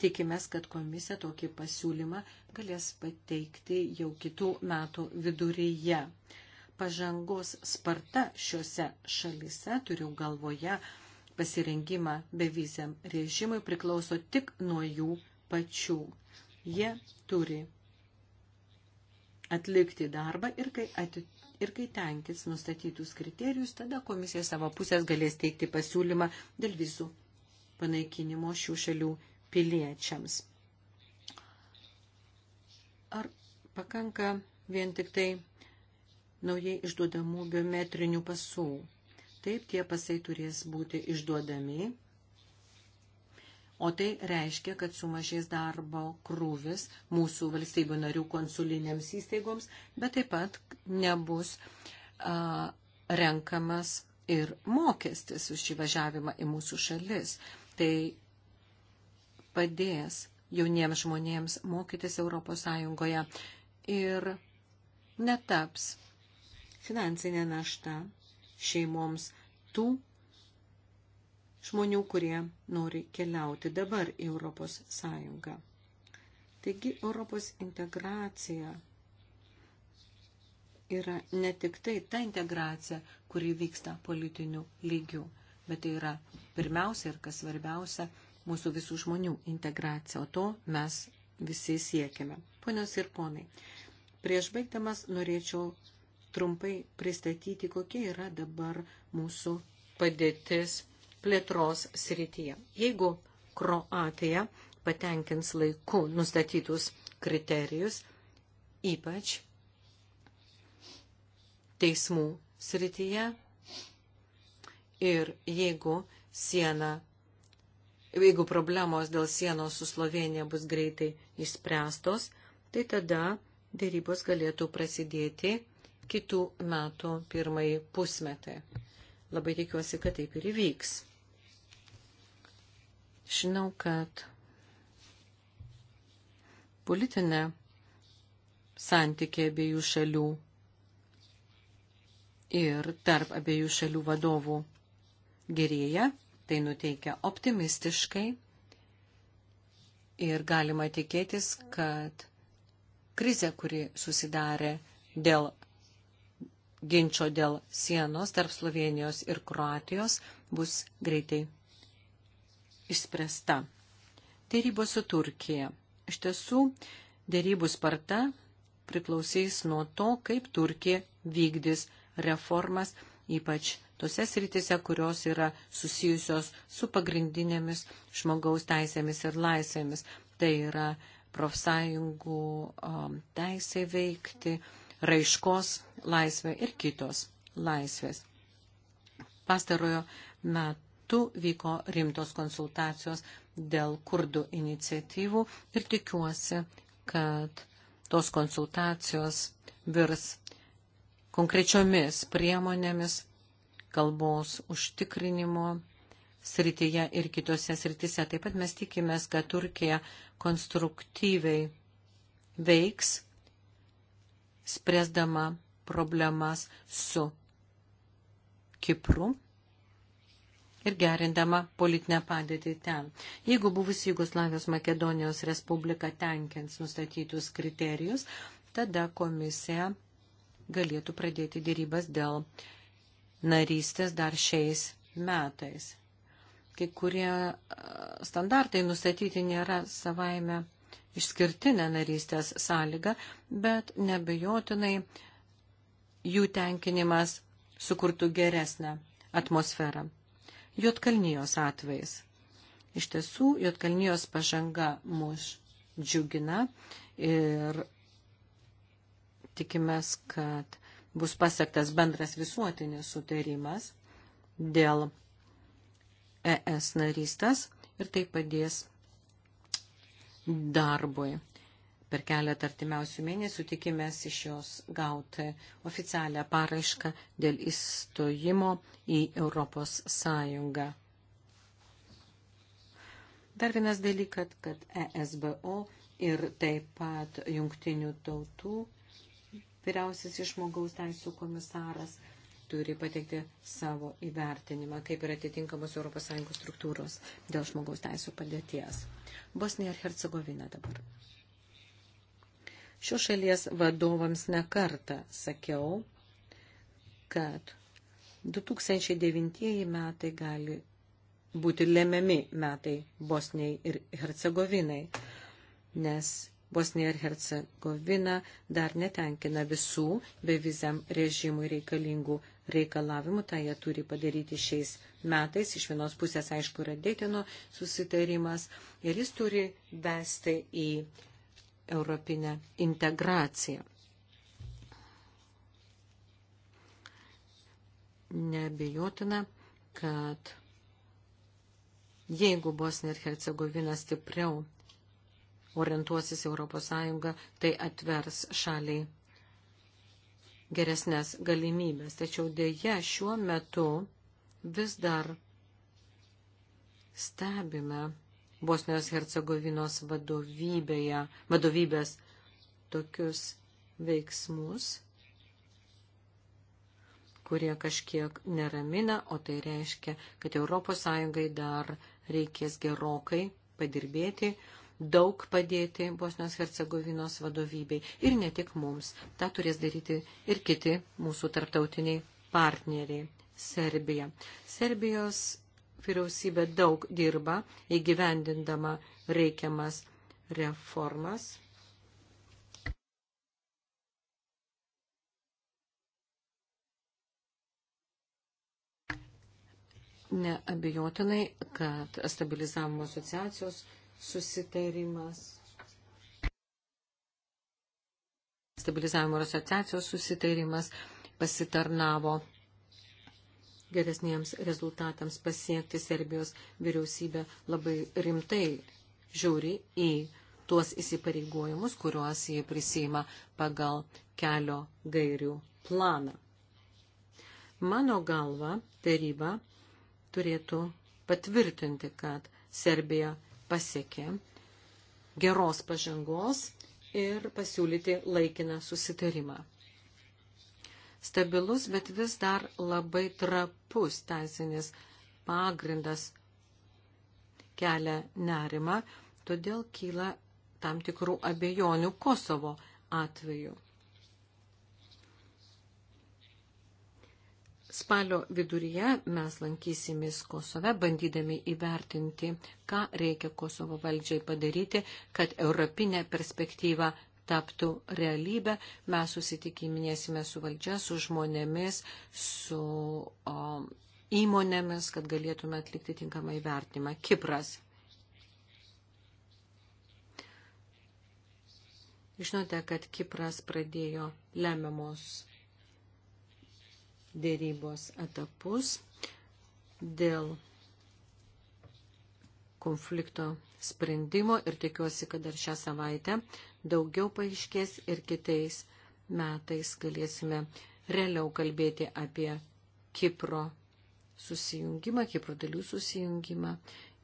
Tikimės, kad komisija tokį pasiūlymą galės pateikti jau kitų metų viduryje. Pažangos sparta šiuose šalise, turiu galvoje, pasirengimą beviziam režimui priklauso tik nuo jų pačių. Jie turi atlikti darbą ir kai, ati, ir kai tenkins nustatytus kriterijus, tada komisija savo pusės galės teikti pasiūlymą dėl vizų panaikinimo šių šalių piliečiams. Ar pakanka vien tik tai naujai išduodamų biometrinių pasų? Taip, tie pasai turės būti išduodami, o tai reiškia, kad sumažės darbo krūvis mūsų valstybių narių konsulinėms įstaigoms, bet taip pat nebus a, renkamas ir mokestis už įvažiavimą į mūsų šalis. Tai padės jauniems žmonėms mokytis Europos Sąjungoje ir netaps finansinė našta šeimoms tų žmonių, kurie nori keliauti dabar į Europos Sąjungą. Taigi Europos integracija yra ne tik tai ta integracija, kuri vyksta politiniu lygiu, bet tai yra pirmiausia ir kas svarbiausia mūsų visų žmonių integraciją, o to mes visi siekiame. Ponios ir ponai, prieš baigdamas norėčiau trumpai pristatyti, kokia yra dabar mūsų padėtis plėtros srityje. Jeigu Kroatija patenkins laiku nustatytus kriterijus, ypač teismų srityje ir jeigu siena jeigu problemos dėl sienos su Slovenija bus greitai išspręstos, tai tada dėrybos galėtų prasidėti kitų metų pirmąjį pusmetį. Labai tikiuosi, kad taip ir įvyks. Žinau, kad politinė santykė abiejų šalių ir tarp abiejų šalių vadovų gerėja. Tai nuteikia optimistiškai ir galima tikėtis, kad krizė, kuri susidarė dėl ginčio dėl sienos tarp Slovenijos ir Kroatijos, bus greitai išspręsta. Dėrybos su Turkija. Iš tiesų, dėrybų sparta priklausys nuo to, kaip Turkija vykdys reformas, ypač tose sritise, kurios yra susijusios su pagrindinėmis žmogaus teisėmis ir laisvėmis. Tai yra profsąjungų um, teisė veikti, raiškos laisvė ir kitos laisvės. Pastarojo metu vyko rimtos konsultacijos dėl kurdų iniciatyvų ir tikiuosi, kad tos konsultacijos virs konkrečiomis priemonėmis kalbos užtikrinimo srityje ir kitose srityse. Taip pat mes tikimės, kad Turkija konstruktyviai veiks, spręsdama problemas su Kipru ir gerindama politinę padėtį ten. Jeigu buvusi Jugoslavijos Makedonijos Respublika tenkins nustatytus kriterijus, tada komisija galėtų pradėti dėrybas dėl uh, narystės dar šiais metais. Kai kurie standartai nustatyti nėra savaime išskirtinė narystės sąlyga, bet nebejotinai jų tenkinimas sukurtų geresnę atmosferą. Jotkalnijos atvejais. Iš tiesų, Jotkalnijos pažanga mus džiugina ir tikimės, kad bus pasiektas bendras visuotinis sutarimas dėl ES narystės ir tai padės darbui. Per keletą artimiausių mėnesių tikimės iš jos gauti oficialią paraišką dėl įstojimo į Europos Sąjungą. Dar vienas dalykas, kad ESBO ir taip pat jungtinių tautų vyriausiasis žmogaus teisų komisaras turi pateikti savo įvertinimą, kaip yra atitinkamos ES struktūros dėl žmogaus teisų padėties. Bosnija ir Hercegovina dabar. Šios šalies vadovams nekartą sakiau, kad 2009 metai gali būti lemiami metai Bosniai ir Hercegovinai, nes Bosnija ir Hercegovina dar netenkina visų beviziam režimui reikalingų reikalavimų, tai jie turi padaryti šiais metais. Iš vienos pusės, aišku, yra Deitino susitarimas ir jis turi vesti į europinę integraciją. Nebejotina, kad jeigu Bosnija ir Hercegovina stipriau orientuosis Europos Sąjunga, tai atvers šaliai geresnės galimybės. Tačiau dėja šiuo metu vis dar stebime Bosnijos Hercegovinos vadovybės tokius veiksmus, kurie kažkiek neramina, o tai reiškia, kad ES dar reikės gerokai padirbėti, daug padėti Bosnios Hercegovinos vadovybei ir ne tik mums. Ta turės daryti ir kiti mūsų tarptautiniai partneriai - Serbija. Serbijos vyriausybė daug dirba įgyvendindama reikiamas reformas. Neabijotinai, kad stabilizavimo asociacijos susitarimas. Stabilizavimo ir asociacijos susitarimas pasitarnavo geresniems rezultatams pasiekti Serbijos vyriausybė labai rimtai žiūri į tuos įsipareigojimus, kuriuos jie prisima pagal kelio gairių planą. Mano galva, taryba turėtų patvirtinti, kad Serbija pasiekė geros pažangos ir pasiūlyti laikiną susitarimą. Stabilus, bet vis dar labai trapus teisinis pagrindas kelia nerima, todėl kyla tam tikrų abejonių Kosovo atveju. Spalio viduryje mes lankysimės Kosove, bandydami įvertinti, ką reikia Kosovo valdžiai padaryti, kad europinė perspektyva taptų realybę. Mes susitikiminėsime su valdžia, su žmonėmis, su o, įmonėmis, kad galėtume atlikti tinkamą įvertinimą. Kipras. Žinote, kad Kipras pradėjo lemiamos dėrybos etapus dėl konflikto sprendimo ir tikiuosi, kad dar šią savaitę daugiau paaiškės ir kitais metais galėsime realiau kalbėti apie Kipro susijungimą, Kipro dalių susijungimą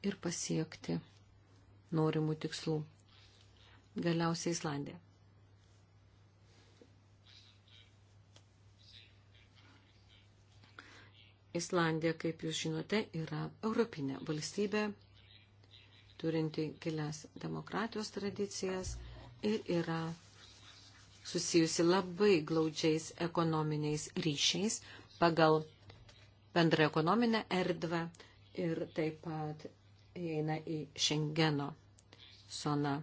ir pasiekti norimų tikslų. Galiausiai Islandija. Islandija, kaip jūs žinote, yra europinė valstybė, turinti gilias demokratijos tradicijas ir yra susijusi labai glaudžiais ekonominiais ryšiais pagal bendrą ekonominę erdvę ir taip pat įeina į Šengeno zoną.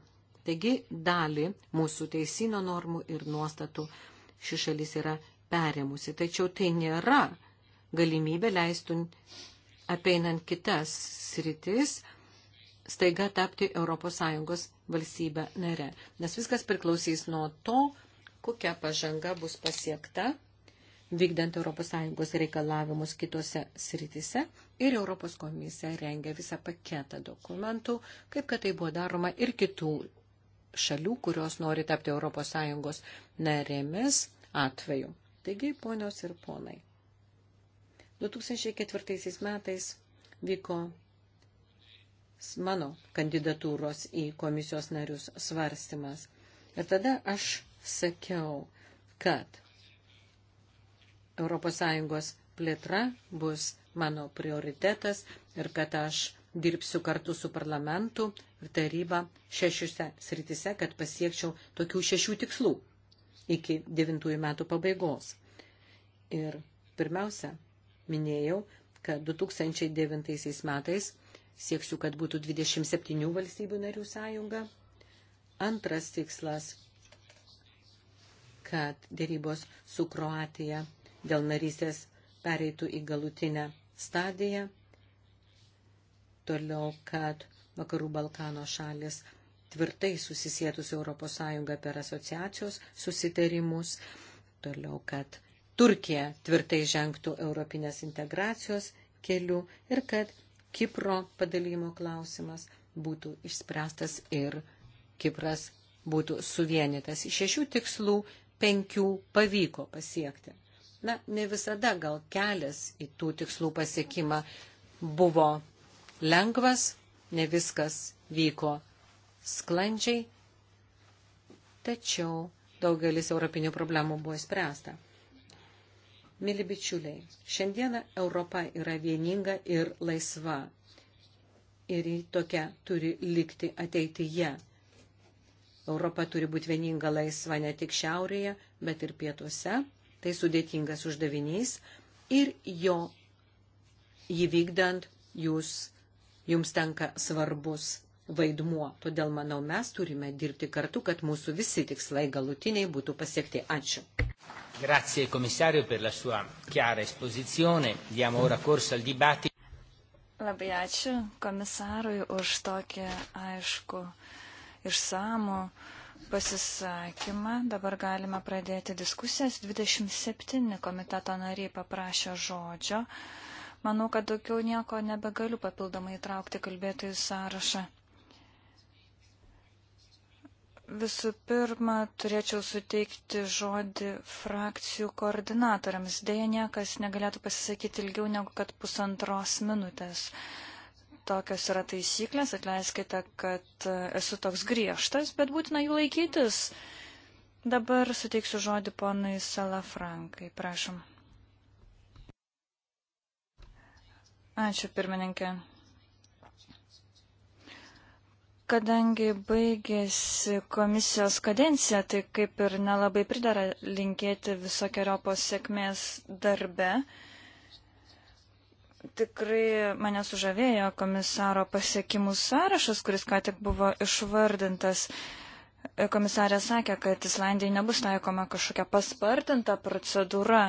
Taigi dalį mūsų teisino normų ir nuostatų ši šalis yra perėmusi. Tačiau tai nėra galimybė leistų apeinant kitas sritis staiga tapti ES valstybę nare. Nes viskas priklausys nuo to, kokia pažanga bus pasiekta, vykdant ES reikalavimus kitose sritise ir Europos komisija rengia visą paketą dokumentų, kaip kad tai buvo daroma ir kitų šalių, kurios nori tapti ES narėmis atveju. Taigi, ponios ir ponai. 2004 metais vyko mano kandidatūros į komisijos narius svarstymas. Ir tada aš sakiau, kad ES plėtra bus mano prioritetas ir kad aš dirbsiu kartu su parlamentu ir taryba šešiuose sritise, kad pasiekčiau tokių šešių tikslų iki devintųjų metų pabaigos. Ir pirmiausia, minėjau, kad 2009 metais sieksiu, kad būtų 27 valstybių narių sąjunga. Antras tikslas, kad dėrybos su Kroatija dėl narystės pereitų į galutinę stadiją. Toliau, kad Vakarų Balkano šalis tvirtai susisėtų su ES per asociacijos susitarimus. Toliau, kad Turkija tvirtai žengtų europinės integracijos keliu ir kad Kipro padalymo klausimas būtų išspręstas ir Kipras būtų suvienytas. Iš šešių tikslų penkių pavyko pasiekti. Na, ne visada gal kelias į tų tikslų pasiekimą buvo lengvas, ne viskas vyko sklandžiai, tačiau daugelis europinių problemų buvo spręsta. Mili bičiuliai, šiandieną Europa yra vieninga ir laisva. Ir tokia turi likti ateityje. Europa turi būti vieninga laisva ne tik šiaurėje, bet ir pietuose. Tai sudėtingas uždavinys. Ir jo įvykdant jūs, jums tenka svarbus vaidmuo. Todėl, manau, mes turime dirbti kartu, kad mūsų visi tikslai galutiniai būtų pasiekti. Ačiū. Grazie komisario per la sua chiara esposizione. Diamo ora corso al dibattito. Labai ačiū komisarui už tokį aišku išsamų pasisakymą. Dabar galime pradėti diskusijas. 27 komiteto nariai paprašė žodžio. Manau, kad daugiau nieko nebegaliu papildomai įtraukti kalbėtojų sąrašą. Visų pirma, turėčiau suteikti žodį frakcijų koordinatoriams. Deja, niekas negalėtų pasisakyti ilgiau negu kad pusantros minutės. Tokios yra taisyklės, atleiskite, kad e, esu toks griežtas, bet būtina jų laikytis. Dabar suteiksiu žodį ponui Salafrankai, prašom. Ačiū, pirmininkė. Kadangi baigėsi komisijos kadencija, tai kaip ir nelabai pridara linkėti visokiojopos sėkmės darbe. Tikrai mane sužavėjo komisaro pasiekimų sąrašas, kuris ką tik buvo išvardintas. Komisarė sakė, kad Islandijai nebus taikoma kažkokia paspartinta procedūra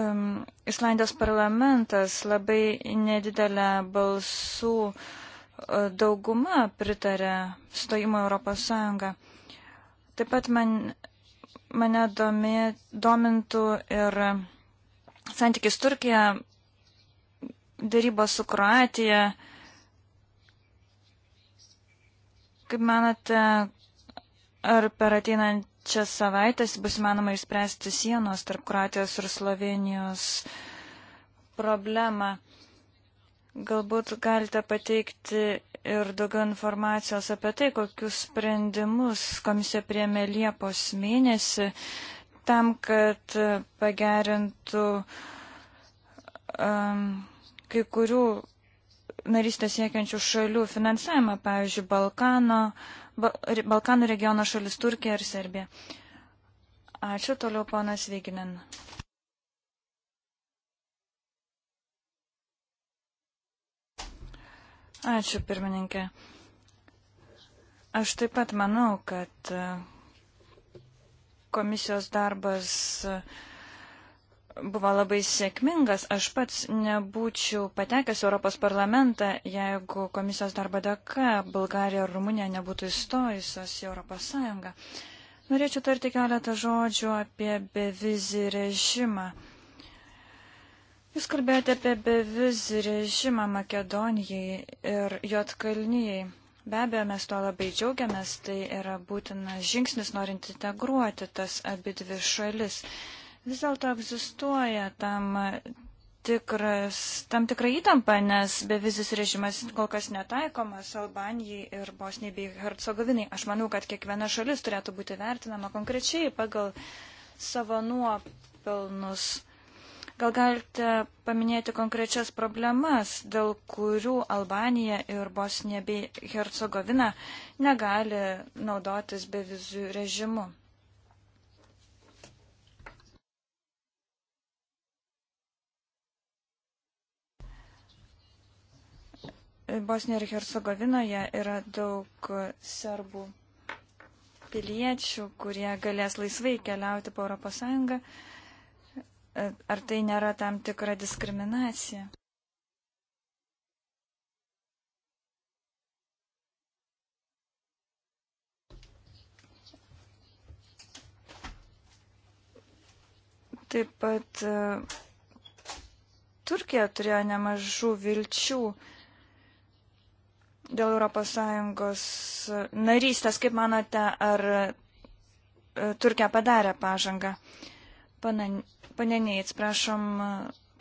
um, Islandijos parlamentas labai nedidelę balsų e, dauguma pritarė stojimo Europos Sąjungą. Taip pat man, mane domė, domintų ir santykis Turkija, dėrybos su Kroatija. Kaip manate, ar per ateinant čia savaitės bus manoma išspręsti sienos tarp Kroatijos ir Slovenijos problemą. Galbūt galite pateikti ir daugiau informacijos apie tai, kokius sprendimus komisija priemė Liepos mėnesį tam, kad pagerintų um, kai kurių narystės siekiančių šalių finansavimą, pavyzdžiui, Balkano uh, Balkanų regiono šalis Turkija ir Serbija. Ačiū toliau, ponas Vyginin. Ačiū, pirmininkė. Aš taip pat manau, kad e, komisijos darbas uh, buvo labai sėkmingas. Aš pats nebūčiau patekęs Europos parlamentą, jeigu komisijos darbo dėka Bulgarija ir Rumunija nebūtų įstojusios į Europos Sąjungą. Norėčiau tarti keletą žodžių apie bevizį režimą. Jūs kalbėjote apie bevizį režimą Makedonijai ir Jotkalnyjai. Be abejo, mes to labai džiaugiamės, tai yra būtinas žingsnis norint integruoti tas abi dvi šalis. Vis dėlto egzistuoja tam, tikras, tam tikra įtampa, nes bevizis režimas kol kas netaikomas Albanijai ir Bosnijai bei Hercegovinai. Aš manau, kad kiekviena šalis turėtų būti vertinama konkrečiai pagal savo nuopelnus. Gal galite paminėti konkrečias problemas, dėl kurių Albanija ir Bosnija bei Hercegovina negali naudotis bevizijų režimu? Bosnijoje ir Hercegovinoje yra daug serbų piliečių, kurie galės laisvai keliauti po ES. Ar tai nėra tam tikra diskriminacija? Taip pat e, Turkija turėjo nemažų vilčių dėl ES narystės. Kaip manote, ar e, Turkija padarė pažangą? Paneniai, atsiprašom e,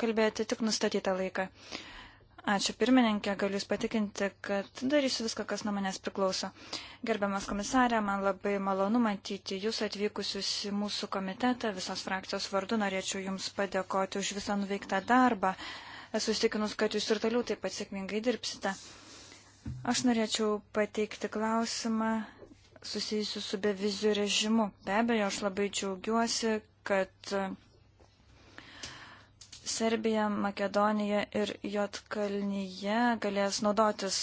kalbėti tik nustatytą laiką. Ačiū pirmininkė, galiu Jūs patikinti, kad darysiu viską, kas nuo manęs priklauso. Gerbiamas komisarė, man labai malonu matyti Jūs atvykusius į mūsų komitetą. Visos frakcijos vardu norėčiau Jums padėkoti už visą nuveiktą darbą. Esu įstikinus, kad Jūs ir toliau taip pat sėkmingai dirbsite. Aš norėčiau pateikti klausimą susijusiu su bevizių režimu. Be abejo, aš labai džiaugiuosi, kad Serbija, Makedonija ir Jotkalnyje galės naudotis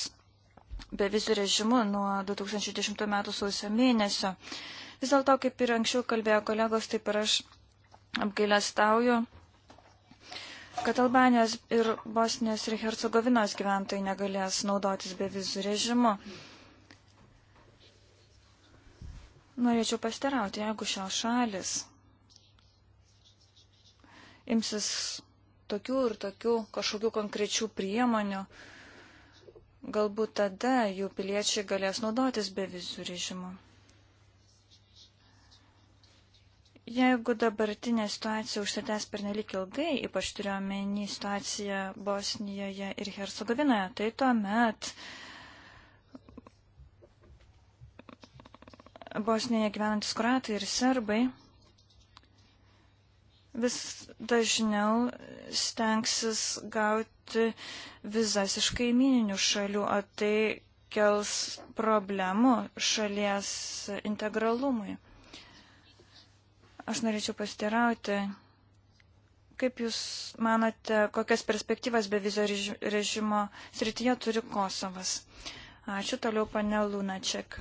bevizių režimu nuo 2010 m. sausio mėnesio. Vis dėlto, kaip ir anksčiau kalbėjo kolegos, taip ir aš apgailestauju, kad Albanijos ir Bosnijos ir Hercegovinos gyventojai negalės naudotis be vizų režimu. Norėčiau pasterauti, jeigu šios šalis imsis tokių ir tokių kažkokių konkrečių priemonių, galbūt tada jų piliečiai galės naudotis be vizų režimu. Jeigu dabartinė situacija užsitęs per nelik ilgai, ypač turiuomenį situaciją Bosnijoje ir Hercegovinoje, tai tuomet Bosnijoje gyvenantis kuratai ir serbai vis dažniau stengsis gauti vizas iš kaimininių šalių, o tai kels problemų šalies integralumui. Aš norėčiau pasitirauti, kaip Jūs manote, kokias perspektyvas be vizio režimo srityje turi Kosovas? Ačiū toliau, pane Lunaček.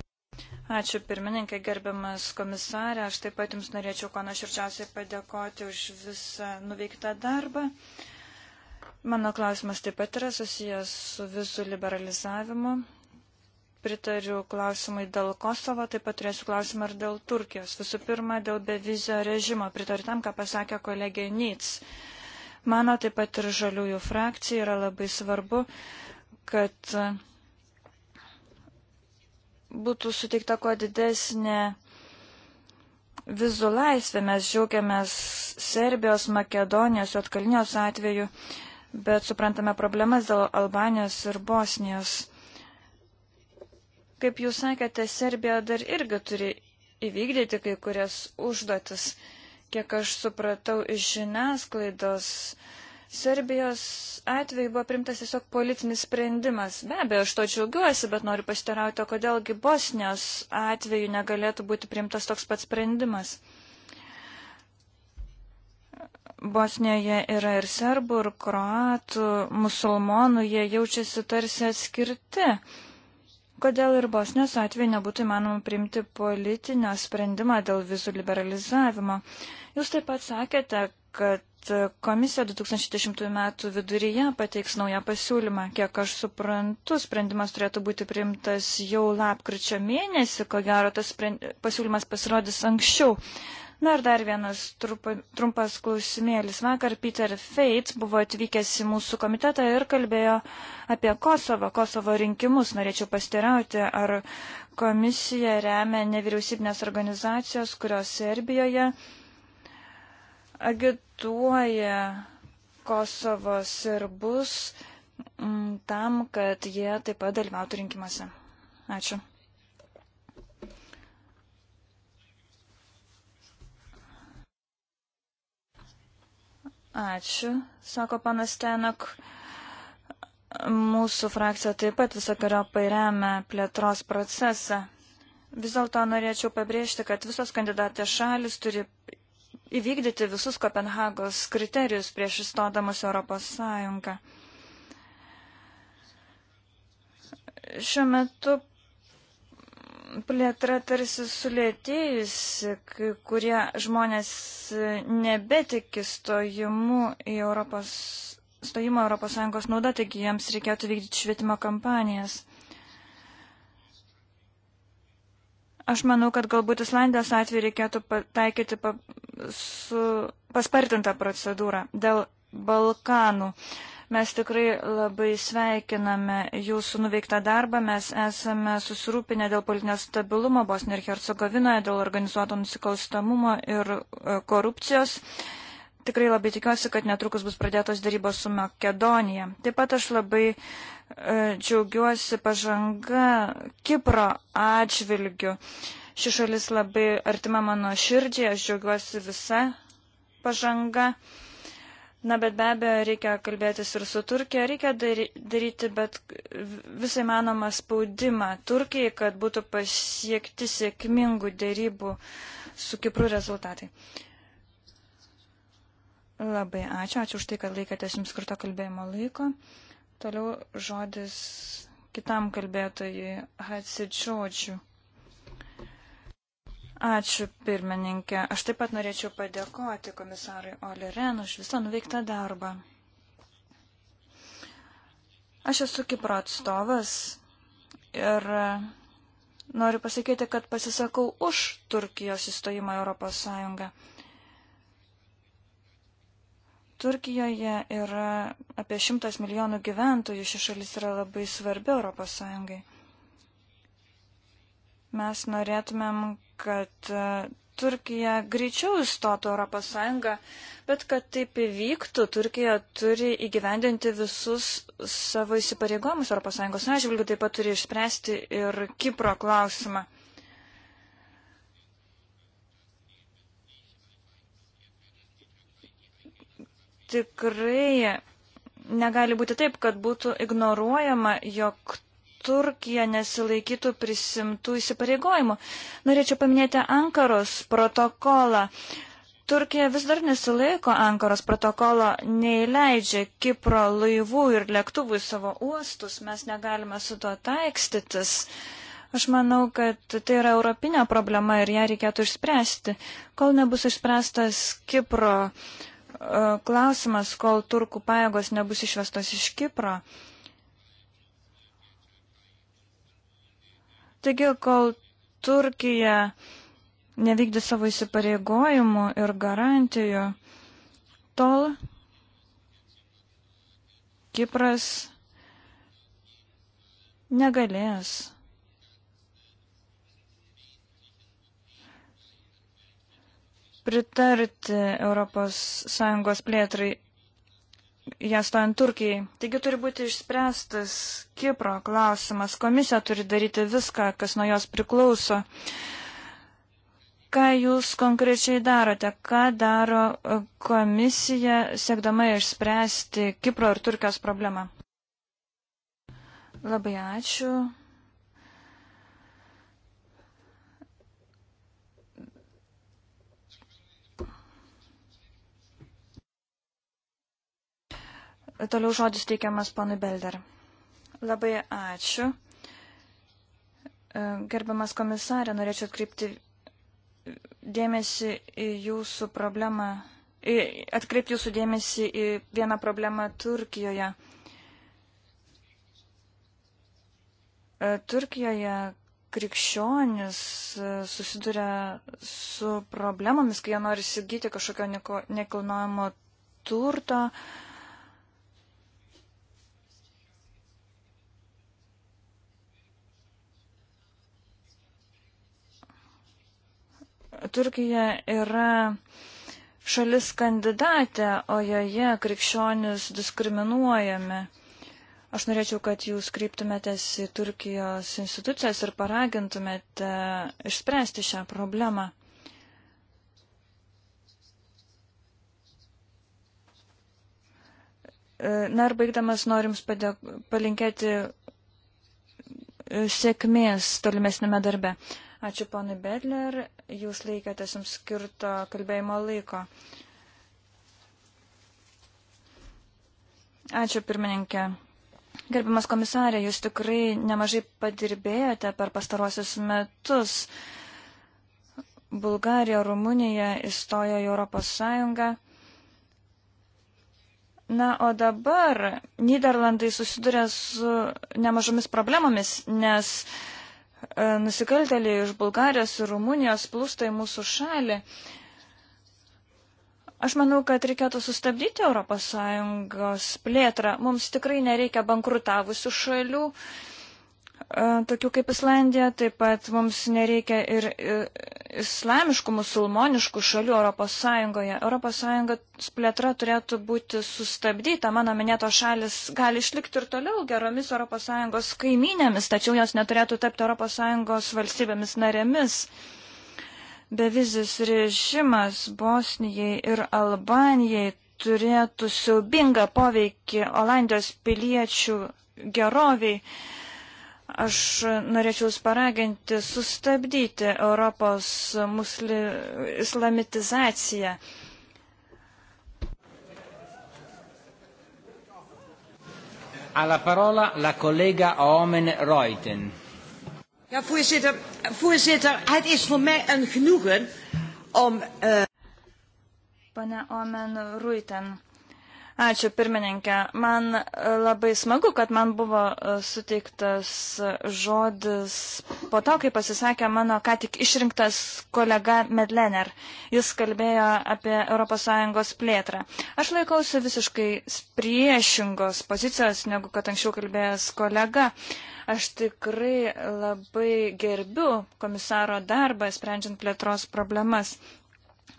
Ačiū pirmininkai, gerbiamas komisarė. Aš taip pat Jums norėčiau ko nuoširdžiausiai padėkoti už visą nuveiktą darbą. Mano klausimas taip pat yra susijęs su visų liberalizavimu pritariu klausimai dėl Kosovo, taip pat turėsiu klausimą ir dėl Turkijos. Visų pirma, dėl bevizio režimo. Pritariu tam, ką pasakė kolegė Nits. Mano taip pat ir žaliųjų frakcija yra labai svarbu, kad e, būtų suteikta kuo didesnė vizų laisvė. Mes džiaugiamės Serbijos, Makedonijos, Jotkalnios atveju, bet suprantame problemas dėl Albanijos ir Bosnijos. Kaip jūs sakėte, Serbija dar irgi turi įvykdyti kai kurias užduotis. Kiek aš supratau iš žiniasklaidos, Serbijos atveju buvo primtas tiesiog politinis sprendimas. Be abejo, aš to džiaugiuosi, bet noriu pasitarauti, o kodėlgi Bosnijos atveju negalėtų būti primtas toks pats sprendimas. Bosnijoje yra ir serbų, ir kroatų, musulmonų, jie jaučiasi tarsi atskirti. Kodėl ir Bosnijos atveju nebūtų įmanoma priimti politinio sprendimą dėl vizų liberalizavimo? Jūs taip pat sakėte, kad komisija 2010 metų viduryje pateiks naują pasiūlymą. Kiek aš suprantu, sprendimas turėtų būti priimtas jau lapkričio mėnesį, ko gero tas pasiūlymas pasirodys anksčiau. Na ir dar vienas trupa, trumpas klausimėlis. Vakar Peter Feit buvo atvykęs į mūsų komitetą ir kalbėjo apie Kosovo, Kosovo rinkimus. Norėčiau pastirauti, ar komisija remia nevyriausybinės organizacijos, kurios Serbijoje agituoja Kosovo serbus mm, tam, kad jie taip pat dalyvautų rinkimuose. Ačiū. Ačiū, sako panas Tenok. Mūsų frakcija taip pat visokiojo pairemia plėtros procesą. Vis dėlto norėčiau pabrėžti, kad visos kandidatės šalis turi įvykdyti visus Kopenhagos kriterijus prieš įstodamas Europos Sąjungą. Šiuo metu plėtra tarsi sulėtėjusi, kai kurie žmonės nebetiki stojimu į Europos, stojimo Europos Sąjungos naudą, taigi jiems reikėtų vykdyti švietimo kampanijas. Aš manau, kad galbūt Islandijos atveju reikėtų taikyti pa, su, paspartintą procedūrą dėl Balkanų. Uh, Mes tikrai labai sveikiname jūsų nuveiktą darbą, mes esame susirūpinę dėl politinio stabilumo Bosnijoje ir Hercegovinoje, dėl organizuoto nusikalstamumo ir e, korupcijos. Tikrai labai tikiuosi, kad netrukus bus pradėtos darybos su Makedonija. Taip pat aš labai e, džiaugiuosi pažanga Kipro atžvilgiu. Ši šalis labai artima mano širdžiai, aš džiaugiuosi visa pažanga. Na, bet be abejo, reikia kalbėtis ir su Turkija, reikia daryti bet visai manomą spaudimą Turkijai, kad būtų pasiekti sėkmingų dėrybų su Kipru rezultatai. Labai ačiū, ačiū už tai, kad laikėtės jums skirto kalbėjimo laiko. Toliau žodis kitam kalbėtojui Hatsičiodžiu. Ačiū, pirmininkė. Aš taip pat norėčiau padėkoti komisarui Oli Ren už visą nuveiktą darbą. Aš esu Kipro atstovas ir noriu pasakyti, kad pasisakau už Turkijos įstojimą Europos Sąjungą. Turkijoje yra apie šimtas milijonų gyventojų, ši šalis yra labai svarbi Europos Sąjungai. Mes norėtumėm, kad e, Turkija greičiau įstotų Europos Sąjungą, bet kad taip įvyktų, Turkija turi įgyvendinti visus savo įsipareigomus Europos Sąjungos atžvilgių, taip pat turi išspręsti ir Kipro klausimą. Tikrai negali būti taip, kad būtų ignoruojama, jog Turkija nesilaikytų prisimtų įsipareigojimų. Norėčiau paminėti Ankaros protokolą. Turkija vis dar nesilaiko Ankaros protokolo, neįleidžia Kipro laivų ir lėktuvų į savo uostus, mes negalime su tuo taikstytis. Aš manau, kad tai yra europinė problema ir ją reikėtų išspręsti. Kol nebus išspręstas Kipro e, klausimas, kol turkų pajėgos nebus išvestos iš Kipro, Taigi, kol Turkija nevykdė savo įsipareigojimų ir garantijų, tol Kipras negalės. pritarti ES plėtrai ją stojant Turkijai. Taigi turi būti išspręstas Kipro klausimas. Komisija turi daryti viską, kas nuo jos priklauso. Ką jūs konkrečiai darote? Ką daro e, komisija, siekdama išspręsti Kipro ir Turkijos problemą? Labai ačiū. Toliau žodis teikiamas ponui Belder. Labai ačiū. E, gerbiamas komisarė, norėčiau atkreipti dėmesį į jūsų problemą, atkreipti jūsų dėmesį į vieną problemą Turkijoje. E, Turkijoje krikščionis e, susiduria su problemomis, kai jie nori įsigyti kažkokio nekilnojamo turto, uh, Turkija yra šalis kandidatė, o joje krikščionis diskriminuojami. Aš norėčiau, kad jūs kryptumėtės į Turkijos institucijas ir paragintumėte išspręsti šią problemą. E, na ir baigdamas norim padėk... palinkėti e, sėkmės tolimesnėme darbe. Ačiū ponui Bedler, jūs laikėtės jums skirto kalbėjimo laiko. Ačiū pirmininkė. Gerbimas komisarė, jūs tikrai nemažai padirbėjote per pastarosius metus. Bulgarija, Rumunija įstojo į Europos Sąjungą. Na, o dabar Niderlandai susiduria su nemažomis problemomis, nes uh, E, nusikaltėliai iš Bulgarijos ir Rumunijos plūsta į mūsų šalį. Aš manau, kad reikėtų sustabdyti ES plėtrą. Mums tikrai nereikia bankrutavusių šalių, E, tokių kaip Islandija, taip pat mums nereikia ir e, islamiškų, musulmoniškų šalių Europos Sąjungoje. Europos Sąjungos plėtra turėtų būti sustabdyta. Mano minėtos šalis gali išlikti ir toliau geromis Europos Sąjungos kaiminėmis, tačiau jos neturėtų tapti Europos Sąjungos valstybėmis narėmis. Bevizis režimas Bosnijai ir Albanijai turėtų siaubingą poveikį Olandijos piliečių geroviai. Aš norėčiau jūs paraginti sustabdyti Europos musli... islamitizaciją. Alla parola la collega Omen Reuten. Ja, voorzitter, voorzitter, het is voor mij een genoegen om. Uh... Pane Omen Ruiten, Ačiū pirmininkė. Man e, labai smagu, kad man buvo e, suteiktas žodis po to, kai pasisakė mano ką tik išrinktas kolega Medlener. Jis kalbėjo apie ES plėtrą. Aš laikausi visiškai priešingos pozicijos, negu kad anksčiau kalbėjęs kolega. Aš tikrai labai gerbiu komisaro darbą, sprendžiant plėtros problemas.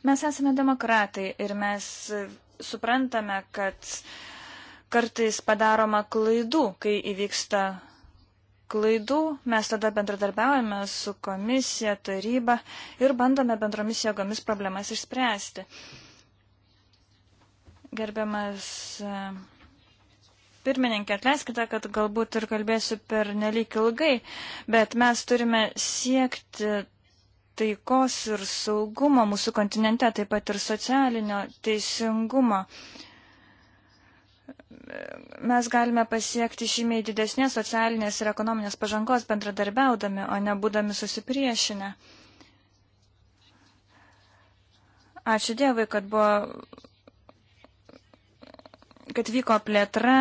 Mes esame demokratai ir mes suprantame, kad kartais padaroma klaidų, kai įvyksta klaidų, mes tada bendradarbiaujame su komisija, taryba ir bandome bendromis jėgomis problemas išspręsti. Gerbiamas e, pirmininkė, atleiskite, kad galbūt ir kalbėsiu per nelik ilgai, bet mes turime siekti taikos ir saugumo mūsų kontinente, taip pat ir socialinio teisingumo. Mes galime pasiekti šimiai didesnės socialinės ir ekonominės pažangos bendradarbiaudami, o ne būdami susipriešinę. Ačiū Dievui, kad buvo, kad vyko plėtra,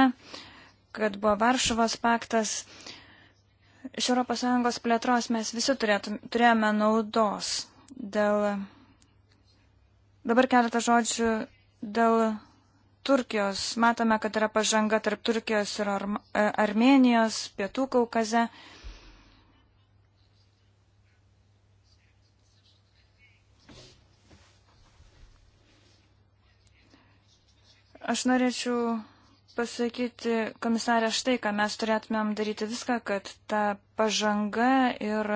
kad buvo Varšuvos paktas. Iš ES plėtros mes visi turėtum, turėjome naudos dėl. Dabar keletą žodžių dėl Turkijos. Matome, kad yra pažanga tarp Turkijos ir Ar e, Armenijos, Pietų Kaukaze. Aš norėčiau pasakyti, komisarė, štai, ką mes turėtumėm daryti viską, kad ta pažanga ir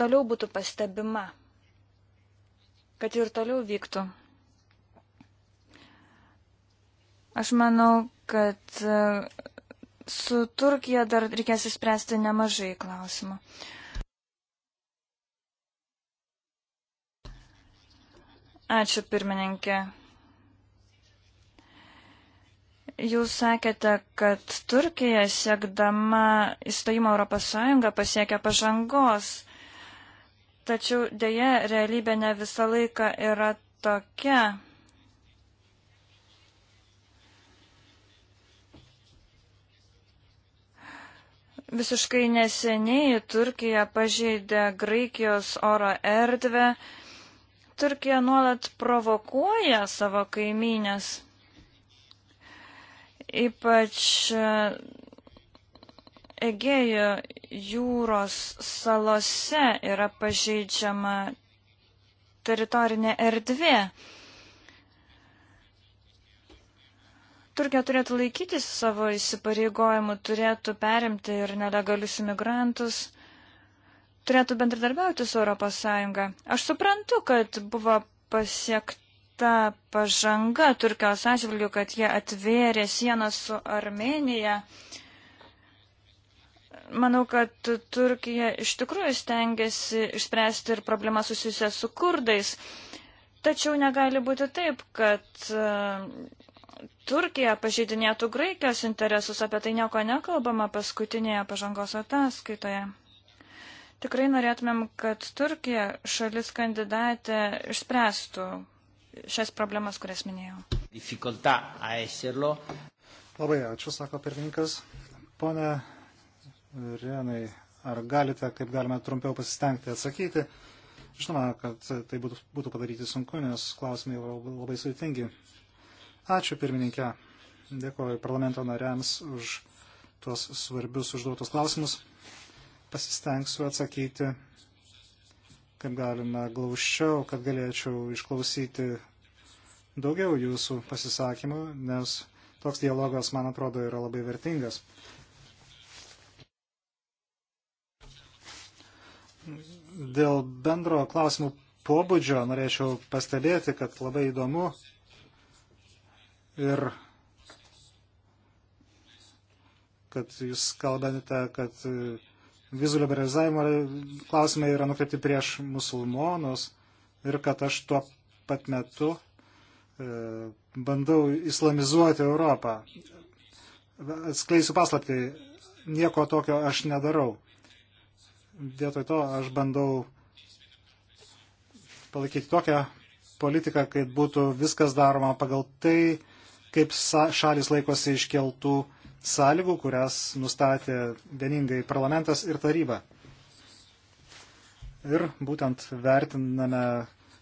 toliau būtų pastebima, kad ir toliau vyktų. Aš manau, kad e, su Turkija dar reikės įspręsti nemažai klausimų. Ačiū pirmininkė. Jūs sakėte, kad Turkija siekdama įstojimo Europos Sąjungą pasiekia pažangos, tačiau dėja realybė ne visą laiką yra tokia. Visiškai neseniai Turkija pažeidė Graikijos oro erdvę. Turkija nuolat provokuoja savo kaimynės. Ypač e, Egėjo jūros salose yra pažeidžiama teritorinė erdvė. Turkija turėtų laikytis savo įsipareigojimų, turėtų perimti ir nelegalius imigrantus, turėtų bendradarbiauti su ES. Aš suprantu, kad buvo pasiekt, ta pažanga Turkijos atžvilgių, kad jie atvėrė sieną su Armenija. Manau, kad Turkija iš tikrųjų stengiasi išspręsti ir problemą susijusią su kurdais. Tačiau negali būti taip, kad e, Turkija pažeidinėtų Graikijos interesus, apie tai nieko nekalbama paskutinėje pažangos ataskaitoje. Tikrai norėtumėm, kad Turkija šalis kandidatė išspręstų šias problemas, kurias minėjau. Dificulta a eserlo. Labai ačiū, sako pirmininkas. Pone Renai, ar galite, kaip galime trumpiau pasistengti atsakyti? Žinoma, kad tai būtų, būtų padaryti sunku, nes klausimai labai sudėtingi. Ačiū pirmininkė. Dėkuoju parlamento nariams už tuos svarbius užduotus klausimus. Pasistengsiu atsakyti kaip galime glaušiau, kad galėčiau išklausyti daugiau jūsų pasisakymų, nes toks dialogas, man atrodo, yra labai vertingas. Dėl bendro klausimų pobūdžio norėčiau pastebėti, kad labai įdomu ir kad jūs kalbate, kad vizų liberalizavimo klausimai yra nukreipti prieš musulmonus ir kad aš tuo pat metu e, bandau islamizuoti Europą. Atskleisiu paslapti, nieko tokio aš nedarau. Vietoj to aš bandau palaikyti tokią politiką, kad būtų viskas daroma pagal tai, kaip šalis laikosi iškeltų uh, sąlygų, kurias nustatė vieningai parlamentas ir taryba. Ir būtent vertiname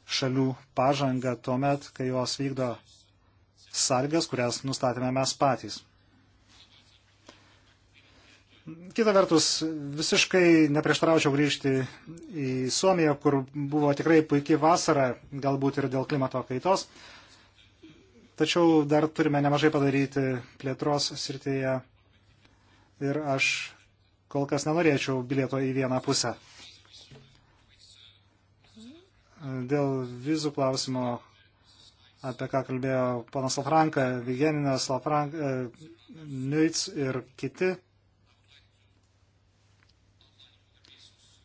šalių pažangą tuo met, kai jos vykdo sąlygas, kurias nustatėme mes patys. Kita vertus, visiškai neprieštaraučiau grįžti į Suomiją, kur buvo tikrai puikiai vasara, galbūt ir dėl klimato kaitos. Tačiau dar turime nemažai padaryti plėtros srityje ir aš kol kas nenorėčiau bilieto į vieną pusę. Dėl vizų klausimo, apie ką kalbėjo ponas Lafranka, Vigeninas, Lafranka, e, Nuits ir kiti,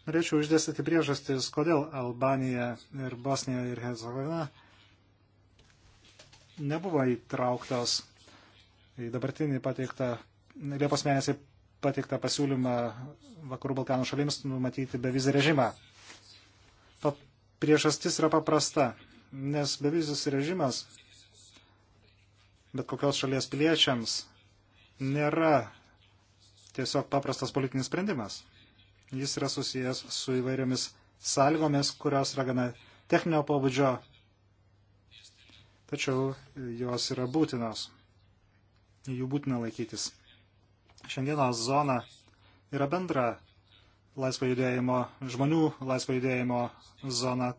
norėčiau išdėstyti priežastis, kodėl Albanija ir Bosnija ir Hercegovina nebuvo įtrauktos į dabartinį pateiktą, Liepos mėnesį pateiktą pasiūlymą Vakarų Balkanų šalims numatyti bevizį režimą. Pa, priežastis yra paprasta, nes bevizis režimas bet kokios šalies piliečiams nėra tiesiog paprastas politinis sprendimas. Jis yra susijęs su įvairiomis sąlygomis, kurios yra gana techninio pobūdžio tačiau jos yra būtinos. Jų būtina laikytis. Šengenos zona yra bendra laisvo judėjimo, žmonių laisvo judėjimo zona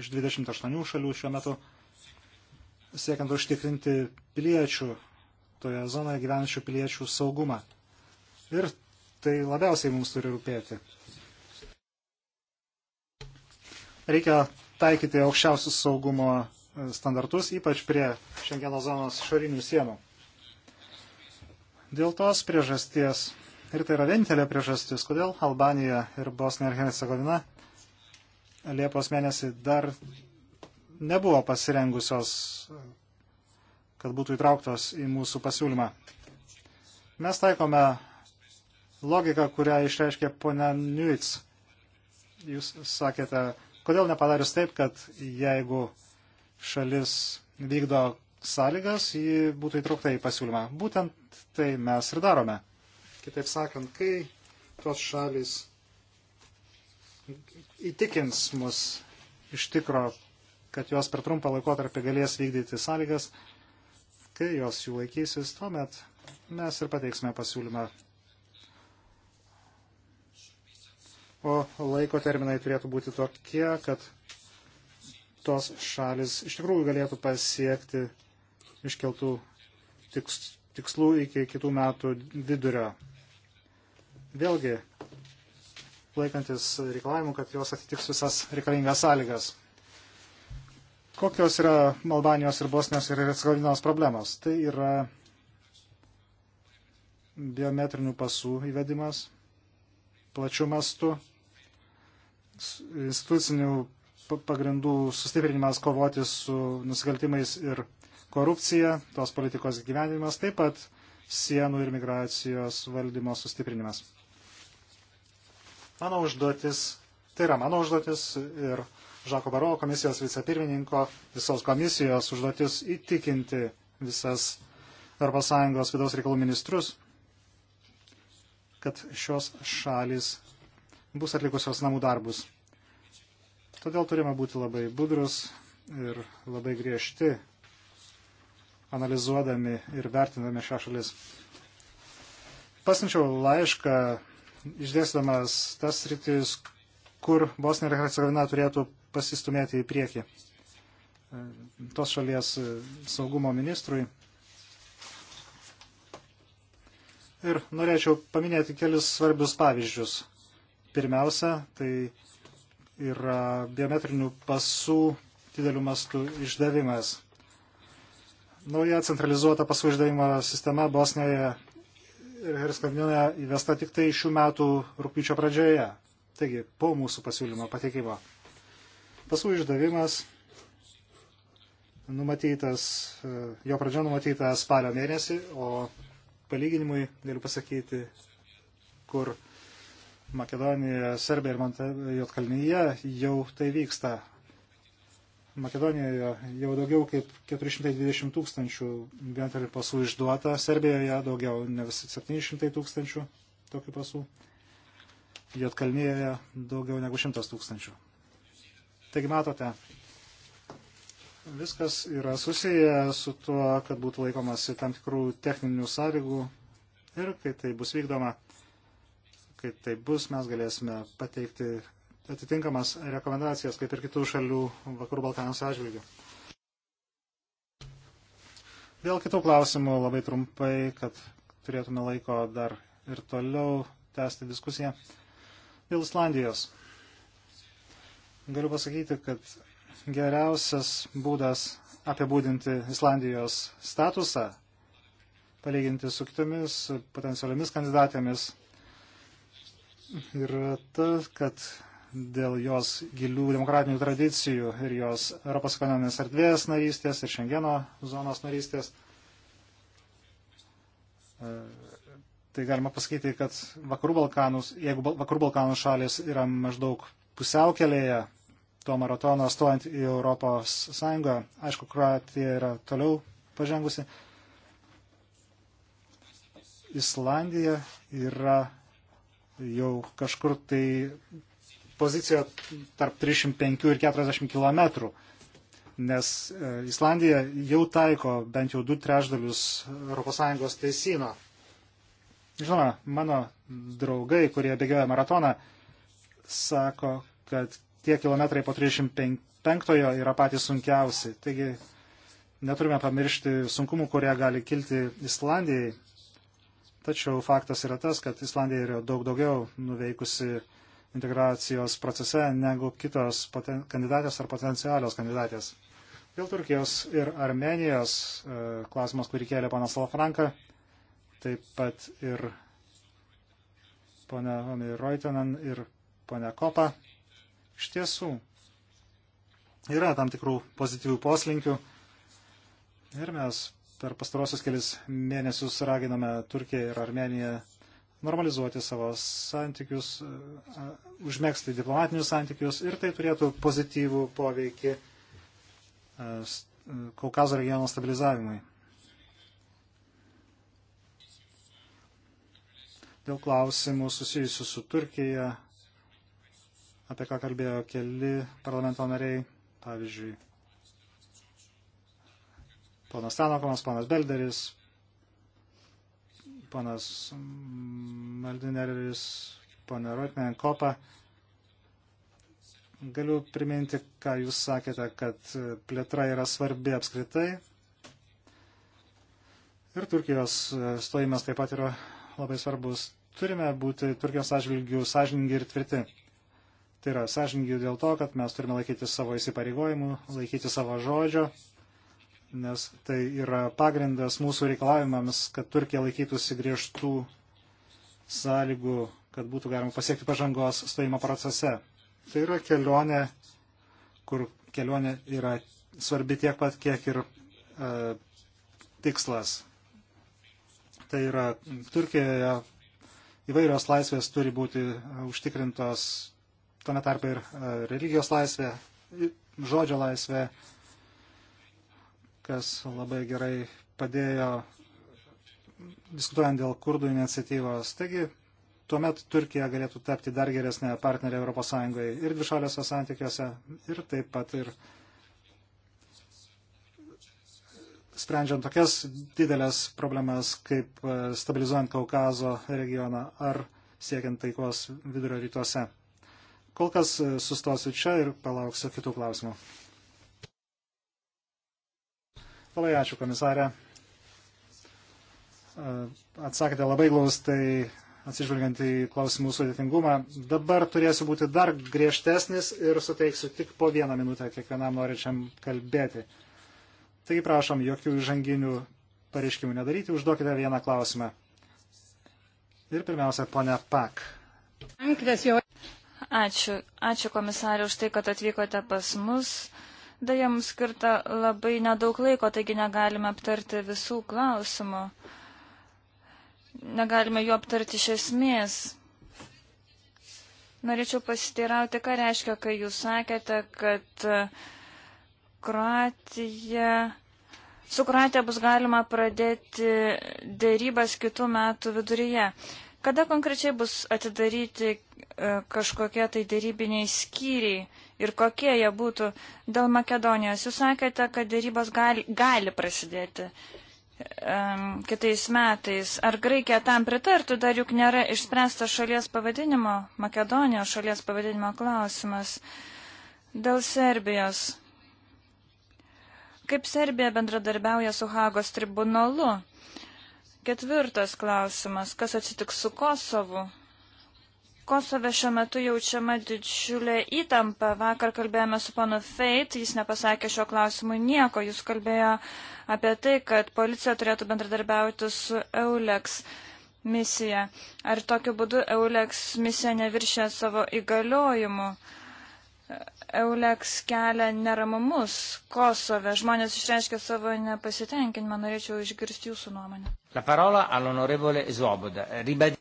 iš 28 šalių šiuo metu, siekiant užtikrinti piliečių, toje zonoje gyvenančių piliečių saugumą. Ir tai labiausiai mums turi rūpėti. Reikia taikyti aukščiausius saugumo standartus, ypač prie Šengeno zonos išorinių sienų. Dėl tos priežasties, ir tai yra vienintelė priežastis, kodėl Albanija ir Bosnija ir Hercegovina Liepos mėnesį dar nebuvo pasirengusios, kad būtų įtrauktos į mūsų pasiūlymą. Mes taikome logiką, kurią išreiškė ponia Nuits. Jūs sakėte, kodėl nepadarius taip, kad jeigu šalis vykdo sąlygas, ji būtų įtraukta į pasiūlymą. Būtent tai mes ir darome. Kitaip sakant, kai tos šalis įtikins mus iš tikro, kad jos per trumpą laikotarpį galės vykdyti sąlygas, kai jos jų laikysis, tuomet mes ir pateiksime pasiūlymą. O laiko terminai turėtų būti tokie, kad tos šalis iš tikrųjų galėtų pasiekti iškeltų tiks, tikslų iki kitų metų vidurio. Vėlgi, laikantis reikalavimų, kad jos atitiks visas reikalingas sąlygas. Kokios yra Albanijos ir Bosnijos ir Hercegovinos problemos? Tai yra biometrinių pasų įvedimas plačių mastų, institucinių pagrindų sustiprinimas kovoti su nusikaltimais ir korupcija, tos politikos gyvenimas, taip pat sienų ir migracijos valdymo sustiprinimas. Mano užduotis, tai yra mano užduotis ir Žako Barovo komisijos vicepirmininko visos komisijos užduotis įtikinti visas ES vidaus reikalų ministrus, kad šios šalis bus atlikusios namų darbus. Todėl turime būti labai budrus ir labai griežti, analizuodami ir vertindami šią šalis. Pasinčiau laišką, išdėstamas tas rytis, kur Bosnija ir Hercegovina turėtų pasistumėti į priekį tos šalies saugumo ministrui. Ir norėčiau paminėti kelis svarbius pavyzdžius. Pirmiausia, tai yra biometrinių pasų didelių mastų išdavimas. Nauja centralizuota pasų išdavimo sistema Bosnijoje ir Herskandinoje įvesta tik tai šių metų rūpyčio pradžioje, taigi po mūsų pasiūlymo pateikimo. Pasų išdavimas numatytas, jo pradžia numatyta spalio mėnesį, o palyginimui galiu pasakyti, kur Makedonijoje, Serbijoje ir Jotkalnyje jau tai vyksta. Makedonijoje jau daugiau kaip 420 tūkstančių vienintelių pasų išduota, Serbijoje daugiau ne visi 700 tūkstančių tokių pasų, Jotkalnyje daugiau negu 100 tūkstančių. Taigi matote, viskas yra susiję su tuo, kad būtų laikomasi tam tikrų techninių sąlygų ir kai tai bus vykdoma, kai tai bus, mes galėsime pateikti atitinkamas rekomendacijas, kaip ir kitų šalių Vakarų Balkanų atžvilgių. Dėl kitų klausimų labai trumpai, kad turėtume laiko dar ir toliau tęsti diskusiją. Dėl Islandijos. Galiu pasakyti, kad geriausias būdas apibūdinti Islandijos statusą, palyginti su kitomis potencialiomis kandidatėmis, yra tas, kad dėl jos gilių demokratinių tradicijų ir jos Europos ekonominės erdvės narystės ir Šengeno zonos narystės. E, tai galima pasakyti, kad vakarų Balkanus, jeigu vakarų Balkanų šalis yra maždaug pusiaukelėje to maratono stojant į Europos Sąjungą, aišku, Kroatija yra toliau pažengusi, Islandija yra jau kažkur tai pozicija tarp 305 ir 40 km, nes e, Islandija jau taiko bent jau du trešdalius ES teisino. Žinoma, mano draugai, kurie bėgioja maratoną, sako, kad tie kilometrai po 305 yra patys sunkiausi. Taigi neturime pamiršti sunkumų, kurie gali kilti Islandijai Tačiau faktas yra tas, kad Islandija yra daug daugiau nuveikusi integracijos procese negu kitos poten, kandidatės ar potencialios kandidatės. Dėl Turkijos ir Armenijos e, klausimas, kurį kėlė panas Lafranka, taip pat ir ponia Omi Roitonen ir ponia Kopa. Iš tiesų, yra tam tikrų pozityvių poslinkių ir mes per pastarosius kelis mėnesius raginame Turkiją ir Armeniją normalizuoti savo santykius, užmėgsti diplomatinius santykius ir tai turėtų pozityvų poveikį Kaukazo regiono stabilizavimui. Dėl klausimų susijusių su Turkija, apie ką kalbėjo keli parlamento nariai, pavyzdžiui, ponas Tanakomas, ponas Belderis, ponas Maldineris, ponė Rotinė Kopa. Galiu priminti, ką jūs sakėte, kad plėtra yra svarbi apskritai. Ir Turkijos stojimas taip pat yra labai svarbus. Turime būti Turkijos atžvilgių sąžiningi ir tvirti. Tai yra sąžiningi dėl to, kad mes turime laikyti savo įsipareigojimų, laikyti savo žodžio nes tai yra pagrindas mūsų reikalavimams, kad Turkija laikytųsi griežtų sąlygų, kad būtų galima pasiekti pažangos stojimo procese. Tai yra kelionė, kur kelionė yra svarbi tiek pat, kiek ir e, tikslas. Tai yra Turkijoje įvairios laisvės turi būti e, užtikrintos, tame tarpe ir e, religijos laisvė, žodžio laisvė, e, kas labai gerai padėjo diskutuojant dėl kurdų iniciatyvos. Taigi, tuomet Turkija galėtų tapti dar geresnė partnerė Europos Sąjungoje ir dvišaliuose santykiuose, ir taip pat ir sprendžiant tokias didelės problemas, kaip e, stabilizuojant Kaukazo regioną ar siekiant taikos vidurio rytuose. Kol kas e, sustosiu čia ir palauksiu kitų klausimų. Labai ačiū, komisarė. E, atsakėte labai glaustai, atsižvelgiant į klausimų sudėtingumą. Dabar turėsiu būti dar griežtesnis ir suteiksiu tik po vieną minutę kiekvienam norinčiam kalbėti. Taigi prašom, jokių žanginių pareiškimų nedaryti, užduokite vieną klausimą. Ir pirmiausia, ponia Pak. Ačiū. Ačiū komisarė už tai, kad atvykote pas mus. Deja, mums skirta labai nedaug laiko, taigi negalime aptarti visų klausimų. Negalime jų aptarti iš esmės. Norėčiau pasiteirauti, ką reiškia, kai jūs sakėte, kad e, Kroatija, su Kroatija bus galima pradėti dėrybas kitų metų viduryje. Kada konkrečiai bus atidaryti e, kažkokie tai dėrybiniai skyriai? ir kokie jie būtų dėl Makedonijos. Jūs sakėte, kad dėrybos gali, gali prasidėti um, kitais metais. Ar Graikija tam pritartų, dar juk nėra išspręsta šalies pavadinimo, Makedonijos šalies pavadinimo klausimas dėl Serbijos. Kaip Serbija bendradarbiauja su Hagos tribunolu? Ketvirtas klausimas. Kas atsitiks su Kosovu? Kosove šiuo metu jaučiama didžiulė įtampa. Vakar kalbėjome su panu Feit, jis nepasakė šio klausimu nieko. Jis kalbėjo apie tai, kad policija turėtų bendradarbiauti su EULEX misija. Ar tokiu būdu EULEX misija neviršė savo įgaliojimų? EULEX kelia neramumus Kosove. Žmonės išreiškia savo nepasitenkinimą. Norėčiau išgirsti jūsų nuomonę. La parola all'onorevole Svoboda. Ribad...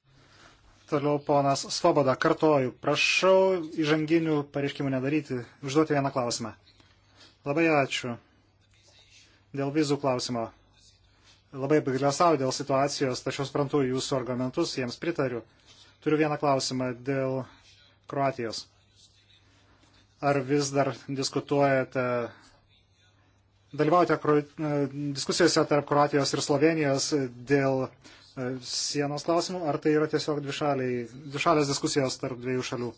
Toliau ponas Svoboda, kartoju, prašau įžanginių pareiškimų nedaryti, užduoti vieną klausimą. Labai ačiū dėl vizų klausimo. Labai apgailestau dėl situacijos, tačiau suprantu jūsų argumentus, jiems pritariu. Turiu vieną klausimą dėl Kroatijos. Ar vis dar diskutuojate, dalyvaujate e, diskusijose tarp Kroatijos ir Slovenijos dėl uh, E, sienos klausimų, ar tai yra tiesiog dvišaliai, dvišalės diskusijos tarp dviejų šalių.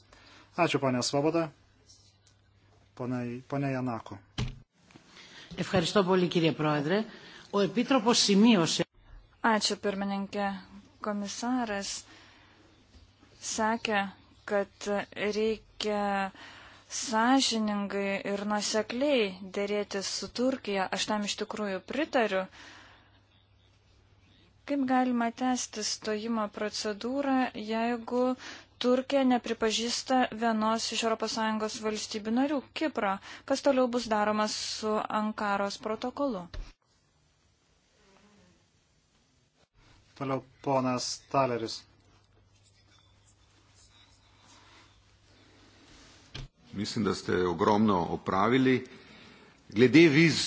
Ačiū, ponė Svoboda. Ponė Janako. Ευχαριστώ πολύ κύριε Πρόεδρε. Ο Επίτροπος σημείωσε. Ačiū pirmininkė. Komisaras sakė, kad reikia sąžiningai ir nusekliai dėrėti su Turkija. Aš tam iš tikrųjų pritariu. Uh, Kaip galima tęsti stojimo procedūrą, jeigu Turkija nepripažįsta vienos iš ES valstybių narių - Kipro? Kas toliau bus daromas su Ankaros protokolu? Toliau ponas Taleris. Mislim, da ste ogromno opravili. Glede viz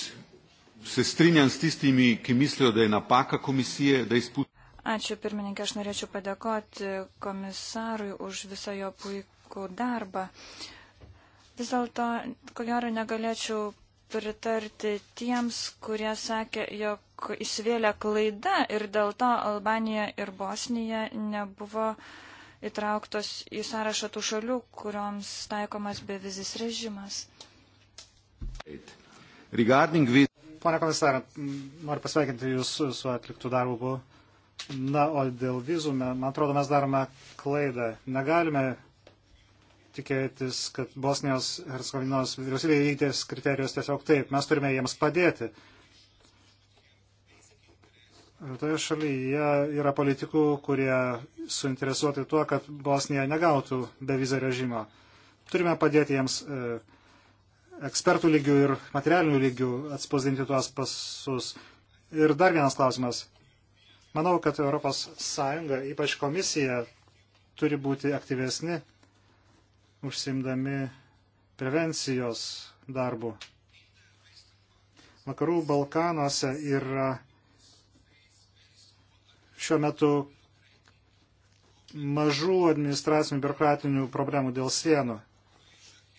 se strinjam s tistimi, ki mislijo, da je napaka komisije, da izput. Ačiū pirmininkė, aš norėčiau padėkoti komisarui už visą jo puikų darbą. Vis dėlto, ko gero, negalėčiau pritarti tiems, kurie sakė, jog įsivėlė klaida ir dėl to Albanija ir Bosnija nebuvo įtrauktos į sąrašą tų šalių, kurioms taikomas bevizis režimas. Regarding Pone komisarė, noriu pasveikinti Jūs su atliktų darbų. Na, o dėl vizų, man atrodo, mes darome klaidą. Negalime tikėtis, kad Bosnijos Hercegovinos vyriausybė įvykdės kriterijus tiesiog taip. Mes turime jiems padėti. Toje šalyje yra politikų, kurie suinteresuoti tuo, kad Bosnija negautų bevizą režimą. Turime padėti jiems. E, ekspertų lygių ir materialinių lygių atspausdinti tuos pasus. Ir dar vienas klausimas. Manau, kad ES, ypač komisija, turi būti aktyvesni, užsimdami prevencijos darbu. Vakarų Balkanuose yra šiuo metu mažų administracinių biurokratinių problemų dėl sienų.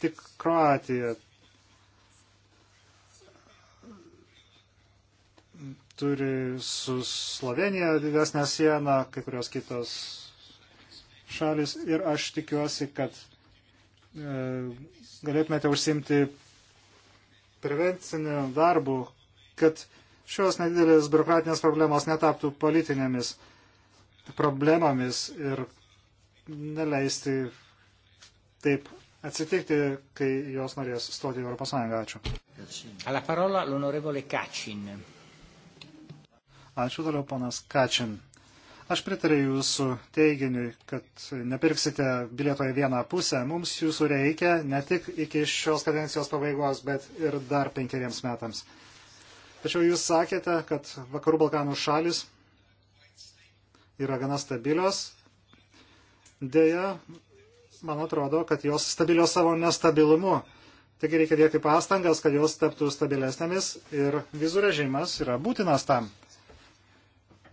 Tik Kroatija turi su Slovenija didesnę sieną, kai kurios kitos šalis. Ir aš tikiuosi, kad e, galėtumėte užsimti prevenciniu darbu, kad šios nedidelės biurokratinės problemos netaptų politinėmis problemomis ir neleisti taip atsitikti, kai jos norės stoti į Europos Sąjungą. Ačiū. Alla parola l'onorevole Kacin. Ačiū toliau, ponas Kačin. Aš pritariu jūsų teiginiui, kad nepirksite bilieto į vieną pusę. Mums jūsų reikia ne tik iki šios kadencijos pabaigos, bet ir dar penkeriems metams. Tačiau jūs sakėte, kad Vakarų Balkanų šalis yra gana stabilios. Deja, man atrodo, kad jos stabilios savo nestabilumu. Taigi reikia dėti pastangas, kad jos taptų stabilesnėmis ir vizų režimas yra būtinas tam.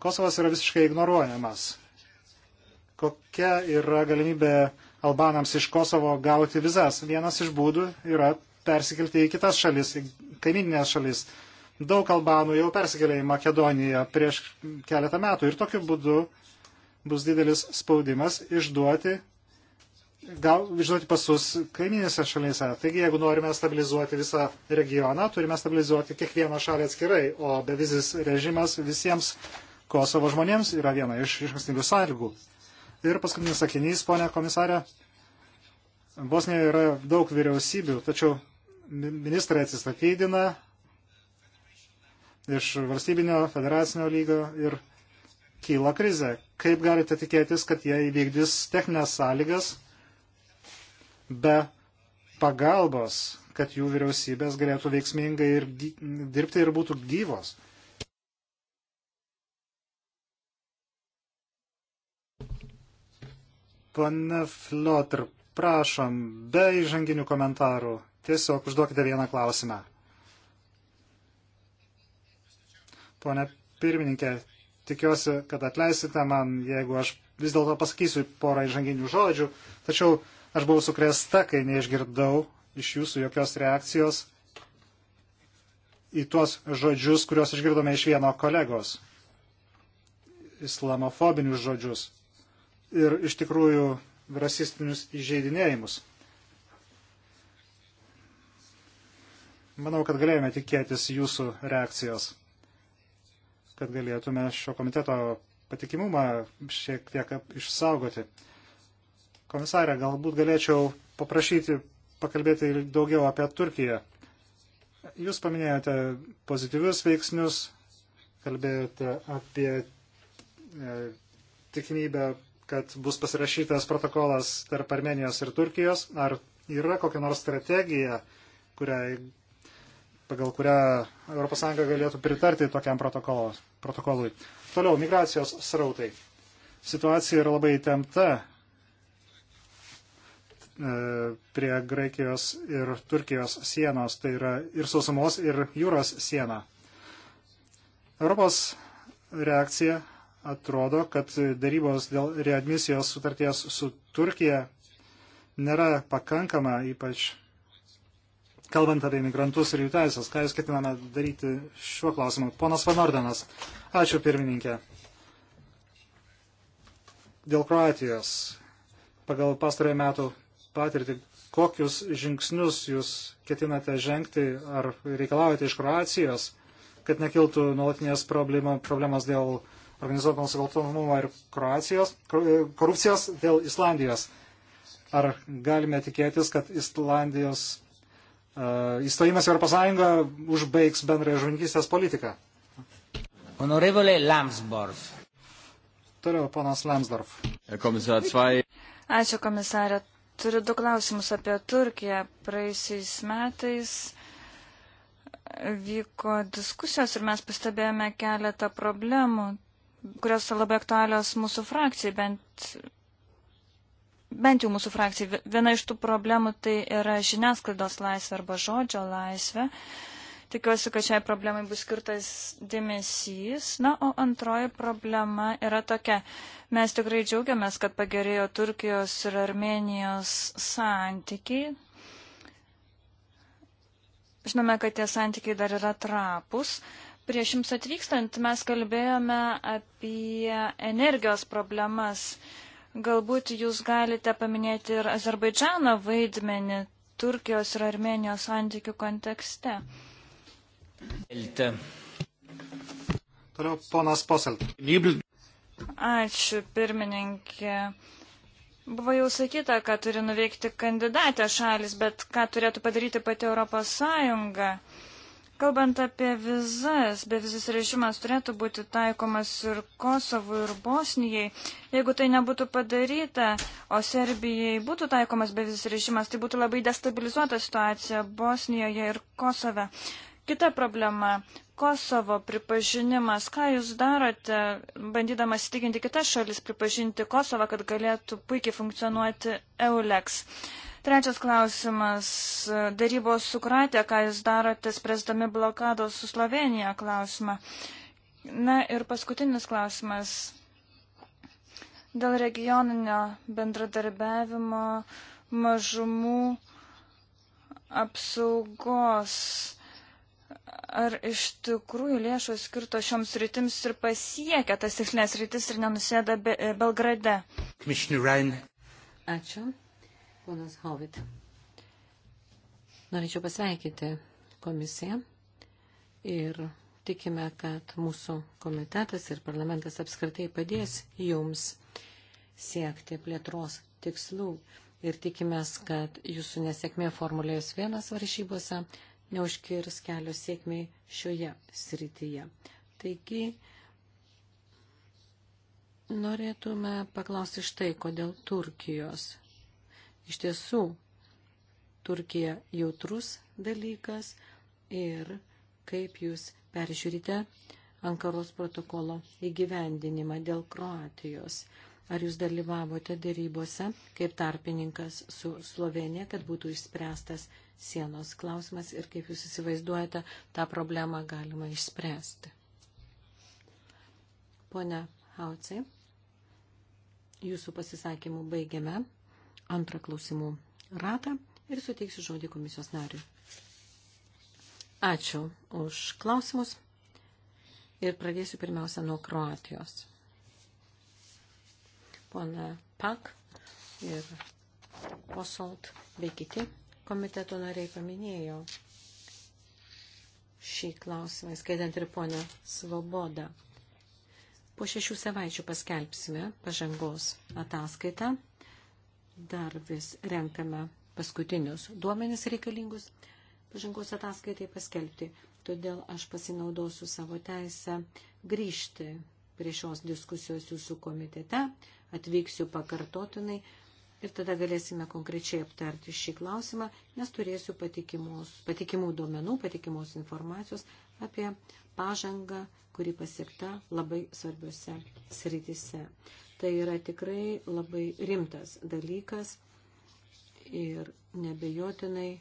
Kosovas yra visiškai ignoruojamas. Kokia yra galimybė Albanams iš Kosovo gauti vizas? Vienas iš būdų yra persikelti į kitas šalis, į kaimininės šalis. Daug Albanų jau persikėlė į Makedoniją prieš keletą metų ir tokiu būdu bus didelis spaudimas išduoti, gal, išduoti pasus kaiminėse šalyse. Taigi, jeigu norime stabilizuoti visą regioną, turime stabilizuoti kiekvieną šalį atskirai, o bevizis režimas visiems Kosovo žmonėms yra viena iš išankstinių sąlygų. Ir paskutinis sakinys, ponė komisarė, Bosnijoje yra daug vyriausybių, tačiau ministrai atsistatydina iš valstybinio federacinio lygio ir kyla krize. Kaip galite tikėtis, kad jie įvykdys techninės sąlygas be pagalbos, kad jų vyriausybės galėtų veiksmingai ir dirbti ir būtų gyvos? Pane Fliotr, prašom, be įžanginių komentarų, tiesiog užduokite vieną klausimą. Pone pirmininkė, tikiuosi, kad atleisite man, jeigu aš vis dėlto pasakysiu porą įžanginių žodžių, tačiau aš buvau sukrėsta, kai neišgirdau iš jūsų jokios reakcijos į tuos žodžius, kuriuos išgirdome iš vieno kolegos. Islamofobinius žodžius ir iš tikrųjų rasistinius įžeidinėjimus. Manau, kad galėjome tikėtis jūsų reakcijos, kad galėtume šio komiteto patikimumą šiek tiek išsaugoti. Komisarė, galbūt galėčiau paprašyti pakalbėti daugiau apie Turkiją. Jūs paminėjote pozityvius veiksnius, kalbėjote apie e, tikimybę kad bus pasirašytas protokolas tarp Armenijos ir Turkijos? Ar yra kokia nors strategija, kuriai, pagal kurią ES galėtų pritarti tokiam protokolui? Toliau, migracijos srautai. Situacija yra labai įtempta e, prie Graikijos ir Turkijos sienos, tai yra ir sausumos, ir jūros siena. Europos reakcija atrodo, kad darybos dėl readmisijos sutarties su Turkija nėra pakankama, ypač kalbant apie migrantus ir jų teisės. Ką jūs ketiname daryti šiuo klausimu? Ponas Van Ordenas. Ačiū pirmininkė. Dėl Kroatijos. Pagal pastarąjį metų patirtį, kokius žingsnius jūs ketinate žengti ar reikalaujate iš Kroatijos, kad nekiltų nuolatinės problemos dėl organizuoto nusikaltamumo ir Kroacijos, e, korupcijos dėl Islandijos. Ar galime tikėtis, kad Islandijos e, įstojimas į Europos Sąjungą užbaigs bendrąją žuvininkystės politiką? Honorevole Lamsdorf. Toliau ponas Lamsdorf. Komisar 2. Ačiū komisarė. Turiu du klausimus apie Turkiją. Praeisiais metais vyko diskusijos ir mes pastebėjome keletą problemų kurios labai aktualios mūsų frakcijai, bent, bent jau mūsų frakcijai. Viena iš tų problemų tai yra žiniasklaidos laisvė arba žodžio laisvė. Tikiuosi, kad šiai problemai bus skirtas dėmesys. Na, o antroji problema yra tokia. Mes tikrai džiaugiamės, kad pagerėjo Turkijos ir Armenijos santykiai. Žinome, kad tie santykiai dar yra trapus, Prieš jums atvykstant mes kalbėjome apie energijos problemas. Galbūt jūs galite paminėti ir Azerbaidžano vaidmenį Turkijos ir Armenijos santykių kontekste. Elte. Toliau ponas Poselt. Ačiū, pirmininkė. Buvo jau sakyta, kad turi nuveikti kandidatę šalis, bet ką turėtų padaryti pati Europos Sąjunga? Kalbant apie vizas, bevizis režimas turėtų būti taikomas ir Kosovui, ir Bosnijai. Jeigu tai nebūtų padaryta, o Serbijai būtų taikomas bevizis režimas, tai būtų labai destabilizuota situacija Bosnijoje ir Kosove. Kita problema - Kosovo pripažinimas. Ką jūs darote, bandydamas įtikinti kitas šalis pripažinti Kosovą, kad galėtų puikiai funkcionuoti EULEX? Uh, Trečias klausimas. Darybos su Kroatija, ką jūs darote, spręsdami blokados su Slovenija klausimą. Na ir paskutinis klausimas. Dėl regioninio bendradarbiavimo mažumų apsaugos. Ar iš tikrųjų lėšos skirtos šioms rytims ir pasiekia tas tikslinės rytis ir nenusėda Belgrade? Ačiū. Ponas Hovit. Norėčiau pasveikinti komisiją ir tikime, kad mūsų komitetas ir parlamentas apskritai padės jums siekti plėtros tikslų ir tikimės, kad jūsų nesėkmė Formulės vienas varžybose neužkirs kelio sėkmiai šioje srityje. Taigi, norėtume paklausti štai, kodėl Turkijos Iš tiesų, Turkija jautrus dalykas ir kaip jūs peržiūrite Ankaros protokolo įgyvendinimą dėl Kroatijos. Ar jūs dalyvavote dėrybose kaip tarpininkas su Slovenija, kad būtų išspręstas sienos klausimas ir kaip jūs įsivaizduojate, tą problemą galima išspręsti? Pone Haucai, jūsų pasisakymų baigiame antrą klausimų ratą ir suteiksiu žodį komisijos nariui. Ačiū už klausimus ir pradėsiu pirmiausia nuo Kroatijos. Pona Pak ir Posolt bei kiti komiteto nariai paminėjo šį klausimą, skaitant ir ponę Svobodą. Po šešių savaičių paskelbsime pažangos ataskaitą dar vis renkame paskutinius duomenis reikalingus pažangos ataskaitai paskelbti. Todėl aš pasinaudosiu savo teisę grįžti prie šios diskusijos jūsų komitete, atvyksiu pakartotinai ir tada galėsime konkrečiai aptarti šį klausimą, nes turėsiu patikimų duomenų, patikimos informacijos apie pažangą, kuri pasiekta labai svarbiose srityse. Tai yra tikrai labai rimtas dalykas ir nebejotinai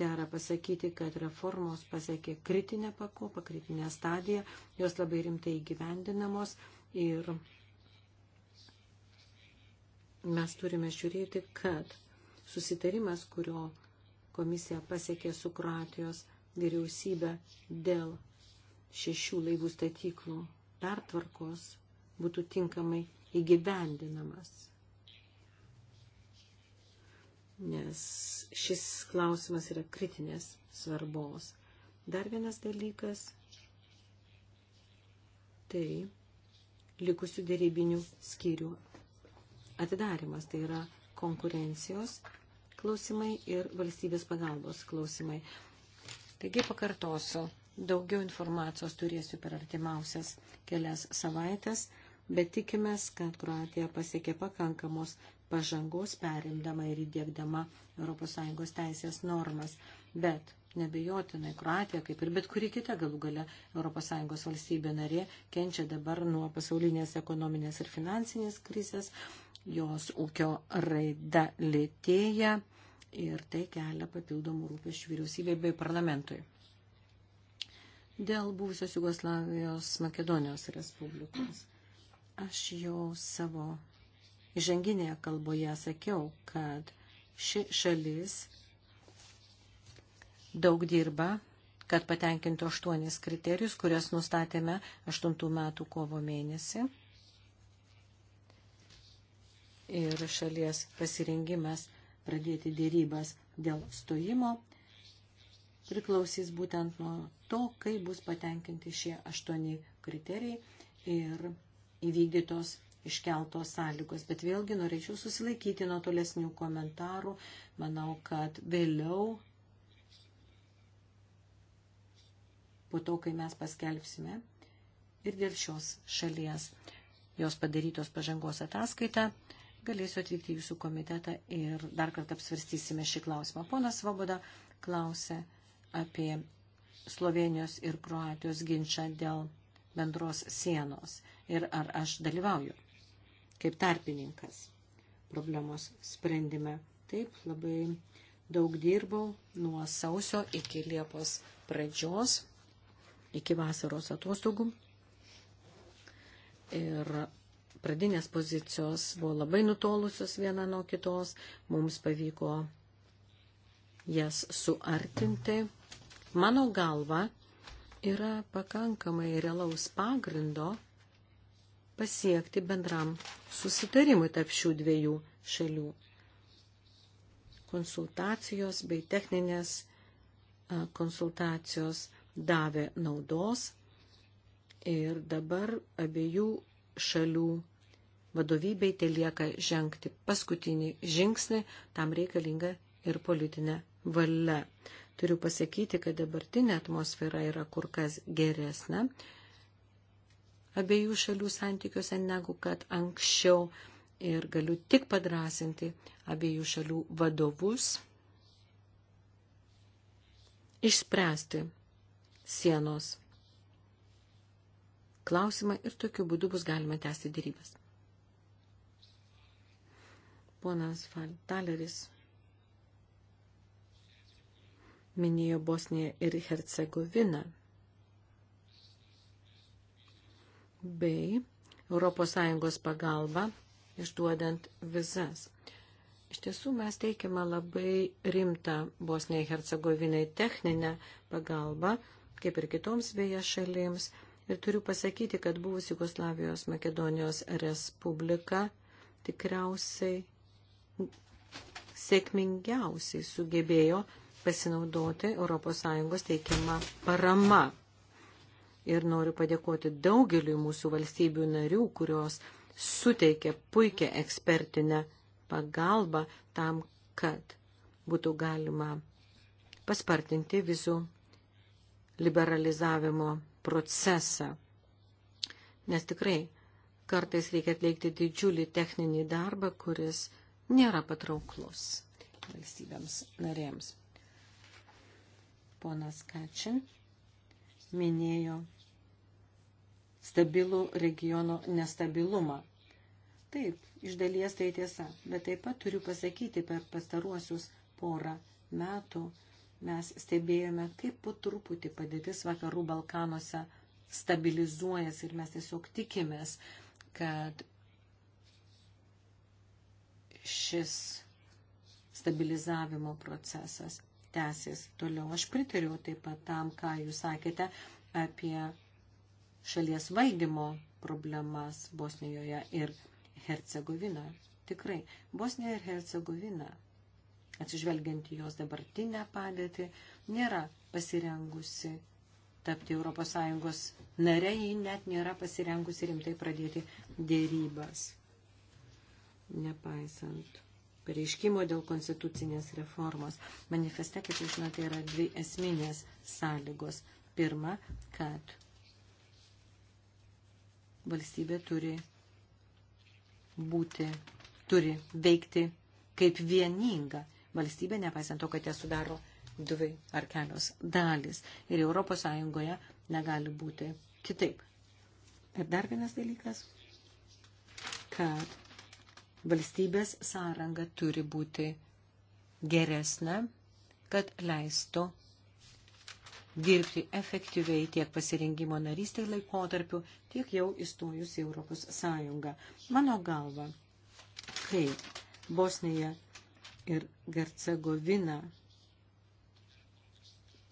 dera pasakyti, kad reformos pasiekė kritinę pakopą, kritinę stadiją, jos labai rimtai įgyvendinamos ir mes turime žiūrėti, kad susitarimas, kurio komisija pasiekė su Kroatijos vyriausybė dėl šešių laivų statyklų pertvarkos būtų tinkamai įgyvendinamas. Nes šis klausimas yra kritinės svarbos. Dar vienas dalykas – tai likusių dėrybinių skyrių atidarimas. Tai yra konkurencijos klausimai ir valstybės pagalbos klausimai. Taigi pakartosiu, daugiau informacijos turėsiu per artimiausias kelias savaitės – bet tikimės, kad Kroatija pasiekė pakankamos pažangos perimdama ir įdėkdama ES teisės normas. Bet nebejotinai Kroatija, kaip ir bet kuri kita galų gale ES valstybė narė, kenčia dabar nuo pasaulinės ekonominės ir finansinės krizės, jos ūkio raida lėtėja ir tai kelia papildomų rūpeščių vyriausybei bei parlamentui. Dėl buvusios Jugoslavijos Makedonijos Respublikos Aš jau savo įžanginėje kalboje sakiau, kad ši šalis daug dirba, kad patenkintų aštuonis kriterijus, kurias nustatėme 8 metų kovo mėnesį. Ir šalies pasirengimas pradėti dėrybas dėl stojimo priklausys būtent nuo to, kaip bus patenkinti šie aštuoni kriterijai ir įvykdytos iškeltos sąlygos. Bet vėlgi norėčiau susilaikyti nuo tolesnių komentarų. Manau, kad vėliau, po to, kai mes paskelbsime ir dėl šios šalies jos padarytos pažangos ataskaitą, galėsiu atvykti į jūsų komitetą ir dar kartą apsvarstysime šį klausimą. Ponas Svoboda klausė apie Slovenijos ir Kroatijos ginčą dėl bendros sienos ir ar aš dalyvauju kaip tarpininkas problemos sprendime. Taip, labai daug dirbau nuo sausio iki Liepos pradžios, iki vasaros atostogų. Ir pradinės pozicijos buvo labai nutolusios viena nuo kitos, mums pavyko jas suartinti. Mano galva yra pakankamai realaus pagrindo pasiekti bendram susitarimui tarp šių dviejų šalių. Konsultacijos bei techninės konsultacijos davė naudos ir dabar abiejų šalių vadovybei tai lieka žengti paskutinį žingsnį, tam reikalinga ir politinė valia. Turiu pasakyti, kad dabartinė atmosfera yra kur kas geresnė abiejų šalių santykiuose negu kad anksčiau. Ir galiu tik padrasinti abiejų šalių vadovus išspręsti sienos klausimą ir tokiu būdu bus galima tęsti dėrybas. Ponas Taleris minėjo Bosniją ir Hercegoviną. bei ES pagalba išduodant vizas. Iš tiesų mes teikiame labai rimtą Bosniai Hercegovinai techninę pagalbą, kaip ir kitoms vėja šalims. Ir turiu pasakyti, kad buvus Jugoslavijos Makedonijos Respublika tikriausiai sėkmingiausiai sugebėjo pasinaudoti ES teikiamą paramą ir noriu padėkoti daugeliu mūsų valstybių narių, kurios suteikė puikią ekspertinę pagalbą tam, kad būtų galima paspartinti vizų liberalizavimo procesą. Nes tikrai kartais reikia atlikti didžiulį techninį darbą, kuris nėra patrauklus valstybėms narėms. Ponas Kačin minėjo stabilų regiono nestabilumą. Taip, iš dalies tai tiesa, bet taip pat turiu pasakyti, per pastaruosius porą metų mes stebėjome, kaip po truputį padėtis vakarų Balkanuose stabilizuojasi ir mes tiesiog tikimės, kad šis stabilizavimo procesas tęsis toliau. Aš pritariu taip pat tam, ką jūs sakėte apie šalies valdymo problemas Bosnijoje ir Hercegovina. Tikrai, Bosnija ir Hercegovina, atsižvelgiant į jos dabartinę padėtį, nėra pasirengusi tapti ES nare, ji net nėra pasirengusi rimtai pradėti dėrybas. Nepaisant pareiškimo dėl konstitucinės reformos. Manifeste, kaip jūs žinote, yra dvi esminės sąlygos. Pirma, kad valstybė turi būti, turi veikti kaip vieninga valstybė, nepaisant to, kad ją sudaro dvi ar kelios dalis. Ir Europos Sąjungoje negali būti kitaip. Ir dar vienas dalykas, kad valstybės sąranga turi būti geresnė, kad leistų dirbti efektyviai tiek pasirengimo narystės laikotarpiu, tiek jau įstojus į Europos Sąjungą. Mano galva, kai Bosnija ir Gercegovina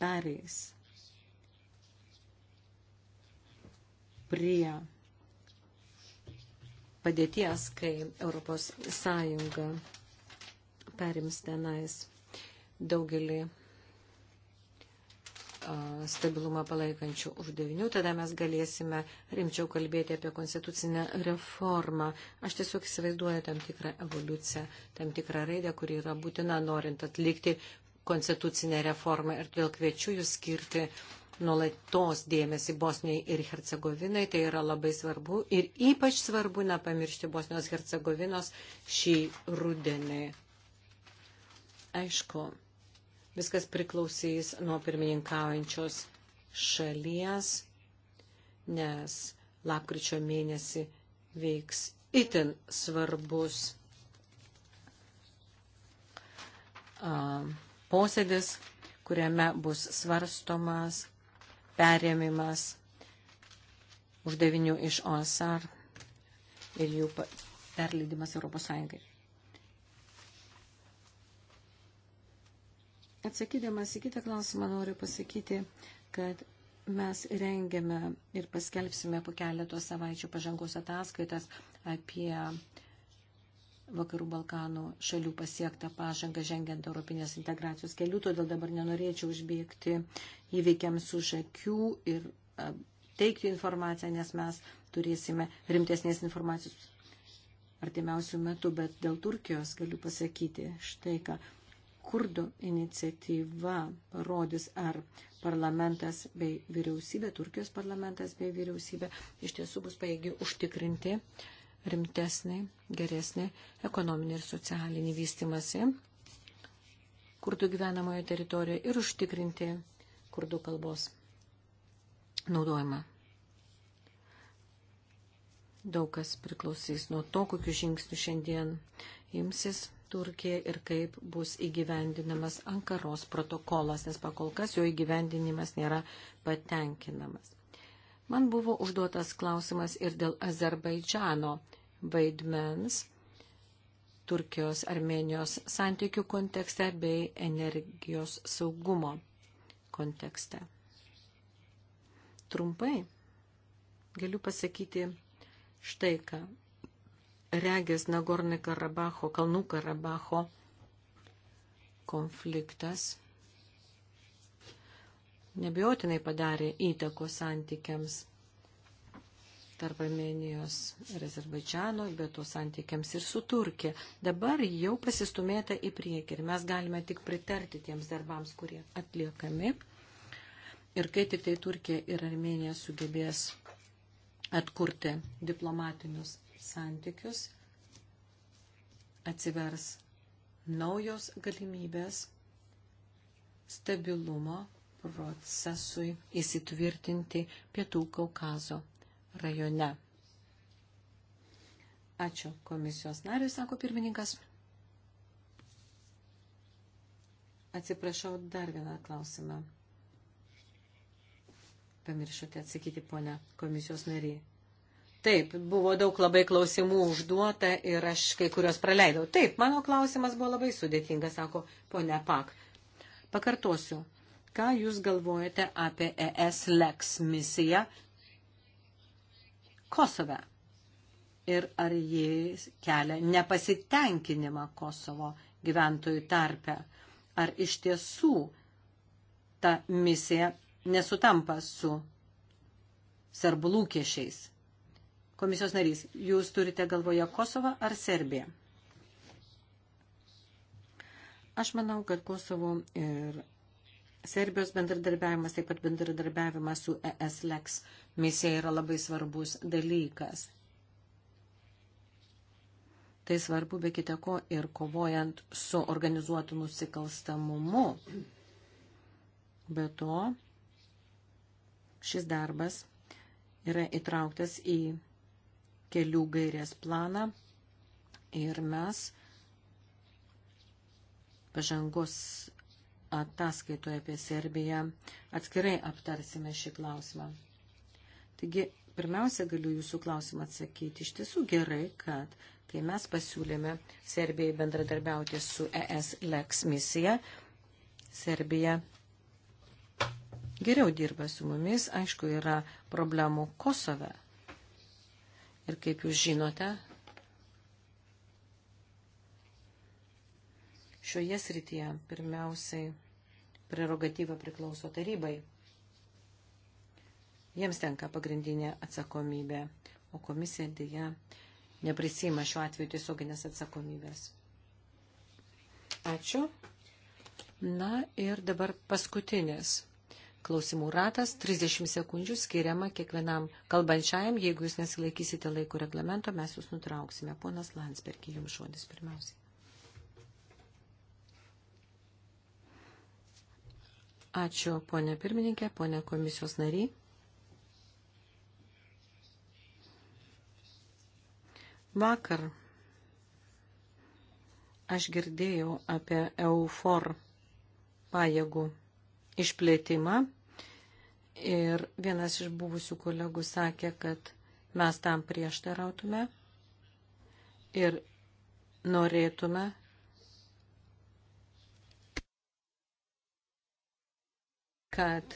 pereis prie padėties, kai Europos Sąjunga perims tenais daugelį stabilumą palaikančių uždavinių, tada mes galėsime rimčiau kalbėti apie konstitucinę reformą. Aš tiesiog įsivaizduoju tam tikrą evoliuciją, tam tikrą raidę, kuri yra būtina norint atlikti konstitucinę reformą ir todėl kviečiu jūs skirti uh, nuolatos dėmesį Bosnijai ir Hercegovinai. Tai yra labai svarbu ir ypač svarbu nepamiršti Bosnijos Hercegovinos šį rudenį. Aišku, viskas priklausys nuo pirmininkaujančios šalies, nes lapkričio mėnesį veiks itin svarbus posėdis, kuriame bus svarstomas perėmimas uždavinių iš OSR ir jų perleidimas Europos Sąjungai. Atsakydamas į kitą klausimą noriu pasakyti, kad mes rengiame ir paskelbsime po keletos savaičių pažangos ataskaitas apie Vakarų Balkanų šalių pasiektą pažangą žengiant Europinės integracijos keliu, todėl dabar nenorėčiau užbėgti įveikiams už akių ir teikti informaciją, nes mes turėsime rimtesnės informacijos artimiausių metų, bet dėl Turkijos galiu pasakyti štai ką. Kurdų iniciatyva parodys, ar parlamentas bei vyriausybė, Turkijos parlamentas bei vyriausybė iš tiesų bus paėgi užtikrinti uh, rimtesnį, geresnį ekonominį ir socialinį vystimasi kurdų gyvenamojo teritorijoje ir užtikrinti kurdų kalbos naudojimą. Daug kas priklausys nuo to, kokiu žingsniu šiandien imsis Turkija ir kaip bus įgyvendinamas Ankaros protokolas, nes pakol kas jo įgyvendinimas nėra patenkinamas. Man buvo užduotas klausimas ir dėl Azerbaidžano vaidmens Turkijos Armenijos santykių kontekste bei energijos saugumo kontekste. Trumpai galiu pasakyti štai ką. Regis Nagorni Karabaho, Kalnų Karabaho konfliktas nebijotinai padarė įtakos santykiams tarp Armenijos ir Azerbaidžiano, bet to santykiams ir su Turkija. Dabar jau pasistumėta į priekį ir mes galime tik pritarti tiems darbams, kurie atliekami. Ir kai tik tai Turkija ir Armenija sugebės atkurti diplomatinius santykius, atsivers naujos galimybės stabilumo procesui įsitvirtinti Pietų Kaukazo rajone. Ačiū komisijos nariui, sako pirmininkas. Atsiprašau, dar vieną klausimą. Pamiršote atsakyti, ponia komisijos nariai. Taip, buvo daug labai klausimų užduota ir aš kai kurios praleidau. Taip, mano klausimas buvo labai sudėtingas, sako ponia Pak. Pakartosiu, Ką Jūs galvojate apie ES Lex misiją Kosove? Ir ar ji kelia nepasitenkinimą Kosovo gyventojų tarpę? Ar iš tiesų ta misija nesutampa su serbų lūkesčiais? Komisijos narys, jūs turite galvoje Kosovą ar Serbiją? Aš manau, kad Kosovo ir Serbijos bendradarbiavimas, taip pat bendradarbiavimas su ESLEX misija yra labai svarbus dalykas. Tai svarbu be kita ko ir kovojant su organizuotu nusikalstamumu. Be to, šis darbas yra įtrauktas į kelių gairės planą ir mes pažangos ataskaitoje apie Serbiją atskirai aptarsime šį klausimą. Taigi, pirmiausia, galiu jūsų klausimą atsakyti. Iš tiesų gerai, kad kai mes pasiūlėme Serbijai bendradarbiauti su ES Lex misija, Serbija geriau dirba su mumis, aišku, yra problemų Kosove. Ir kaip jūs žinote, Šioje srityje pirmiausiai prerogatyva priklauso tarybai. Jiems tenka pagrindinė atsakomybė, o komisija dėja neprisima šiuo atveju tiesioginės atsakomybės. Ačiū. Na ir dabar paskutinis klausimų ratas. 30 sekundžių skiriama kiekvienam kalbančiajam. Jeigu jūs nesilaikysite laiko reglamento, mes jūs nutrauksime. Ponas Landsbergį, jums žodis pirmiausiai. Ačiū, ponė pirmininkė, ponė komisijos nariai. Vakar aš girdėjau apie EUFOR pajėgų išplėtimą ir vienas iš buvusių kolegų sakė, kad mes tam prieštarautume ir norėtume, kad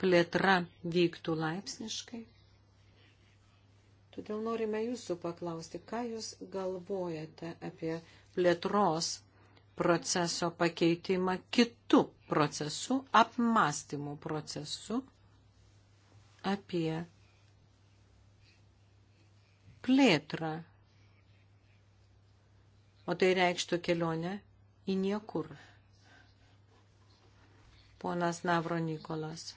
plėtra vyktų laipsniškai. Todėl norime jūsų paklausti, ką jūs galvojate apie plėtros proceso pakeitimą kitų procesų, apmastymų procesų apie plėtrą. O tai reikštų kelionę į niekur ponas Navro Nikolas.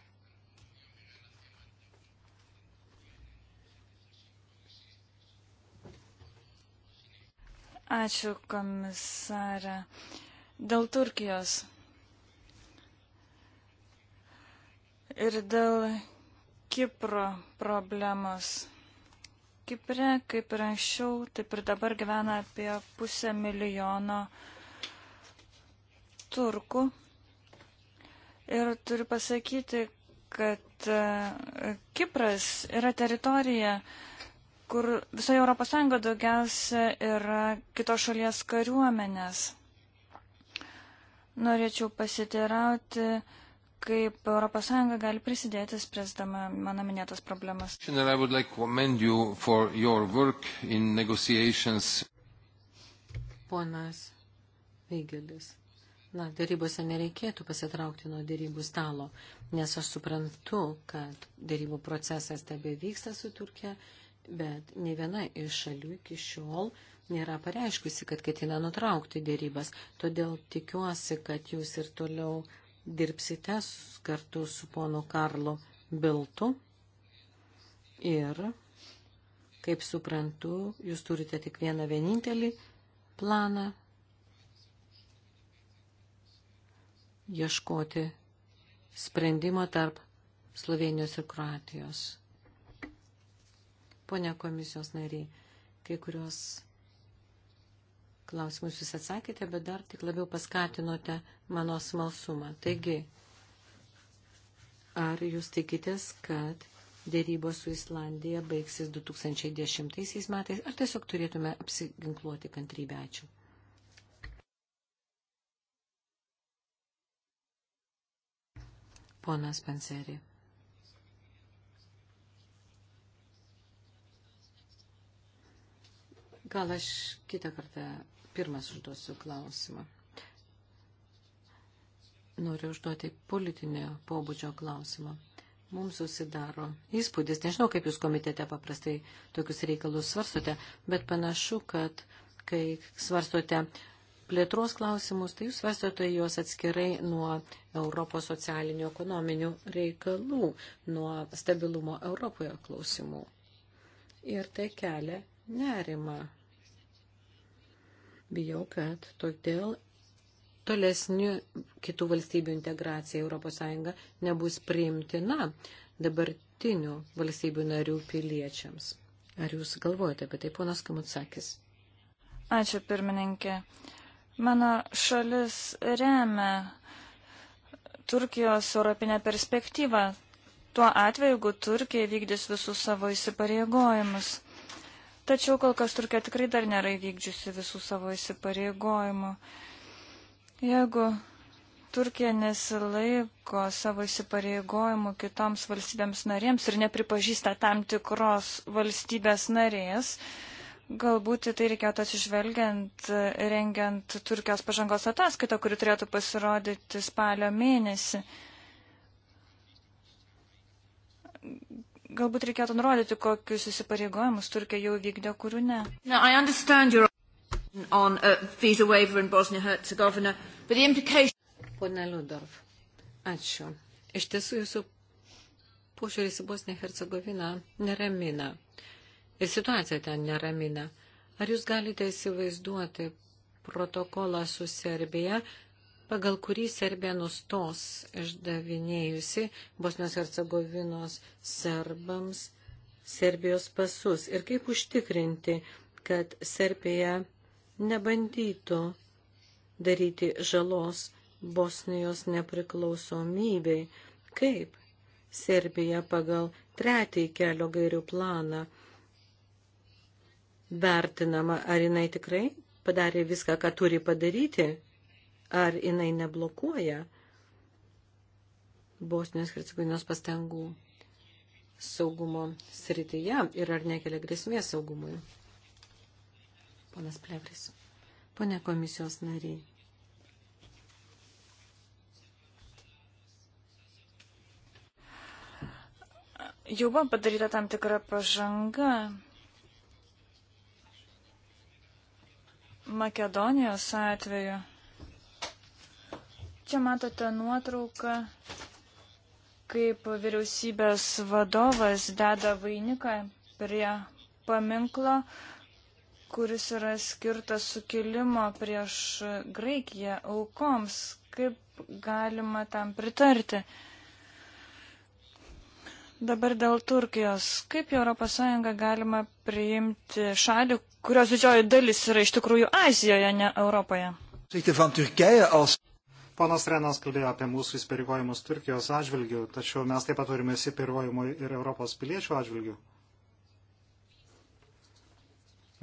Ačiū, komisarė. Dėl Turkijos ir dėl Kipro problemos. Kipre, kaip ir anksčiau, taip ir dabar gyvena apie pusę milijono turkų. Ir turiu pasakyti, kad e, Kipras yra teritorija, kur visoje Europos Sąjungoje daugiausia yra kitos šalies kariuomenės. Norėčiau pasiteirauti, kaip ES gali prisidėti spręsdama mano minėtas problemas. Ponas Veigelis, Na, dėrybose nereikėtų pasitraukti nuo dėrybų stalo, nes aš suprantu, kad dėrybų procesas tebe vyksta su Turkija, bet ne viena iš šalių iki šiol nėra pareiškusi, kad ketina nutraukti dėrybas. Todėl tikiuosi, kad jūs ir toliau dirbsite kartu su ponu Karlu Biltu. Ir, kaip suprantu, jūs turite tik vieną vienintelį planą ieškoti sprendimo tarp Slovenijos ir Kroatijos. Pone komisijos nariai, kai kurios klausimus jūs atsakėte, bet dar tik labiau paskatinote mano smalsumą. Taigi, ar jūs tikitės, kad dėrybos su Islandija baigsis 2010 metais, ar tiesiog turėtume apsiginkluoti kantrybę? Ačiū. ponas Panserį. Gal aš kitą kartą pirmas užduosiu klausimą. Noriu užduoti politinio pobūdžio klausimą. Mums susidaro įspūdis, nežinau, kaip jūs komitete paprastai tokius reikalus svarstote, bet panašu, kad kai svarstote plėtros klausimus, tai jūs svarstote juos atskirai nuo Europos socialinių ekonominių reikalų, nuo stabilumo Europoje klausimų. Ir tai kelia nerima. Bijau, kad todėl tolesnių kitų valstybių integracija Europos Sąjunga nebus priimtina dabartinių valstybių narių piliečiams. Ar jūs galvojate apie tai, ponas Kamutsakis? Ačiū, pirmininkė. Uh, Mano šalis remia Turkijos europinę perspektyvą. Tuo atveju, jeigu Turkija vykdys visus savo įsipareigojimus. Tačiau kol kas Turkija tikrai dar nėra įvykdžiusi visų savo įsipareigojimų. Jeigu Turkija nesilaiko savo įsipareigojimų kitoms valstybėms narėms ir nepripažįsta tam tikros valstybės narės, Galbūt į tai reikėtų atsižvelgiant, rengiant Turkijos pažangos ataskaitą, kuri turėtų pasirodyti spalio mėnesį. Galbūt reikėtų nurodyti, kokius įsipareigojimus Turkija jau vykdė, kurių ne. No, on a uh, visa waiver in Bosnia-Herzegovina, but the implication... Pone Ludorf, ačiū. Iš tiesų jūsų požiūris į Bosniją-Hercegoviną neramina ir situacija ten neramina. Ar jūs galite įsivaizduoti protokolą su Serbija, pagal kurį Serbija nustos išdavinėjusi Bosnios Hercegovinos serbams Serbijos pasus ir kaip užtikrinti, kad Serbija nebandytų daryti žalos Bosnijos nepriklausomybei, kaip Serbija pagal tretį kelio gairių planą vertinama, ar jinai tikrai padarė viską, ką turi padaryti, ar jinai neblokuoja Bosnijos Hercegovinos pastangų saugumo srityje ir ar nekelia grėsmės saugumui. Ponas Plevris. Pone komisijos nariai. Jau buvo padaryta tam tikra pažanga Makedonijos atveju. Čia matote nuotrauką, kaip vyriausybės vadovas deda vainiką prie paminklo, kuris yra skirtas sukilimo prieš Graikiją aukoms. Kaip galima tam pritarti? Dabar dėl Turkijos. Kaip ES galima priimti šalį, kurios didžioji dalis yra iš tikrųjų Azijoje, ne Europoje. Ponas Renas kalbėjo apie mūsų įsipareigojimus Turkijos atžvilgių, tačiau mes taip pat turime įsipareigojimų ir Europos piliečių atžvilgių.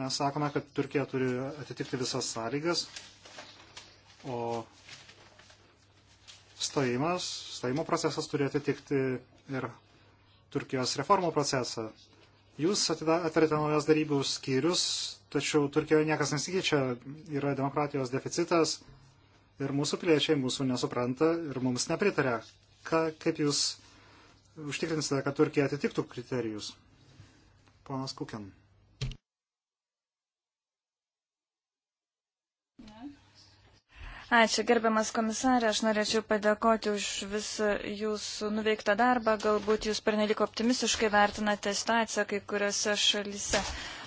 Mes sakome, kad Turkija turi atitikti visas sąlygas, o stojimas, stojimo procesas turi atitikti ir Turkijos reformų procesą. Jūs atverėte naujas darybų skyrius, tačiau Turkijoje niekas nesikeičia, yra demokratijos deficitas ir mūsų piliečiai mūsų nesupranta ir mums nepritarė. Ka, kaip jūs užtikrinsite, kad Turkija atitiktų kriterijus? Ponas Kukin. Ačiū, gerbiamas komisarė, aš norėčiau padėkoti už visą jūsų nuveiktą darbą. Galbūt jūs pernelik optimistiškai vertinate situaciją kai kuriuose šalyse.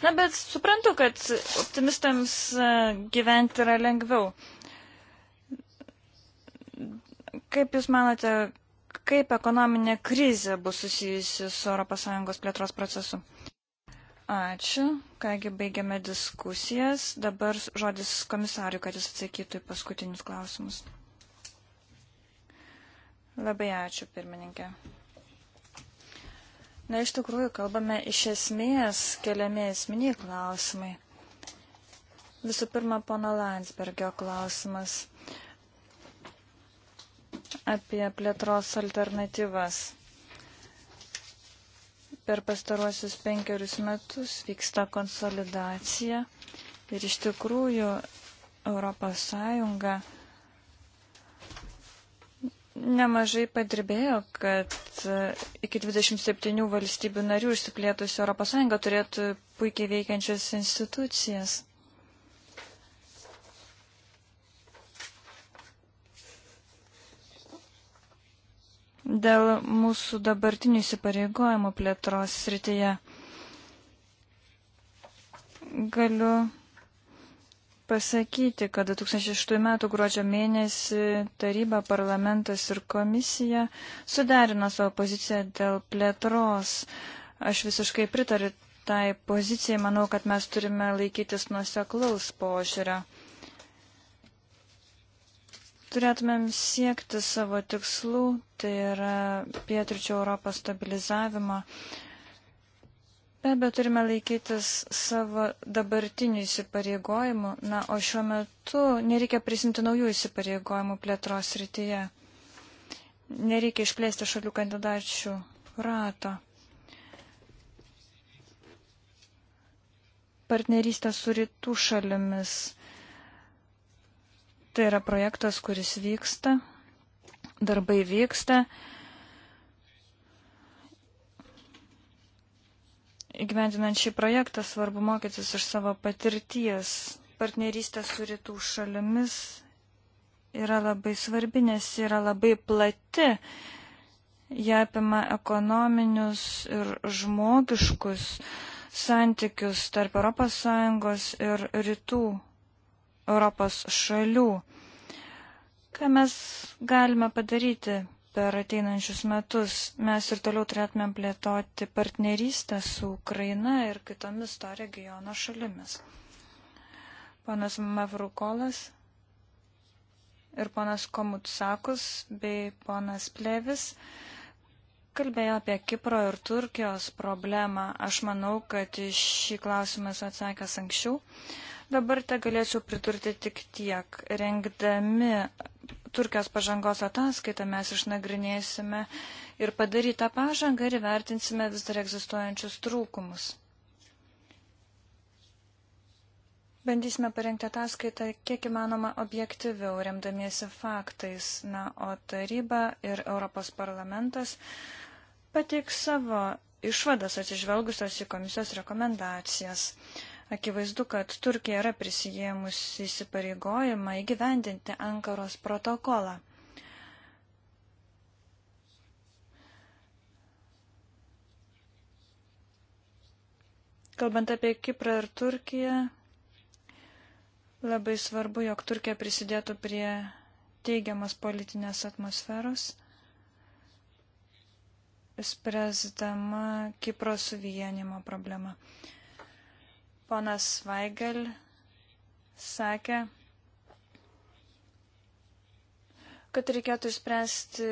Na, bet suprantu, kad optimistams e, gyventi yra lengviau. Kaip jūs manote, kaip ekonominė krizė bus susijusi su ES plėtros procesu? Ačiū. Kągi baigiame diskusijas. Dabar žodis komisariu, kad jis atsakytų į paskutinius klausimus. Labai ačiū, pirmininkė. Na, iš tikrųjų, kalbame iš esmės keliami esminiai klausimai. Visų pirma, pono Landsbergio klausimas apie plėtros alternatyvas per pastaruosius penkerius metus vyksta konsolidacija ir iš tikrųjų Europos Sąjunga nemažai padirbėjo, kad e, iki 27 valstybių narių išsiplėtusi Europos Sąjunga turėtų puikiai veikiančias institucijas. dėl mūsų dabartinių įsipareigojimų plėtros srityje. Galiu pasakyti, kad 2006 m. gruodžio mėnesį taryba, parlamentas ir komisija suderino savo poziciją dėl plėtros. Aš visiškai pritariu tai pozicijai, manau, kad mes turime laikytis nuoseklaus požiūrio. Po turėtumėm siekti savo tikslų, tai yra pietričio Europos stabilizavimo. Be abejo, turime laikytis savo dabartinių įsipareigojimų, na, o šiuo metu nereikia prisimti naujų įsipareigojimų plėtros rytyje. Nereikia išplėsti šalių kandidačių rato. Partnerystė su rytų šalimis Tai yra projektas, kuris vyksta, darbai vyksta. Įgyvendinant šį projektą svarbu mokytis iš savo patirties. Partnerystė su rytų šalimis yra labai svarbi, nes yra labai plati. Jie apima ekonominius ir žmogiškus santykius tarp ES ir rytų Europos šalių. Ką mes galime padaryti per ateinančius metus? Mes ir toliau turėtumėm plėtoti partnerystę su Ukraina ir kitomis to regiono šalimis. Ponas Mavrukolas ir ponas Komutsakus bei ponas Plevis kalbėjo apie Kipro ir Turkijos problemą. Aš manau, kad šį klausimą esu atsakęs anksčiau. Uh, Dabar te galėčiau priturti tik tiek. Rengdami Turkijos pažangos ataskaitą mes išnagrinėsime ir padarytą pažangą ir vertinsime vis dar egzistuojančius trūkumus. Bandysime parengti ataskaitą kiek įmanoma objektyviau, remdamiesi faktais. Na, o taryba ir Europos parlamentas pateiks savo išvadas atsižvelgusios į komisijos rekomendacijas. Akivaizdu, kad Turkija yra prisijėmusi įsipareigojimą įgyvendinti Ankaros protokolą. Kalbant apie Kiprą ir Turkiją, labai svarbu, jog Turkija prisidėtų prie teigiamas politinės atmosferos, spręsdama Kipro suvienimo problemą. Ponas Vaigel sakė, kad reikėtų išspręsti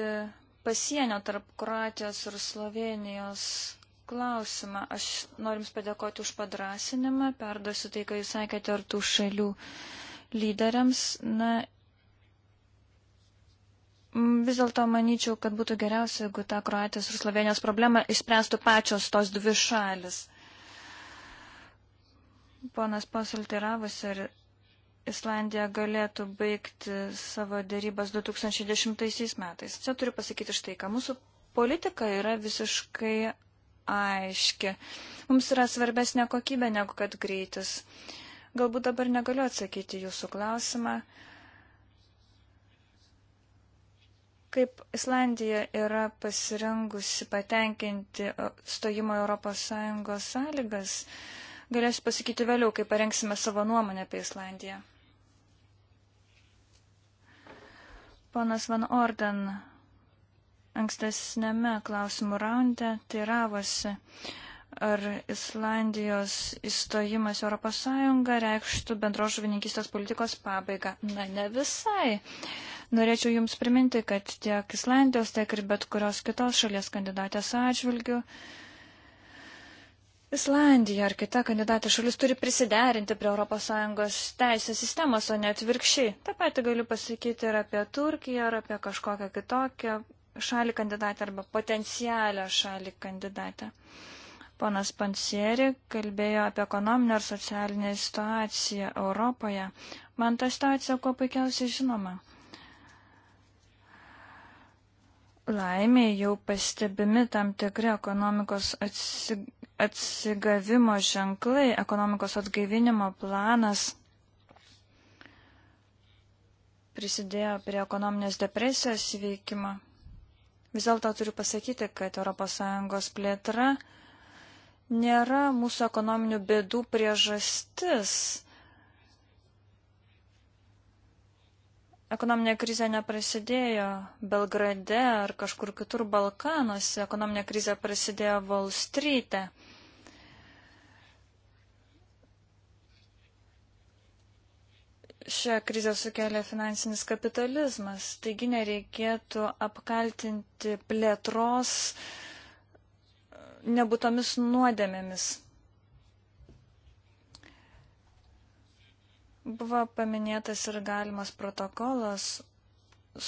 pasienio tarp Kroatijos ir Slovenijos klausimą. Aš noriu Jums padėkoti už padrasinimą, perduosiu tai, ką Jūs sakėte, ar tų šalių lyderiams. Na, vis dėlto manyčiau, kad būtų geriausia, jeigu tą Kroatijos ir Slovenijos problemą išspręstų pačios tos dvi šalis. Ponas Posel teravas, ar Islandija galėtų baigti savo dėrybas 2010 metais. Čia turiu pasakyti štai, ką mūsų politika yra visiškai aiški. Mums yra svarbesnė kokybė negu kad greitis. Galbūt dabar negaliu atsakyti jūsų klausimą. Kaip Islandija yra pasirengusi patenkinti stojimo Europos Sąjungos sąlygas, uh, Galėsiu pasakyti vėliau, kai parengsime savo nuomonę apie Islandiją. Ponas Van Orden ankstesnėme klausimų raunde teiravosi, ar Islandijos įstojimas Europos Sąjunga reikštų bendros žuvininkistės politikos pabaigą. Na, ne visai. Norėčiau Jums priminti, kad tiek Islandijos, tiek ir bet kurios kitos šalies kandidatės atžvilgių Islandija ar kita kandidatė šalis turi prisiderinti prie ES teisės sistemos, o ne atvirkščiai. Ta pati galiu pasakyti ir apie Turkiją, ar apie kažkokią kitokią šalį kandidatę arba potencialią šalį kandidatę. Ponas Pansieri kalbėjo apie ekonominę ir socialinę situaciją Europoje. Man ta situacija kuo puikiausiai žinoma. Laimė jau pastebimi tam tikri ekonomikos atsigavimai atsigavimo ženklai, ekonomikos atgaivinimo planas prisidėjo prie ekonominės depresijos įveikimo. Vis dėlto turiu pasakyti, kad ES plėtra nėra mūsų ekonominių bėdų priežastis. Ekonominė krizė neprasidėjo Belgrade ar kažkur kitur Balkanuose, ekonominė krizė prasidėjo Wall Street'e. šią krizę sukelia finansinis kapitalizmas, taigi nereikėtų apkaltinti plėtros nebūtomis nuodėmėmis. Buvo paminėtas ir galimas protokolas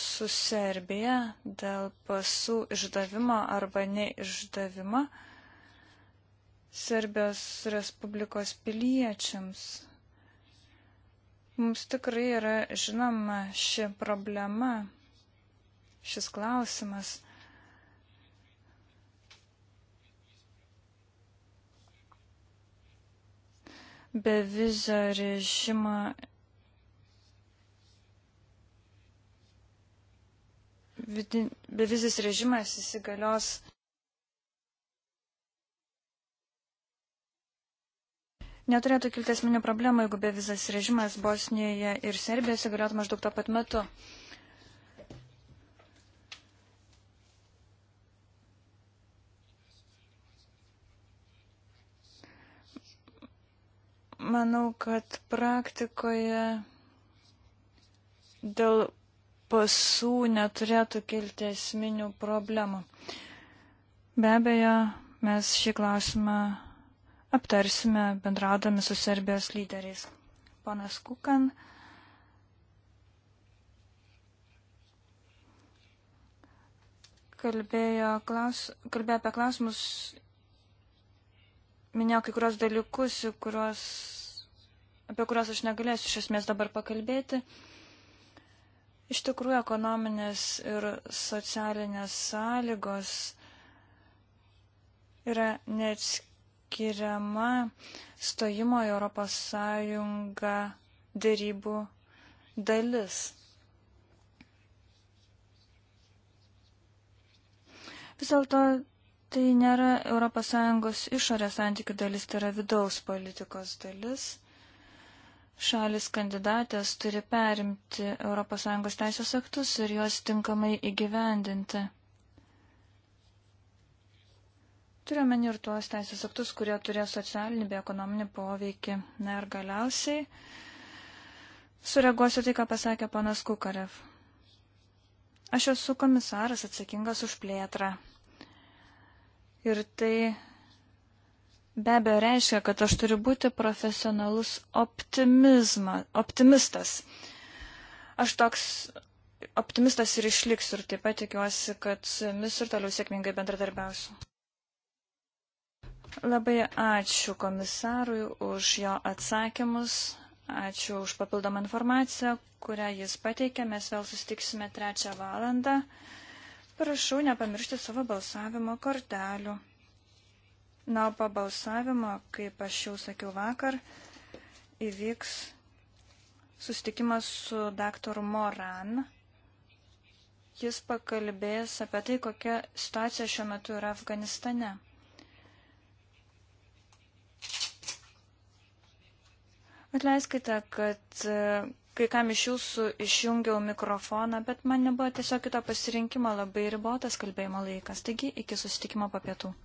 su Serbija dėl pasų išdavimo arba neišdavimo Serbijos Respublikos piliečiams. Mums tikrai yra žinoma ši problema, šis klausimas. be vizio režimo Be vizis režimas įsigalios Neturėtų kilti esminių problemų, jeigu bevizas režimas Bosnijoje ir Serbijoje galėtų maždaug tuo pat metu. Manau, kad praktikoje dėl pasų neturėtų kilti esminių problemų. Be abejo, mes šį klausimą aptarsime bendraudami su Serbijos lyderiais. Ponas Kukan kalbėjo, klaus, kalbėjo apie klausimus, minėjo kai kurios dalykus, kurios, apie kuriuos aš negalėsiu iš esmės dabar pakalbėti. Iš tikrųjų, ekonominės ir socialinės sąlygos yra neatskirti skiriama stojimo į Europos Sąjungą dėrybų dalis. Vis dėlto tai nėra ES išorės santykių dalis, tai yra vidaus politikos dalis. Šalis kandidatės turi perimti ES teisės aktus ir juos tinkamai įgyvendinti. Turime ir tuos teisės aktus, kurie turės socialinį bei ekonominį poveikį. Na ir galiausiai sureaguosiu tai, ką pasakė panas Kukarev. Aš esu komisaras atsakingas už plėtrą. Ir tai be abejo reiškia, kad aš turiu būti profesionalus optimistas. Aš toks optimistas ir išliksiu ir taip pat tikiuosi, kad su jumis ir toliau sėkmingai bendradarbiausiu. Labai ačiū komisarui už jo atsakymus, ačiū už papildomą informaciją, kurią jis pateikė. Mes vėl susitiksime trečią valandą. Prašau nepamiršti savo balsavimo kortelių. Na, o po balsavimo, kaip aš jau sakiau vakar, įvyks susitikimas su daktaru Moran. Jis pakalbės apie tai, kokia situacija šiuo metu yra Afganistane. Atleiskite, kad e, kai kam iš jūsų išjungiau mikrofoną, bet man nebuvo tiesiog kito pasirinkimo labai ribotas kalbėjimo laikas. Taigi iki susitikimo po pietų.